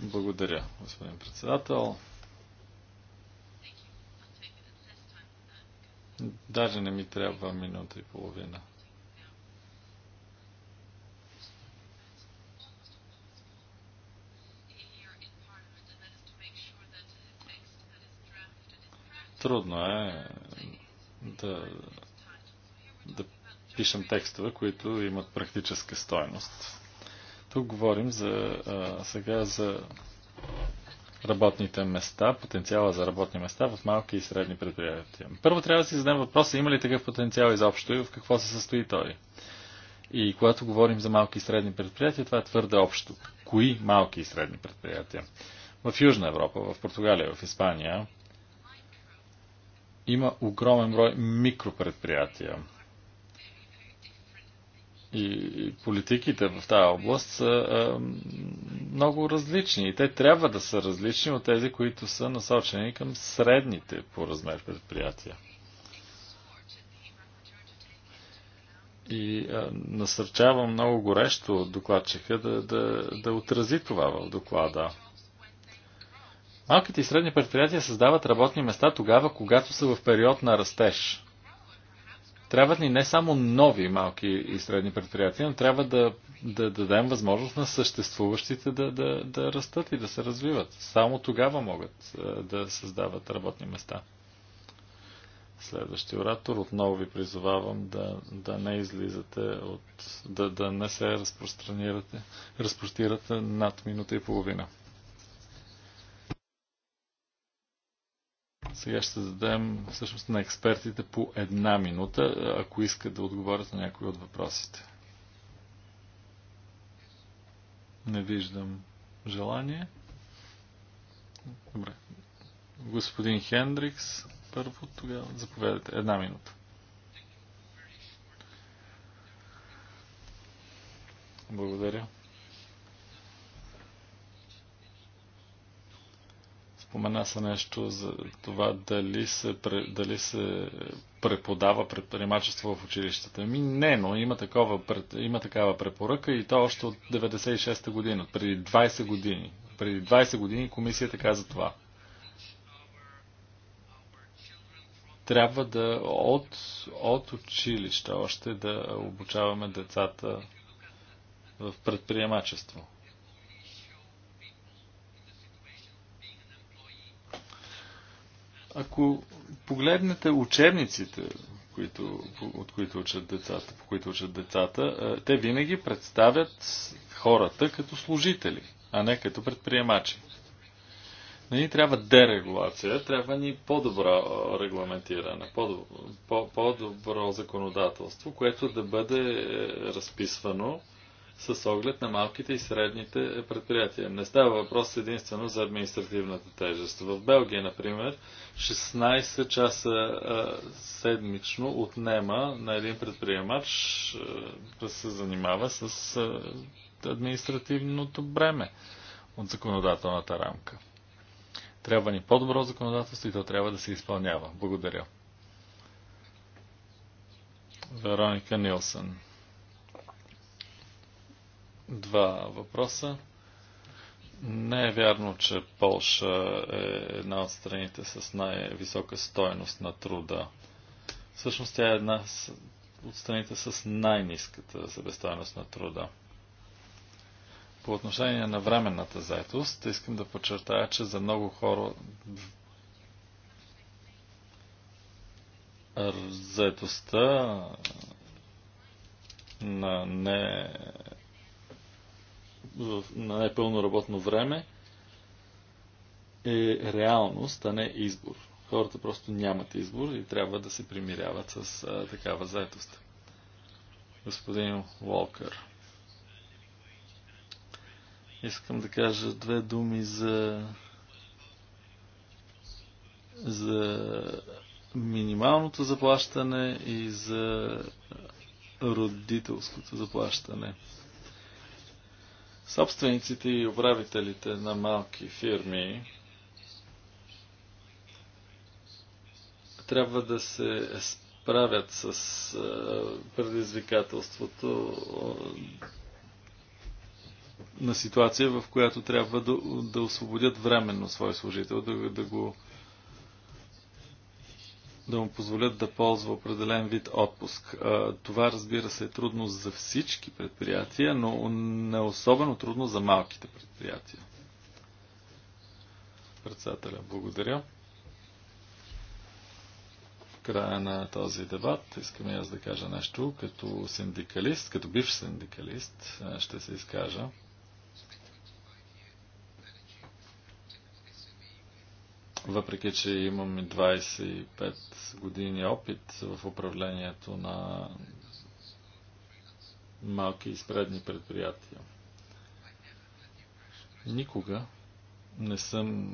Благодаря, господин председател. Даже не ми трябва минута и половина. Трудно е да, да пишем текстове, които имат практическа стойност. Тук говорим за, а, сега за работните места, потенциала за работни места в малки и средни предприятия. Първо трябва да си зададем въпроса, има ли такъв потенциал изобщо и в какво се състои той. И когато говорим за малки и средни предприятия, това е твърде общо. Кои малки и средни предприятия? В Южна Европа, в Португалия, в Испания има огромен брой микропредприятия и политиките в тази област са много различни и те трябва да са различни от тези, които са насочени към средните по размер предприятия. И насърчавам много горещо докладчика да, да, да отрази това в доклада. Малките и средни предприятия създават работни места тогава, когато са в период на растеж. Трябват ни не само нови малки и средни предприятия, но трябва да, да, да дадем възможност на съществуващите да, да, да растат и да се развиват. Само тогава могат е, да създават работни места. Следващия оратор, отново ви призовавам да, да не излизате от, да, да не се разпространирате, разпростирате над минута и половина. Сега ще зададем всъщност на експертите по една минута, ако искат да отговорят на някои от въпросите. Не виждам желание. Добре. Господин Хендрикс, първо тогава заповядайте. Една минута. Благодаря. Спомена се нещо за това дали се, дали се преподава предприемачество в училищата. Ми не, но има, такова, има такава препоръка и то още от 96-та година, преди 20 години. Преди 20 години комисията каза това. Трябва да от, от училища още да обучаваме децата в предприемачество. Ако погледнете учебниците, които, от които учат децата, по които учат децата, е, те винаги представят хората като служители, а не като предприемачи. Не ни трябва дерегулация, трябва ни по-добро регламентиране, по-добро, по-добро законодателство, което да бъде е, разписвано с оглед на малките и средните предприятия. Не става въпрос единствено за административната тежест. В Белгия, например, 16 часа а, седмично отнема на един предприемач да се занимава с а, административното бреме от законодателната рамка. Трябва ни по-добро законодателство и то трябва да се изпълнява. Благодаря. Вероника Нилсън два въпроса. Не е вярно, че Полша е една от страните с най-висока стоеност на труда. Всъщност тя е една от страните с най-низката себестоеност на труда. По отношение на временната заетост, искам да подчертая, че за много хора заетостта на не в, на непълно работно време е реалност, а не избор. Хората просто нямат избор и трябва да се примиряват с а, такава заетост. Господин Уолкър. Искам да кажа две думи за за минималното заплащане и за родителското заплащане. Собствениците и управителите на малки фирми трябва да се справят с предизвикателството на ситуация, в която трябва да, да освободят временно свой служител, да, да го да му позволят да ползва определен вид отпуск. Това, разбира се, е трудно за всички предприятия, но не е особено трудно за малките предприятия. Председателя, благодаря. В края на този дебат искам и аз да кажа нещо. Като синдикалист, като бивш синдикалист, ще се изкажа. Въпреки, че имам 25 години опит в управлението на малки и средни предприятия. Никога не съм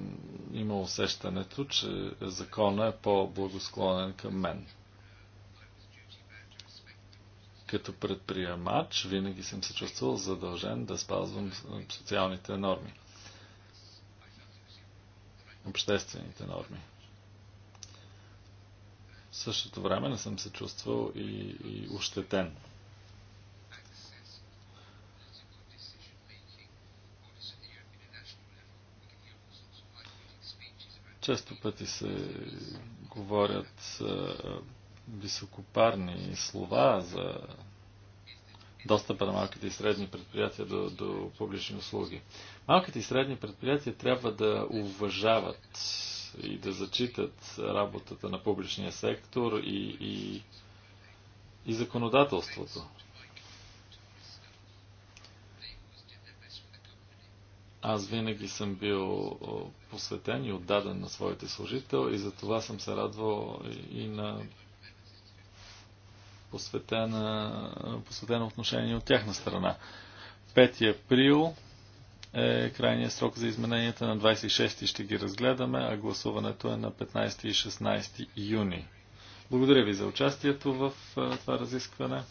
имал усещането, че закона е по-благосклонен към мен. Като предприемач винаги съм се чувствал задължен да спазвам социалните норми обществените норми. В същото време не съм се чувствал и, и ощетен. Често пъти се говорят високопарни слова за достъпа на малките и средни предприятия до, до публични услуги. Малките и средни предприятия трябва да уважават и да зачитат работата на публичния сектор и, и, и законодателството. Аз винаги съм бил посветен и отдаден на своите служител и за това съм се радвал и на посветена, посветено отношение от тяхна страна. 5 април е крайният срок за измененията на 26 ще ги разгледаме, а гласуването е на 15 и 16 юни. Благодаря ви за участието в това разискване.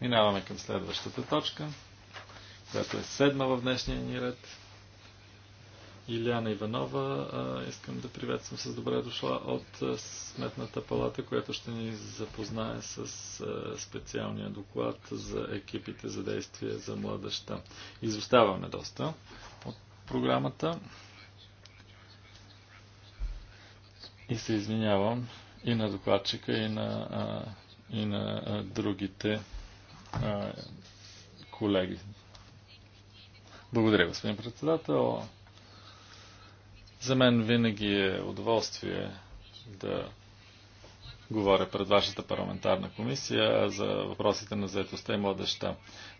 Минаваме към следващата точка, която е седма в днешния ни ред. Иляна Иванова. Искам да приветствам с добре дошла от Сметната палата, която ще ни запознае с специалния доклад за екипите за действие за младеща. Изоставаме доста от програмата. И се извинявам и на докладчика, и на, и на другите колеги. Благодаря, господин председател. За мен винаги е удоволствие да говоря пред вашата парламентарна комисия за въпросите на заедостта и младеща.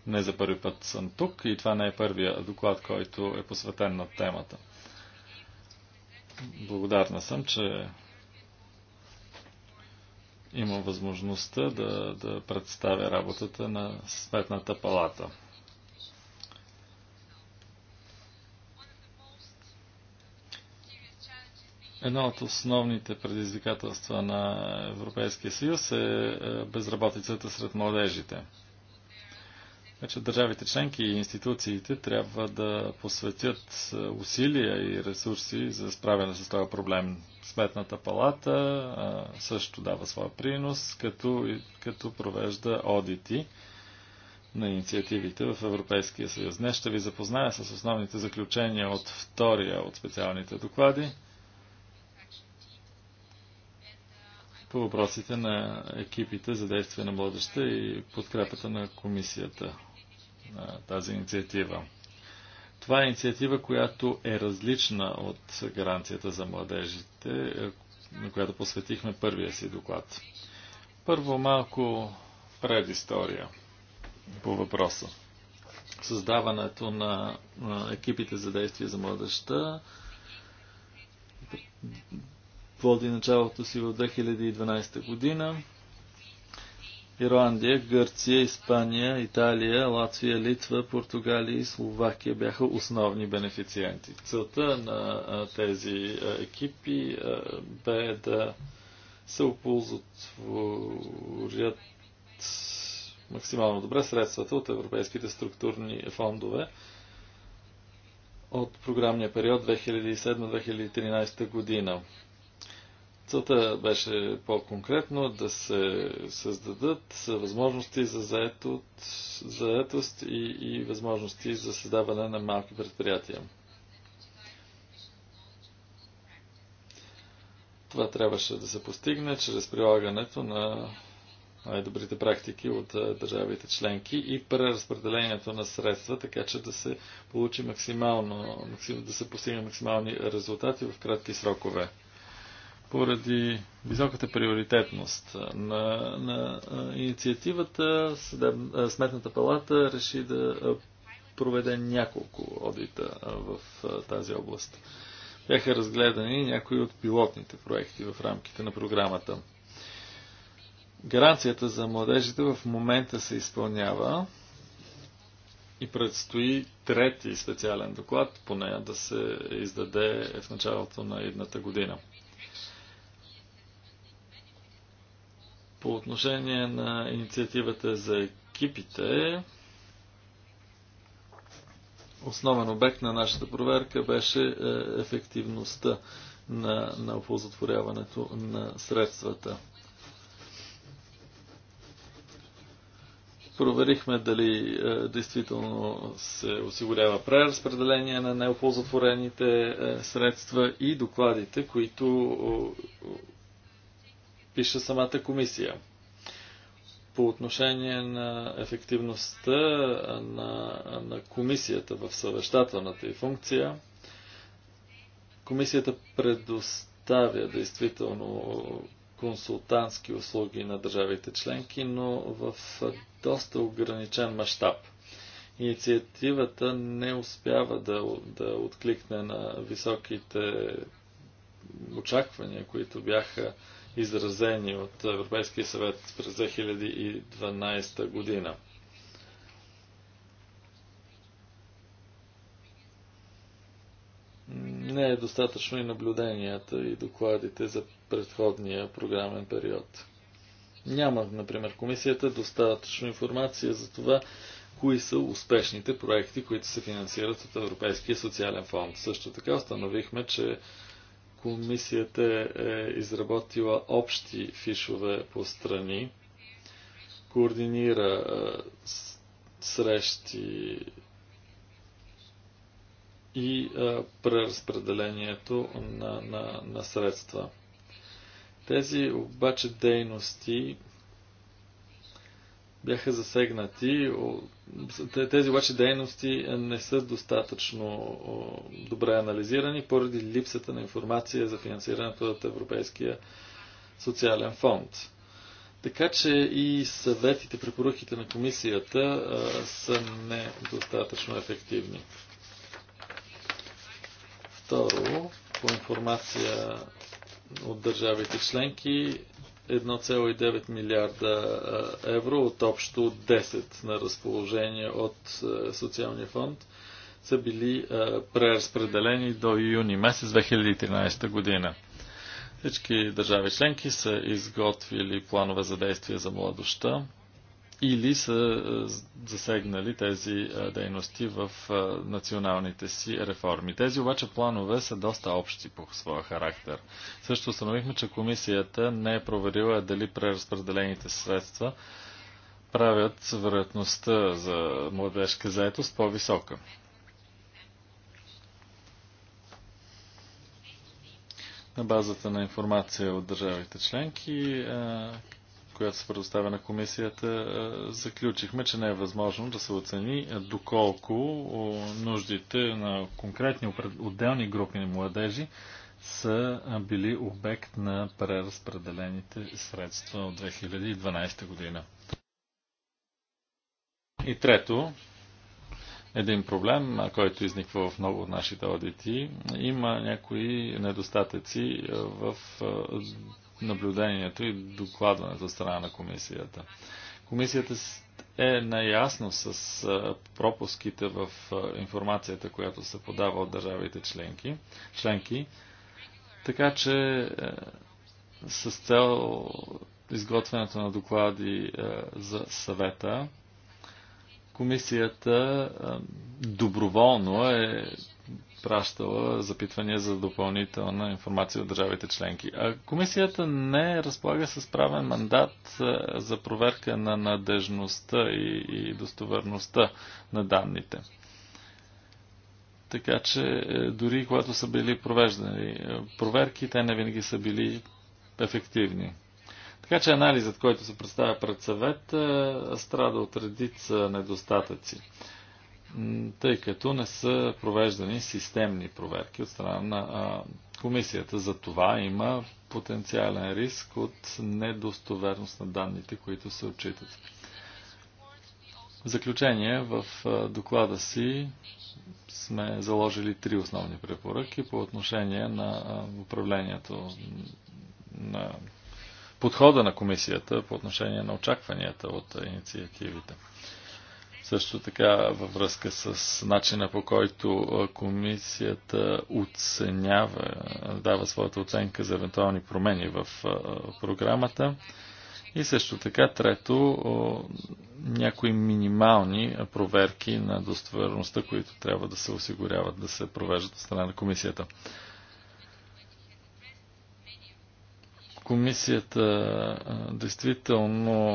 Не за първи път съм тук и това не е първия доклад, който е посветен на темата. Благодарна съм, че имам възможността да, да представя работата на Сметната палата. Едно от основните предизвикателства на Европейския съюз е, е безработицата сред младежите. Вече значи, държавите членки и институциите трябва да посветят е, усилия и ресурси за справяне с този проблем. Сметната палата е, също дава своя принос, като, като провежда одити на инициативите в Европейския съюз. Днес ще ви запозная с основните заключения от втория от специалните доклади – по въпросите на екипите за действие на младеща и подкрепата на комисията на тази инициатива. Това е инициатива, която е различна от гаранцията за младежите, на която посветихме първия си доклад. Първо малко предистория по въпроса. Създаването на екипите за действие за младеща плоди началото си в 2012 година. Ирландия, Гърция, Испания, Италия, Латвия, Литва, Португалия и Словакия бяха основни бенефициенти. Целта на тези екипи бе да се оползотворят максимално добре средствата от европейските структурни фондове от програмния период 2007-2013 година. Целта беше по-конкретно да се създадат възможности за заетост, заетост и, и възможности за създаване на малки предприятия. Това трябваше да се постигне чрез прилагането на най-добрите практики от държавите членки и преразпределението на средства, така че да се получи максимално, да се постигне максимални резултати в кратки срокове. Поради високата приоритетност на, на инициативата, съдеб... Сметната палата реши да проведе няколко одита в тази област. Бяха разгледани някои от пилотните проекти в рамките на програмата. Гаранцията за младежите в момента се изпълнява и предстои трети специален доклад, поне да се издаде в началото на едната година. По отношение на инициативата за екипите, основен обект на нашата проверка беше е, ефективността на, на оползотворяването на средствата. Проверихме дали е, действително се осигурява преразпределение на неоползотворените е, средства и докладите, които пише самата комисия. По отношение на ефективността на, на комисията в съвещателната и функция, комисията предоставя действително консултантски услуги на държавите членки, но в доста ограничен мащаб. Инициативата не успява да, да откликне на високите очаквания, които бяха изразени от Европейския съвет през 2012 година. Не е достатъчно и наблюденията и докладите за предходния програмен период. Няма, например, комисията достатъчно информация за това, кои са успешните проекти, които се финансират от Европейския социален фонд. Също така установихме, че Комисията е, е изработила общи фишове по страни, координира е, срещи и е, преразпределението на, на, на средства. Тези обаче дейности бяха засегнати. Тези обаче дейности не са достатъчно добре анализирани поради липсата на информация за финансирането от Европейския социален фонд. Така че и съветите, препоръките на комисията са недостатъчно ефективни. Второ, по информация от държавите членки, 1,9 милиарда евро от общо 10 на разположение от социалния фонд са били преразпределени до юни месец 2013 година. Всички държави членки са изготвили планове за действие за младоща или са е, засегнали тези е, дейности в е, националните си реформи. Тези обаче планове са доста общи по своя характер. Също установихме, че комисията не е проверила дали преразпределените средства правят вероятността за младежка заетост по-висока. На базата на информация от държавите членки която се предоставя на комисията, заключихме, че не е възможно да се оцени доколко нуждите на конкретни отделни групи на младежи са били обект на преразпределените средства от 2012 година. И трето, един проблем, който изниква в много от нашите одити, има някои недостатъци в наблюдението и докладването страна на комисията. Комисията е наясно с пропуските в информацията, която се подава от държавите членки, членки така че с цел изготвянето на доклади за съвета, комисията доброволно е изпращала запитвания за допълнителна информация от държавите членки. А комисията не разполага с правен мандат за проверка на надежността и, и достоверността на данните. Така че е, дори когато са били провеждани е, проверки, те не винаги са били ефективни. Така че анализът, който се представя пред съвет, е, страда от редица недостатъци тъй като не са провеждани системни проверки от страна на комисията. За това има потенциален риск от недостоверност на данните, които се отчитат. В заключение, в доклада си сме заложили три основни препоръки по отношение на управлението на подхода на комисията по отношение на очакванията от инициативите. Също така във връзка с начина по който комисията оценява, дава своята оценка за евентуални промени в програмата. И също така, трето, някои минимални проверки на достоверността, които трябва да се осигуряват да се провеждат от страна на комисията. Комисията действително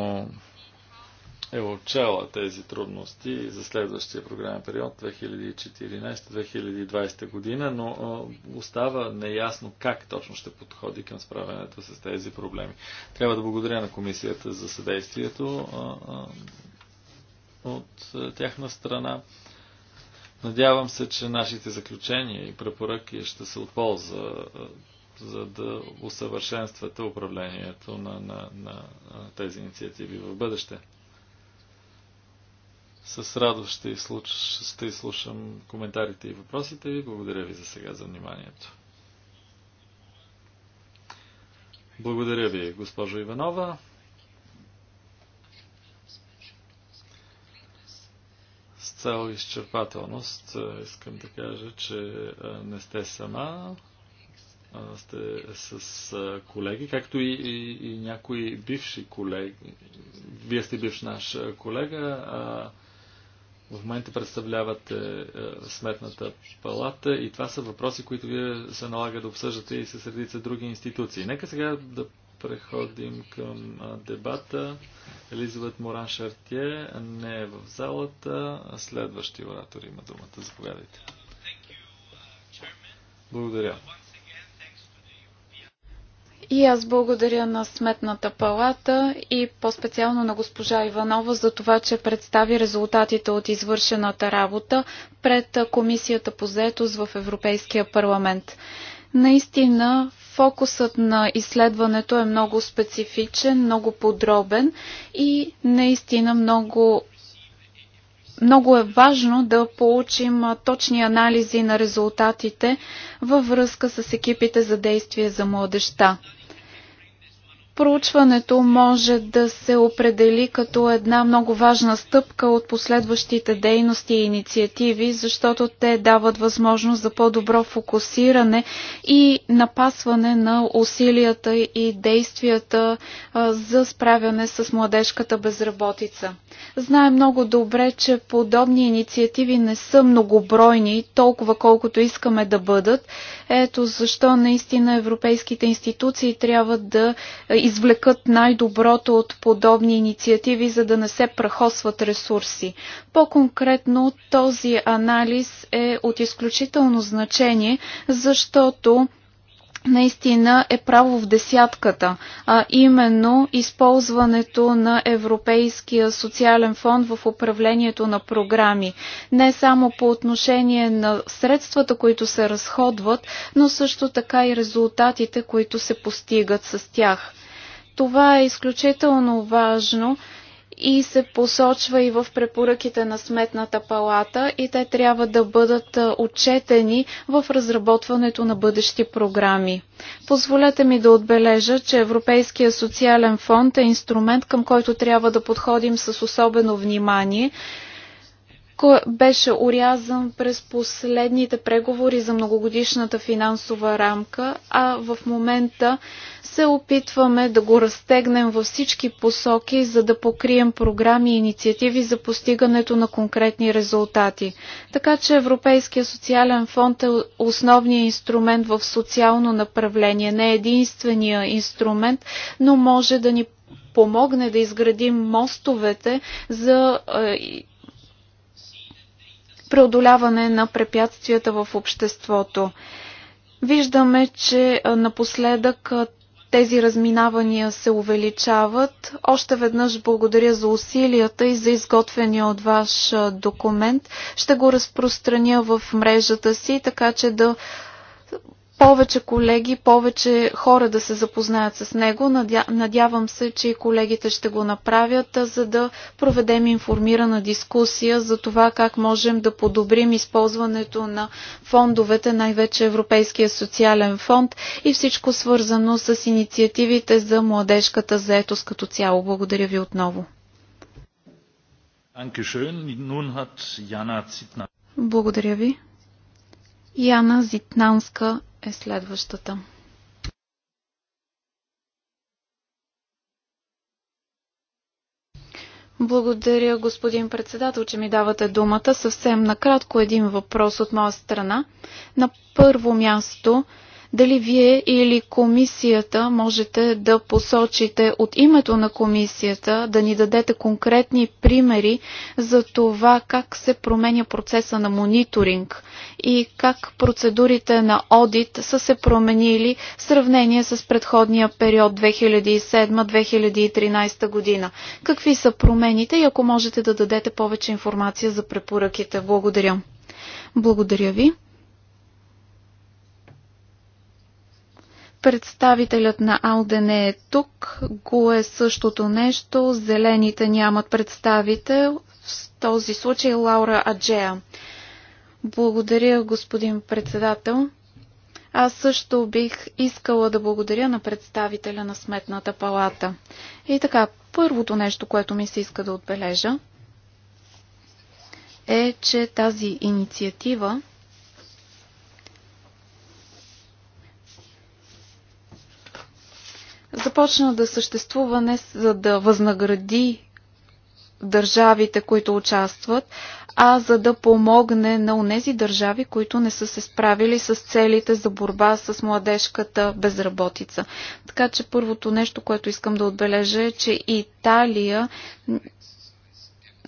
е отчела тези трудности за следващия програмен период 2014-2020 година, но остава неясно как точно ще подходи към справянето с тези проблеми. Трябва да благодаря на комисията за съдействието от тяхна страна. Надявам се, че нашите заключения и препоръки ще се отполза за да усъвършенствате управлението на, на, на тези инициативи в бъдеще. С радост ще, изслуш... ще изслушам коментарите и въпросите ви. Благодаря ви за сега за вниманието. Благодаря ви, госпожо Иванова. С цел изчерпателност искам да кажа, че не сте сама, сте с колеги, както и, и, и някои бивши колеги. Вие сте бивш наш колега. А в момента представлявате е, Сметната палата и това са въпроси, които вие се налага да обсъждате и с редица други институции. Нека сега да преходим към дебата. Елизабет Моран Шартие не е в залата. Следващия оратор има думата. Заповядайте. Uh, Благодаря. И аз благодаря на Сметната палата и по-специално на госпожа Иванова за това, че представи резултатите от извършената работа пред Комисията по заетост в Европейския парламент. Наистина, фокусът на изследването е много специфичен, много подробен и наистина много много е важно да получим точни анализи на резултатите във връзка с екипите за действие за младеща. Проучването може да се определи като една много важна стъпка от последващите дейности и инициативи, защото те дават възможност за по-добро фокусиране и напасване на усилията и действията за справяне с младежката безработица. Знае много добре, че подобни инициативи не са многобройни, толкова колкото искаме да бъдат. Ето защо наистина европейските институции трябва да извлекат най-доброто от подобни инициативи, за да не се прахосват ресурси. По-конкретно този анализ е от изключително значение, защото наистина е право в десятката, а именно използването на Европейския социален фонд в управлението на програми. Не само по отношение на средствата, които се разходват, но също така и резултатите, които се постигат с тях. Това е изключително важно и се посочва и в препоръките на Сметната палата и те трябва да бъдат отчетени в разработването на бъдещи програми. Позволете ми да отбележа, че Европейския социален фонд е инструмент, към който трябва да подходим с особено внимание, беше урязан през последните преговори за многогодишната финансова рамка, а в момента се опитваме да го разтегнем във всички посоки, за да покрием програми и инициативи за постигането на конкретни резултати. Така че Европейския социален фонд е основният инструмент в социално направление, не единствения инструмент, но може да ни помогне да изградим мостовете за е, преодоляване на препятствията в обществото. Виждаме, че напоследък тези разминавания се увеличават. Още веднъж благодаря за усилията и за изготвения от ваш документ. Ще го разпространя в мрежата си, така че да повече колеги, повече хора да се запознаят с него. Надявам се, че и колегите ще го направят, за да проведем информирана дискусия за това как можем да подобрим използването на фондовете, най-вече Европейския социален фонд и всичко свързано с инициативите за младежката заетост като цяло. Благодаря ви отново. Благодаря ви. Яна Зитнанска е следващата. Благодаря, господин председател, че ми давате думата. Съвсем накратко един въпрос от моя страна. На първо място, дали вие или комисията можете да посочите от името на комисията, да ни дадете конкретни примери за това как се променя процеса на мониторинг и как процедурите на одит са се променили в сравнение с предходния период 2007-2013 година. Какви са промените и ако можете да дадете повече информация за препоръките. Благодаря. Благодаря ви. Представителят на Алде не е тук. Го е същото нещо. Зелените нямат представител. В този случай Лаура Аджея. Благодаря, господин председател. Аз също бих искала да благодаря на представителя на Сметната палата. И така, първото нещо, което ми се иска да отбележа, е, че тази инициатива започна да съществува не за да възнагради държавите, които участват, а за да помогне на онези държави, които не са се справили с целите за борба с младежката безработица. Така че първото нещо, което искам да отбележа е, че Италия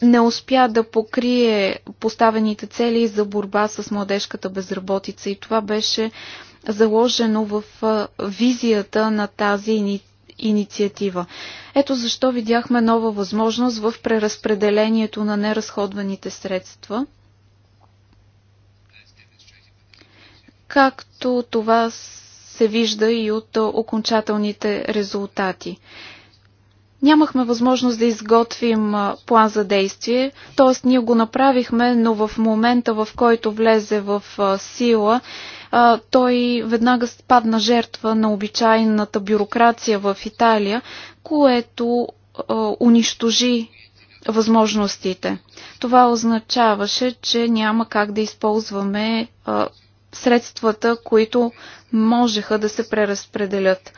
не успя да покрие поставените цели за борба с младежката безработица и това беше заложено в визията на тази инициатива инициатива. Ето защо видяхме нова възможност в преразпределението на неразходваните средства. Както това се вижда и от окончателните резултати. Нямахме възможност да изготвим план за действие, т.е. ние го направихме, но в момента в който влезе в сила той веднага спадна жертва на обичайната бюрокрация в Италия, което унищожи възможностите. Това означаваше, че няма как да използваме средствата, които можеха да се преразпределят.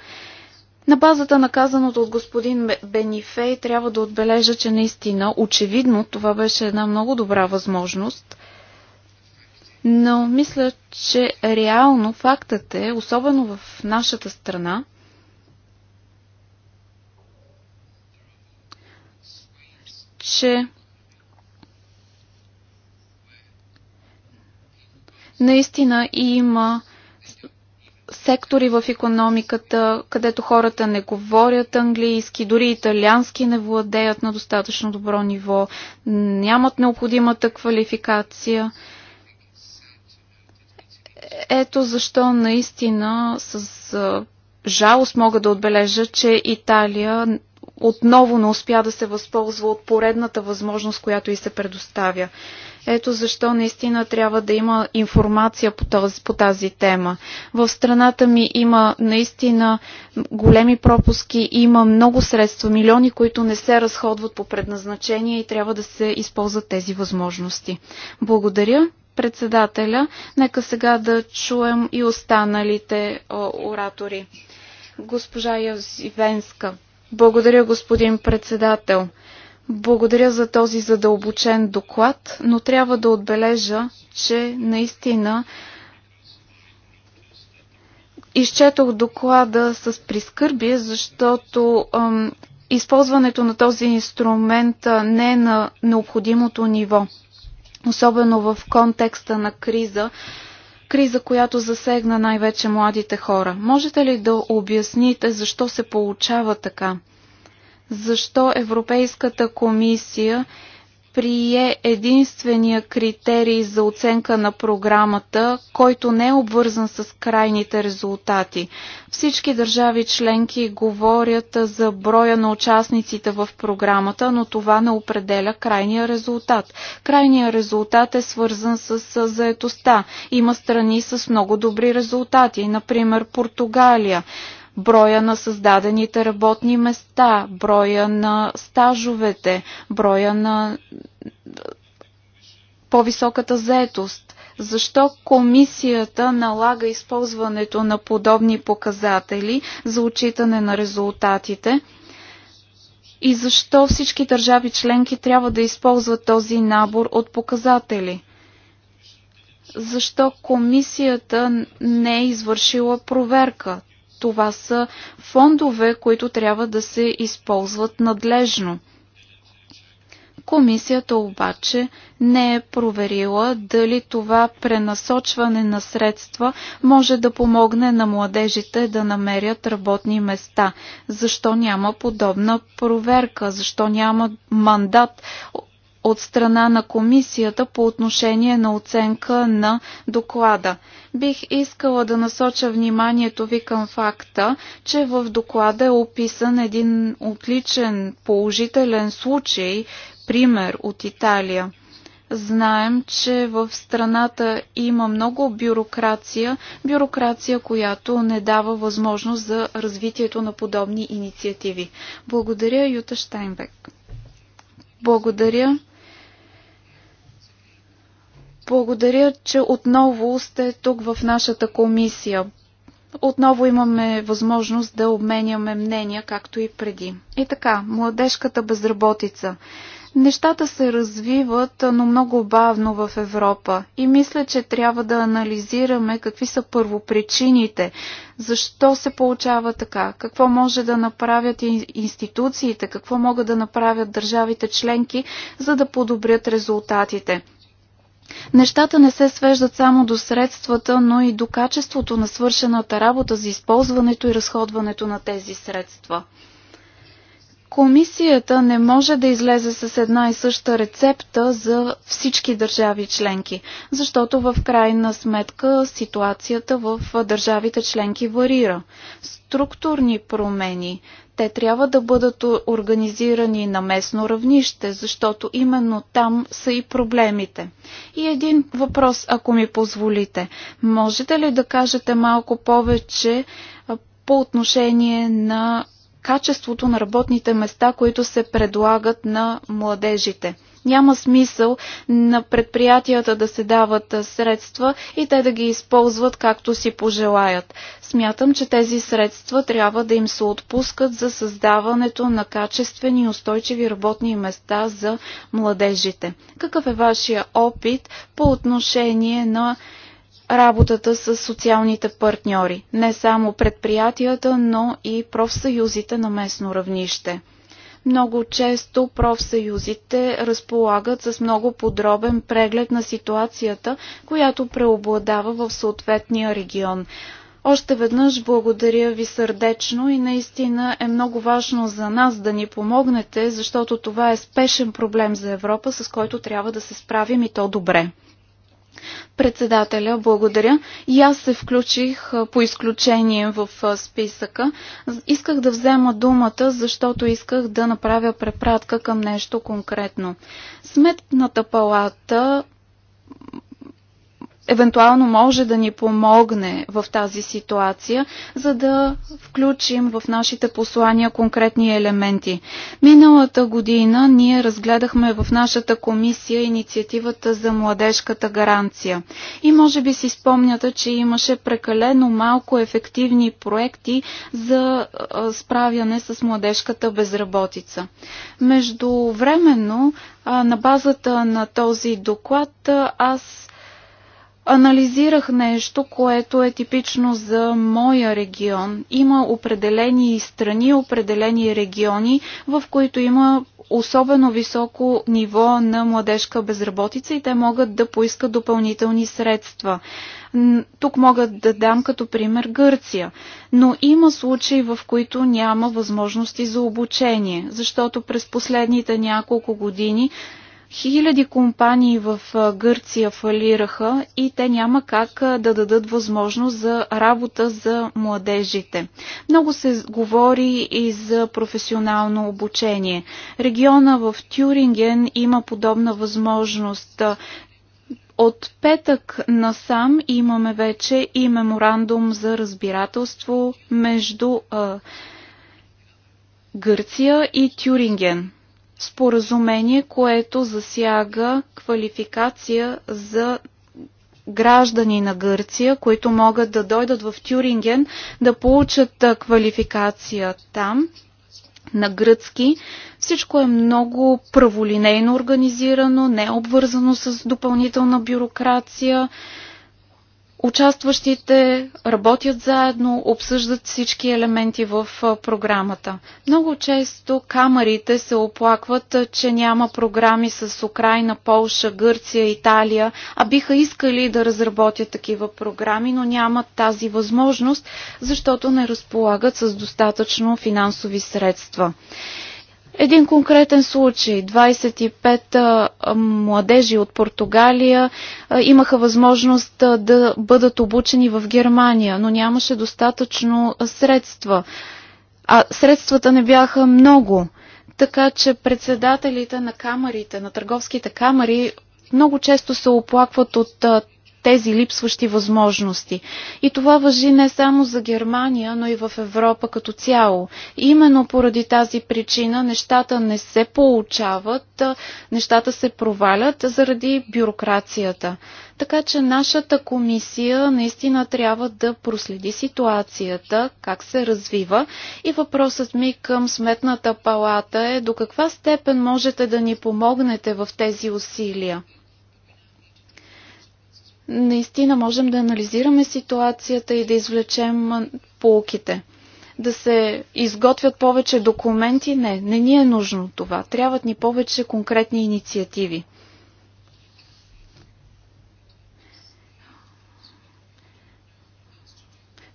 На базата на казаното от господин Бенифей трябва да отбележа, че наистина, очевидно, това беше една много добра възможност но мисля, че реално фактът е, особено в нашата страна, че наистина има сектори в економиката, където хората не говорят английски, дори италиански не владеят на достатъчно добро ниво, нямат необходимата квалификация. Ето защо наистина с жалост мога да отбележа, че Италия отново не успя да се възползва от поредната възможност, която и се предоставя. Ето защо наистина трябва да има информация по тази, по тази тема. В страната ми има наистина големи пропуски, има много средства, милиони, които не се разходват по предназначение и трябва да се използват тези възможности. Благодаря председателя. Нека сега да чуем и останалите оратори. Госпожа Язивенска. Благодаря, господин председател. Благодаря за този задълбочен доклад, но трябва да отбележа, че наистина изчетох доклада с прискърбие, защото ам, използването на този инструмент не е на необходимото ниво особено в контекста на криза, криза, която засегна най-вече младите хора. Можете ли да обясните защо се получава така? Защо Европейската комисия прие единствения критерий за оценка на програмата, който не е обвързан с крайните резултати. Всички държави членки говорят за броя на участниците в програмата, но това не определя крайния резултат. Крайният резултат е свързан с заетостта. Има страни с много добри резултати, например Португалия броя на създадените работни места, броя на стажовете, броя на по-високата заетост. Защо комисията налага използването на подобни показатели за отчитане на резултатите? И защо всички държави членки трябва да използват този набор от показатели? Защо комисията не е извършила проверка? Това са фондове, които трябва да се използват надлежно. Комисията обаче не е проверила дали това пренасочване на средства може да помогне на младежите да намерят работни места. Защо няма подобна проверка? Защо няма мандат от страна на комисията по отношение на оценка на доклада? бих искала да насоча вниманието ви към факта, че в доклада е описан един отличен положителен случай, пример от Италия. Знаем, че в страната има много бюрокрация, бюрокрация, която не дава възможност за развитието на подобни инициативи. Благодаря, Юта Штайнбек. Благодаря. Благодаря, че отново сте тук в нашата комисия. Отново имаме възможност да обменяме мнения, както и преди. И така, младежката безработица. Нещата се развиват, но много бавно в Европа. И мисля, че трябва да анализираме какви са първопричините, защо се получава така, какво може да направят институциите, какво могат да направят държавите членки, за да подобрят резултатите. Нещата не се свеждат само до средствата, но и до качеството на свършената работа за използването и разходването на тези средства. Комисията не може да излезе с една и съща рецепта за всички държави членки, защото в крайна сметка ситуацията в държавите членки варира структурни промени. Те трябва да бъдат организирани на местно равнище, защото именно там са и проблемите. И един въпрос, ако ми позволите. Можете ли да кажете малко повече по отношение на качеството на работните места, които се предлагат на младежите? Няма смисъл на предприятията да се дават средства и те да ги използват както си пожелаят. Смятам, че тези средства трябва да им се отпускат за създаването на качествени и устойчиви работни места за младежите. Какъв е вашия опит по отношение на работата с социалните партньори, не само предприятията, но и профсъюзите на местно равнище. Много често профсъюзите разполагат с много подробен преглед на ситуацията, която преобладава в съответния регион. Още веднъж благодаря ви сърдечно и наистина е много важно за нас да ни помогнете, защото това е спешен проблем за Европа, с който трябва да се справим и то добре. Председателя, благодаря. И аз се включих по изключение в списъка. Исках да взема думата, защото исках да направя препратка към нещо конкретно. Сметната палата евентуално може да ни помогне в тази ситуация, за да включим в нашите послания конкретни елементи. Миналата година ние разгледахме в нашата комисия инициативата за младежката гаранция. И може би си спомняте, че имаше прекалено малко ефективни проекти за справяне с младежката безработица. Междувременно, на базата на този доклад, аз анализирах нещо, което е типично за моя регион. Има определени страни, определени региони, в които има особено високо ниво на младежка безработица и те могат да поискат допълнителни средства. Тук мога да дам като пример Гърция. Но има случаи, в които няма възможности за обучение, защото през последните няколко години Хиляди компании в Гърция фалираха и те няма как да дадат възможност за работа за младежите. Много се говори и за професионално обучение. Региона в Тюринген има подобна възможност. От петък насам имаме вече и меморандум за разбирателство между а, Гърция и Тюринген споразумение, което засяга квалификация за граждани на Гърция, които могат да дойдат в Тюринген да получат квалификация там на гръцки. Всичко е много праволинейно организирано, не е обвързано с допълнителна бюрокрация. Участващите работят заедно, обсъждат всички елементи в програмата. Много често камерите се оплакват, че няма програми с Украина, Полша, Гърция, Италия, а биха искали да разработят такива програми, но нямат тази възможност, защото не разполагат с достатъчно финансови средства. Един конкретен случай. 25 младежи от Португалия имаха възможност да бъдат обучени в Германия, но нямаше достатъчно средства. А средствата не бяха много. Така че председателите на камерите, на търговските камери, много често се оплакват от тези липсващи възможности. И това въжи не само за Германия, но и в Европа като цяло. Именно поради тази причина нещата не се получават, нещата се провалят заради бюрокрацията. Така че нашата комисия наистина трябва да проследи ситуацията, как се развива и въпросът ми към Сметната палата е до каква степен можете да ни помогнете в тези усилия наистина можем да анализираме ситуацията и да извлечем полките. Да се изготвят повече документи? Не, не ни е нужно това. Трябват ни повече конкретни инициативи.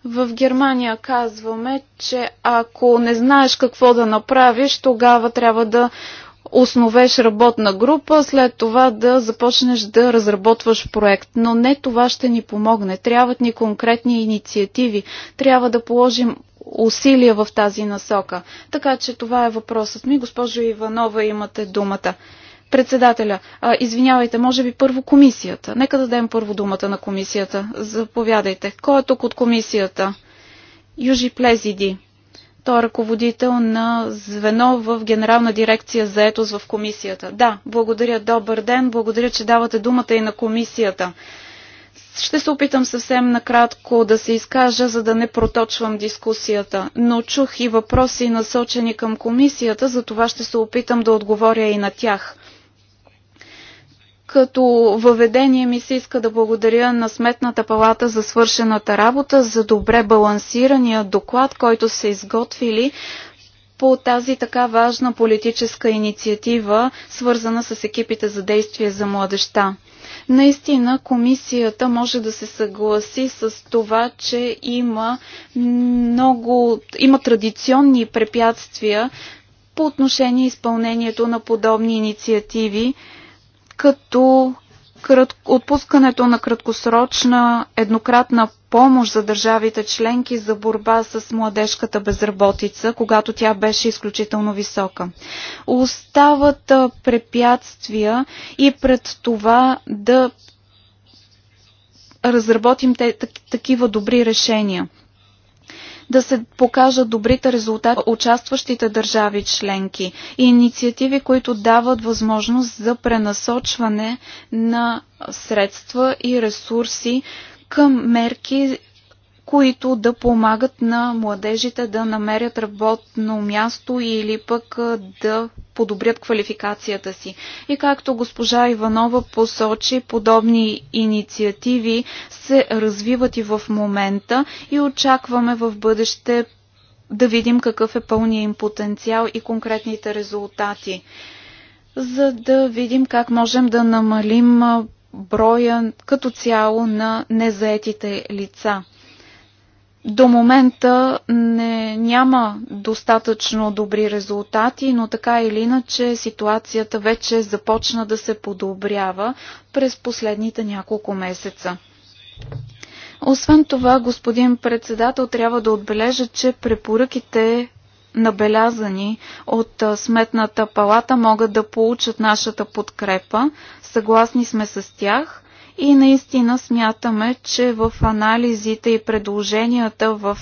В Германия казваме, че ако не знаеш какво да направиш, тогава трябва да основеш работна група, след това да започнеш да разработваш проект. Но не това ще ни помогне. Трябват ни конкретни инициативи. Трябва да положим усилия в тази насока. Така че това е въпросът ми. Госпожо Иванова, имате думата. Председателя, а, извинявайте, може би първо комисията. Нека да дадем първо думата на комисията. Заповядайте. Кой е тук от комисията? Южи Плезиди. Той е ръководител на звено в Генерална дирекция за етос в комисията. Да, благодаря, добър ден, благодаря, че давате думата и на комисията. Ще се опитам съвсем накратко да се изкажа, за да не проточвам дискусията, но чух и въпроси насочени към комисията, за това ще се опитам да отговоря и на тях като въведение ми се иска да благодаря на Сметната палата за свършената работа, за добре балансирания доклад, който са изготвили по тази така важна политическа инициатива, свързана с екипите за действие за младеща. Наистина комисията може да се съгласи с това, че има много, има традиционни препятствия по отношение изпълнението на подобни инициативи, като отпускането на краткосрочна еднократна помощ за държавите членки за борба с младежката безработица, когато тя беше изключително висока. Остават препятствия и пред това да разработим такива добри решения да се покажат добрите резултати участващите държави членки и инициативи, които дават възможност за пренасочване на средства и ресурси към мерки които да помагат на младежите да намерят работно място или пък да подобрят квалификацията си. И както госпожа Иванова посочи, подобни инициативи се развиват и в момента и очакваме в бъдеще да видим какъв е пълния им потенциал и конкретните резултати, за да видим как можем да намалим броя като цяло на незаетите лица. До момента не, няма достатъчно добри резултати, но така или иначе ситуацията вече започна да се подобрява през последните няколко месеца. Освен това, господин председател, трябва да отбележа, че препоръките набелязани от Сметната палата могат да получат нашата подкрепа. Съгласни сме с тях и наистина смятаме, че в анализите и предложенията в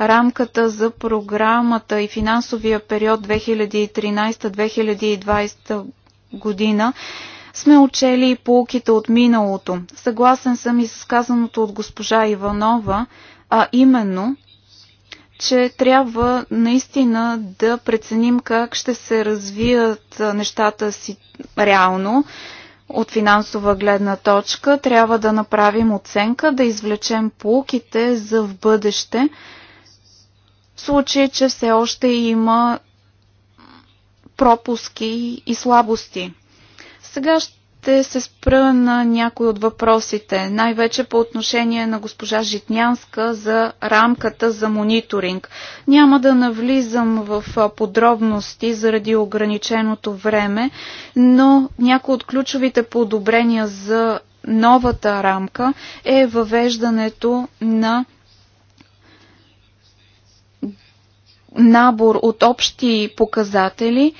рамката за програмата и финансовия период 2013-2020 година сме учели и полуките от миналото. Съгласен съм и с казаното от госпожа Иванова, а именно, че трябва наистина да преценим как ще се развият нещата си реално, от финансова гледна точка трябва да направим оценка, да извлечем полуките за в бъдеще, в случай, че все още има пропуски и слабости. Сега ще ще се спра на някои от въпросите, най-вече по отношение на госпожа Житнянска за рамката за мониторинг. Няма да навлизам в подробности заради ограниченото време, но някои от ключовите подобрения за новата рамка е въвеждането на набор от общи показатели,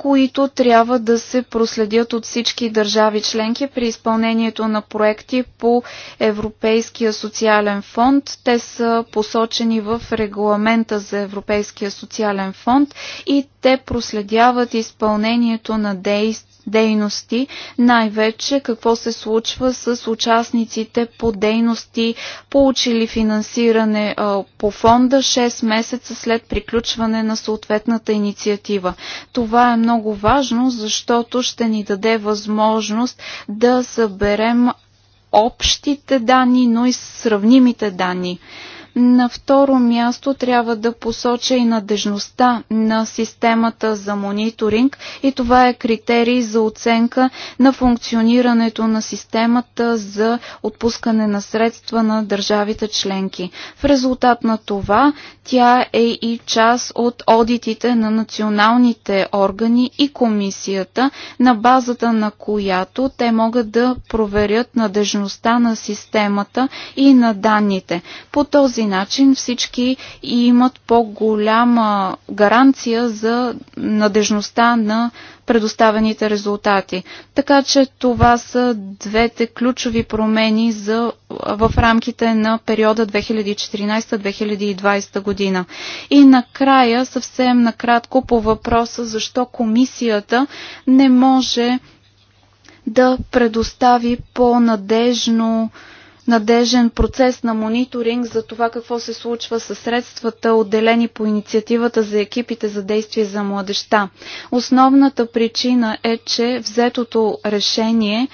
които трябва да се проследят от всички държави членки при изпълнението на проекти по Европейския социален фонд. Те са посочени в регламента за Европейския социален фонд и те проследяват изпълнението на действия дейности, най-вече какво се случва с участниците по дейности, получили финансиране по фонда 6 месеца след приключване на съответната инициатива. Това е много важно, защото ще ни даде възможност да съберем общите данни, но и сравнимите данни. На второ място трябва да посоча и надежността на системата за мониторинг и това е критерий за оценка на функционирането на системата за отпускане на средства на държавите членки. В резултат на това тя е и част от одитите на националните органи и комисията, на базата на която те могат да проверят надежността на системата и на данните. По този начин всички имат по-голяма гаранция за надежността на предоставените резултати. Така че това са двете ключови промени за, в рамките на периода 2014-2020 година. И накрая, съвсем накратко по въпроса защо комисията не може да предостави по-надежно надежен процес на мониторинг за това какво се случва с средствата, отделени по инициативата за екипите за действие за младеща. Основната причина е, че взетото решение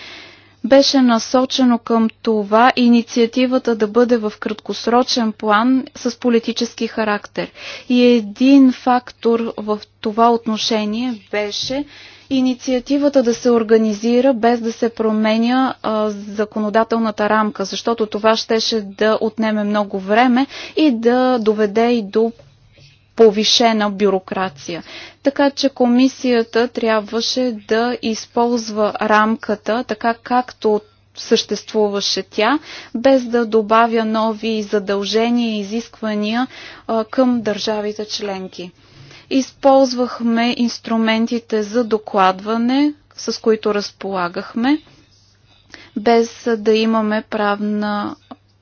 беше насочено към това инициативата да бъде в краткосрочен план с политически характер. И един фактор в това отношение беше инициативата да се организира без да се променя а, законодателната рамка, защото това щеше да отнеме много време и да доведе и до повишена бюрокрация. Така че комисията трябваше да използва рамката така както съществуваше тя, без да добавя нови задължения и изисквания а, към държавите членки. Използвахме инструментите за докладване, с които разполагахме, без да имаме правна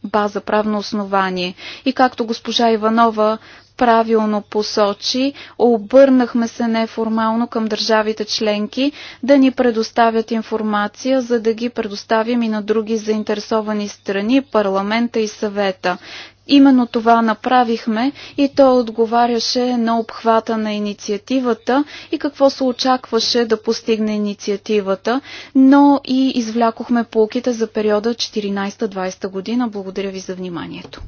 база, правно основание. И както госпожа Иванова правилно посочи, обърнахме се неформално към държавите членки да ни предоставят информация, за да ги предоставим и на други заинтересовани страни, парламента и съвета. Именно това направихме и то отговаряше на обхвата на инициативата и какво се очакваше да постигне инициативата, но и извлякохме полките за периода 14-20 година. Благодаря ви за вниманието.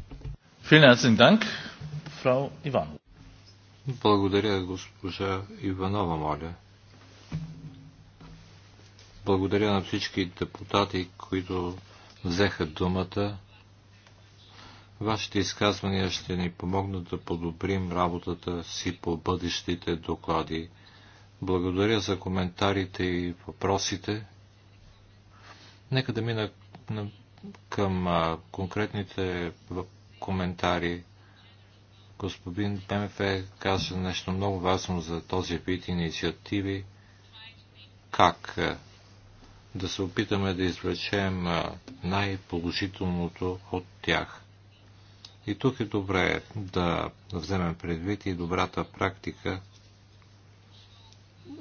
Благодаря, госпожа Иванова, моля. Благодаря на всички депутати, които взеха думата. Вашите изказвания ще ни помогнат да подобрим работата си по бъдещите доклади. Благодаря за коментарите и въпросите. Нека да мина към конкретните коментари. Господин ПМФ каза нещо много важно за този вид инициативи. Как да се опитаме да извлечем най-положителното от тях – и тук е добре да вземем предвид и добрата практика,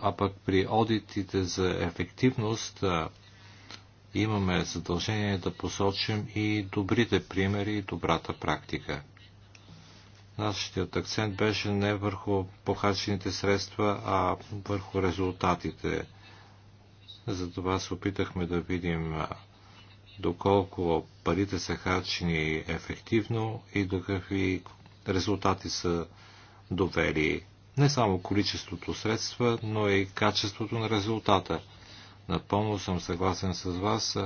а пък при одитите за ефективност имаме задължение да посочим и добрите примери и добрата практика. Нашият акцент беше не върху похарчените средства, а върху резултатите. Затова се опитахме да видим доколко парите са харчени ефективно и до какви резултати са довели не само количеството средства, но и качеството на резултата. Напълно съм съгласен с вас,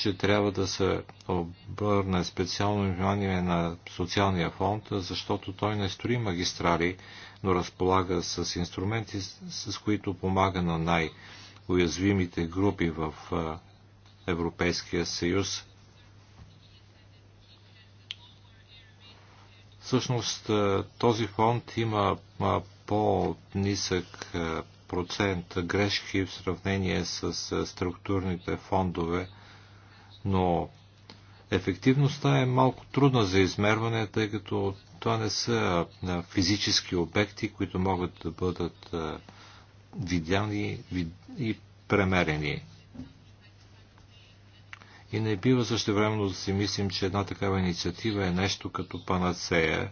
че трябва да се обърне специално внимание на социалния фонд, защото той не строи магистрали, но разполага с инструменти, с които помага на най-уязвимите групи в Европейския съюз. Всъщност е, този фонд има по-нисък е, процент грешки в сравнение с е, структурните фондове, но ефективността е малко трудна за измерване, тъй като това не са физически обекти, които могат да бъдат видяни и премерени. И не бива същевременно да си мислим, че една такава инициатива е нещо като панацея,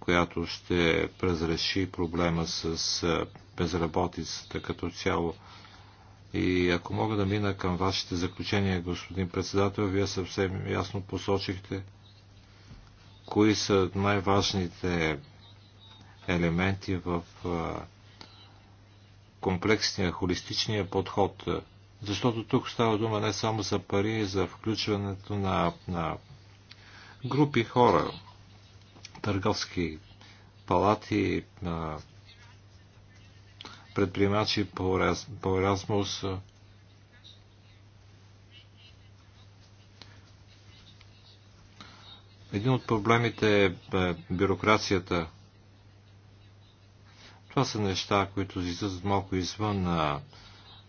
която ще разреши проблема с безработицата като цяло. И ако мога да мина към вашите заключения, господин председател, вие съвсем ясно посочихте кои са най-важните елементи в комплексния, холистичния подход защото тук става дума не само за пари, за включването на, на групи хора, търговски палати, на предприемачи по, по Erasmus. Един от проблемите е, е бюрокрацията. Това са неща, които излизат малко извън на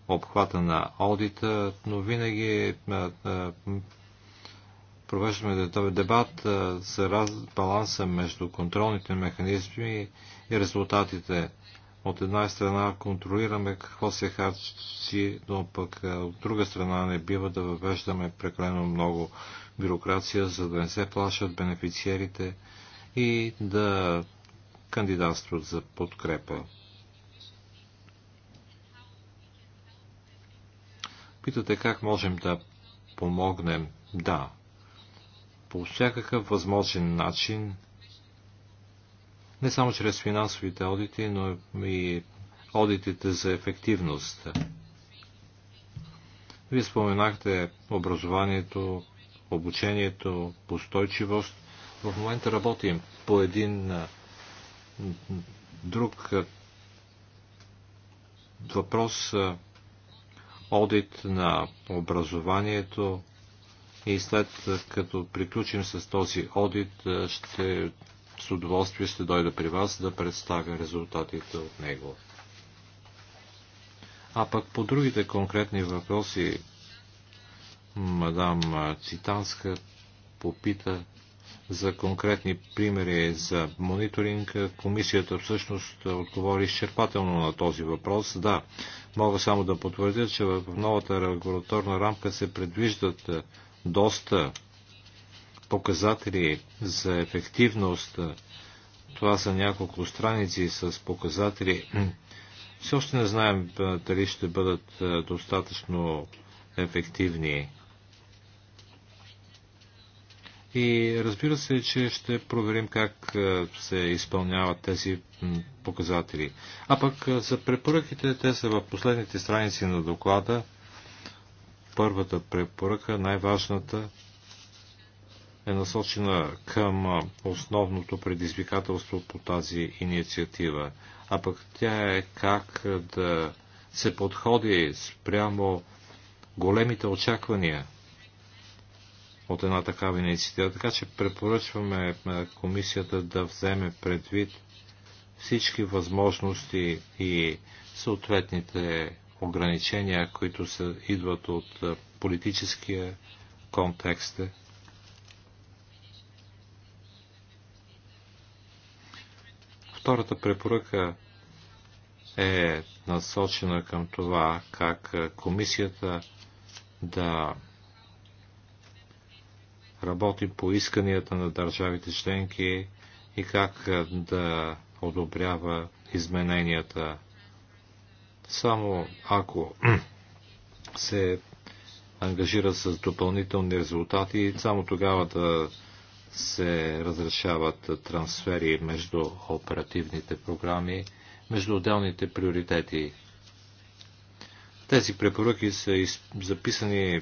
обхвата на аудита, но винаги провеждаме дебат за баланса между контролните механизми и резултатите. От една страна контролираме какво се харчи, но пък от друга страна не бива да въвеждаме прекалено много бюрокрация, за да не се плашат бенефициерите и да кандидатстват за подкрепа. Питате как можем да помогнем? Да. По всякакъв възможен начин, не само чрез финансовите одити, но и одитите за ефективност. Вие споменахте образованието, обучението, устойчивост. В момента работим по един друг въпрос одит на образованието и след като приключим с този одит, ще, с удоволствие ще дойда при вас да представя резултатите от него. А пък по другите конкретни въпроси, мадам Цитанска попита за конкретни примери за мониторинг. Комисията всъщност отговори изчерпателно на този въпрос. Да, мога само да потвърдя, че в новата регуляторна рамка се предвиждат е, доста показатели за ефективност. Това са няколко страници с показатели. Все още не знаем е, дали ще бъдат е, достатъчно ефективни. И разбира се, че ще проверим как се изпълняват тези показатели. А пък за препоръките, те са в последните страници на доклада. Първата препоръка, най-важната, е насочена към основното предизвикателство по тази инициатива. А пък тя е как да се подходи спрямо големите очаквания от една такава инициатива. Така че препоръчваме е, комисията да вземе предвид всички възможности и съответните ограничения, които се идват от е, политическия контекст. Втората препоръка е насочена към това как е, комисията да работи по исканията на държавите членки и как да одобрява измененията. Само ако се ангажира с допълнителни резултати, само тогава да се разрешават трансфери между оперативните програми, между отделните приоритети. Тези препоръки са записани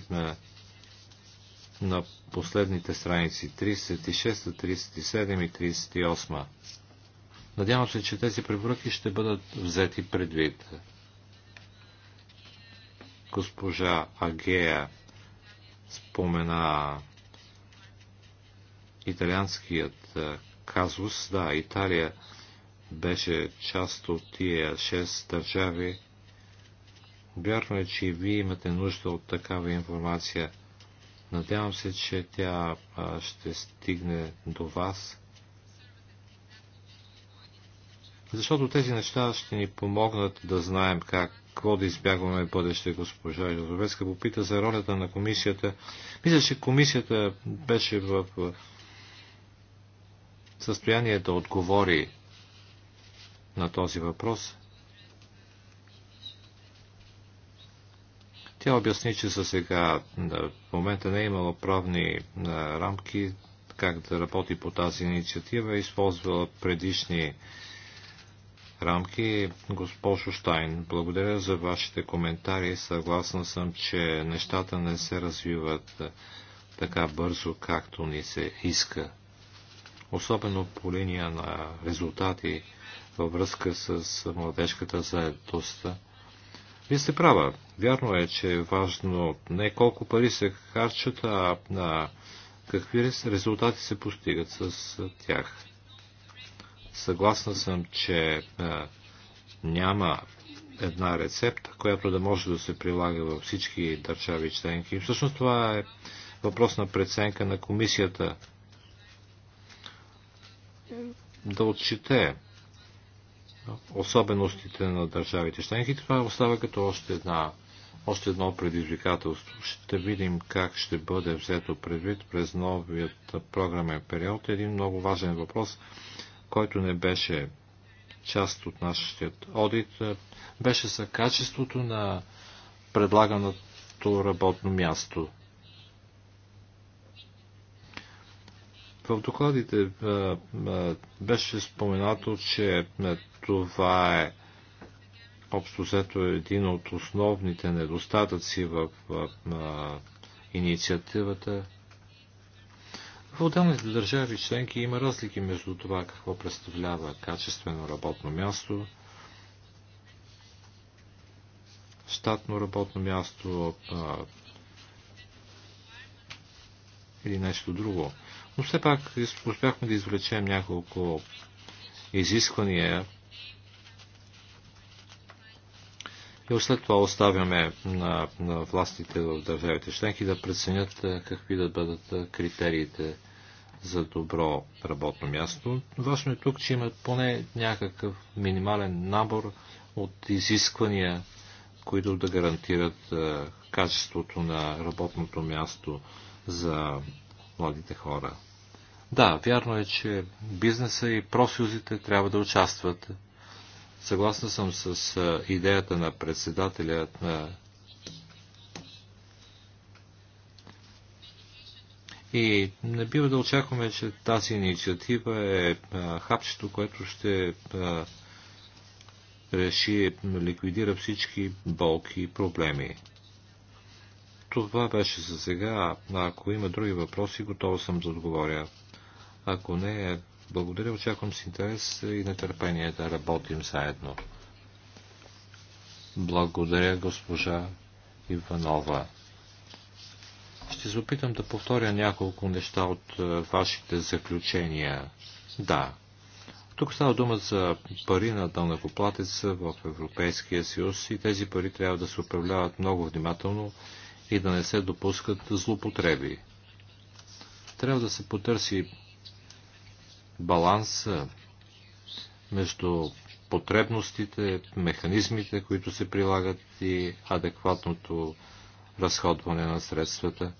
на последните страници 36, 37 и 38. Надявам се, че тези препоръки ще бъдат взети предвид. Госпожа Агея спомена италианският казус. Да, Италия беше част от тия шест държави. Вярно е, че и вие имате нужда от такава информация – Надявам се, че тя ще стигне до вас. Защото тези неща ще ни помогнат да знаем какво да избягваме в бъдеще. Госпожа Йозовецка попита за ролята на комисията. Мисля, че комисията беше в състояние да отговори на този въпрос. Тя обясни, че за сега в момента не е имала правни рамки как да работи по тази инициатива, е използвала предишни рамки. Госпожо Штайн, благодаря за вашите коментари. Съгласна съм, че нещата не се развиват така бързо, както ни се иска. Особено по линия на резултати във връзка с младежката заедостта. Вие сте права. Вярно е, че е важно не колко пари се харчат, а на какви резултати се постигат с тях. Съгласна съм, че а, няма една рецепта, която да може да се прилага във всички държави членки. Всъщност това е въпрос на преценка на комисията да отчете особеностите на държавите членки. Това остава като още, една, още едно предизвикателство. Ще видим как ще бъде взето предвид през новият програмен период. Един много важен въпрос, който не беше част от нашия одит, беше за качеството на предлаганото работно място. В докладите беше споменато, че това е общо взето един от основните недостатъци в инициативата. В отделните държави членки има разлики между това какво представлява качествено работно място, щатно работно място а, или нещо друго. Но все пак успяхме да извлечем няколко изисквания и след това оставяме на, на властите в държавите членки да преценят какви да бъдат критериите за добро работно място. Важно е тук, че има поне някакъв минимален набор от изисквания, които да гарантират качеството на работното място за младите хора. Да, вярно е, че бизнеса и профсъюзите трябва да участват. Съгласна съм с идеята на председателя на И не бива да очакваме, че тази инициатива е хапчето, което ще реши, ликвидира всички болки и проблеми. Това беше за сега. Ако има други въпроси, готова съм да отговоря. Ако не, благодаря, очаквам с интерес и нетърпение да работим заедно. Благодаря, госпожа Иванова. Ще се опитам да повторя няколко неща от е, вашите заключения. Да, тук става дума за пари на дълнакоплатеца в Европейския съюз и тези пари трябва да се управляват много внимателно и да не се допускат злопотреби. Трябва да се потърси баланса между потребностите, механизмите, които се прилагат и адекватното разходване на средствата.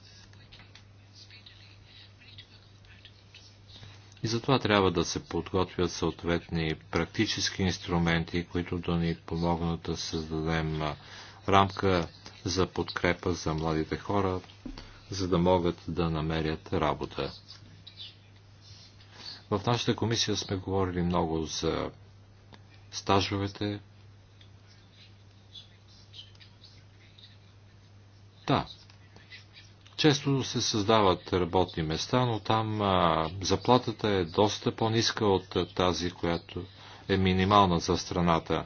И затова трябва да се подготвят съответни практически инструменти, които да ни помогнат да създадем рамка за подкрепа за младите хора, за да могат да намерят работа. В нашата комисия сме говорили много за стажовете. Да, често се създават работни места, но там а, заплатата е доста по-ниска от тази, която е минимална за страната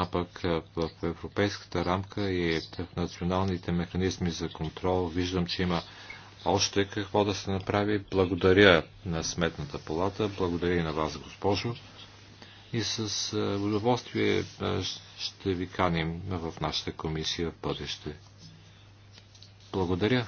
а пък в европейската рамка и в националните механизми за контрол виждам, че има още какво да се направи. Благодаря на Сметната палата, благодаря и на вас, госпожо. И с удоволствие ще ви каним в нашата комисия в бъдеще. Благодаря.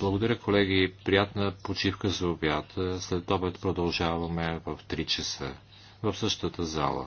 Благодаря, колеги. Приятна почивка за обяд. След обед продължаваме в 3 часа в същата зала.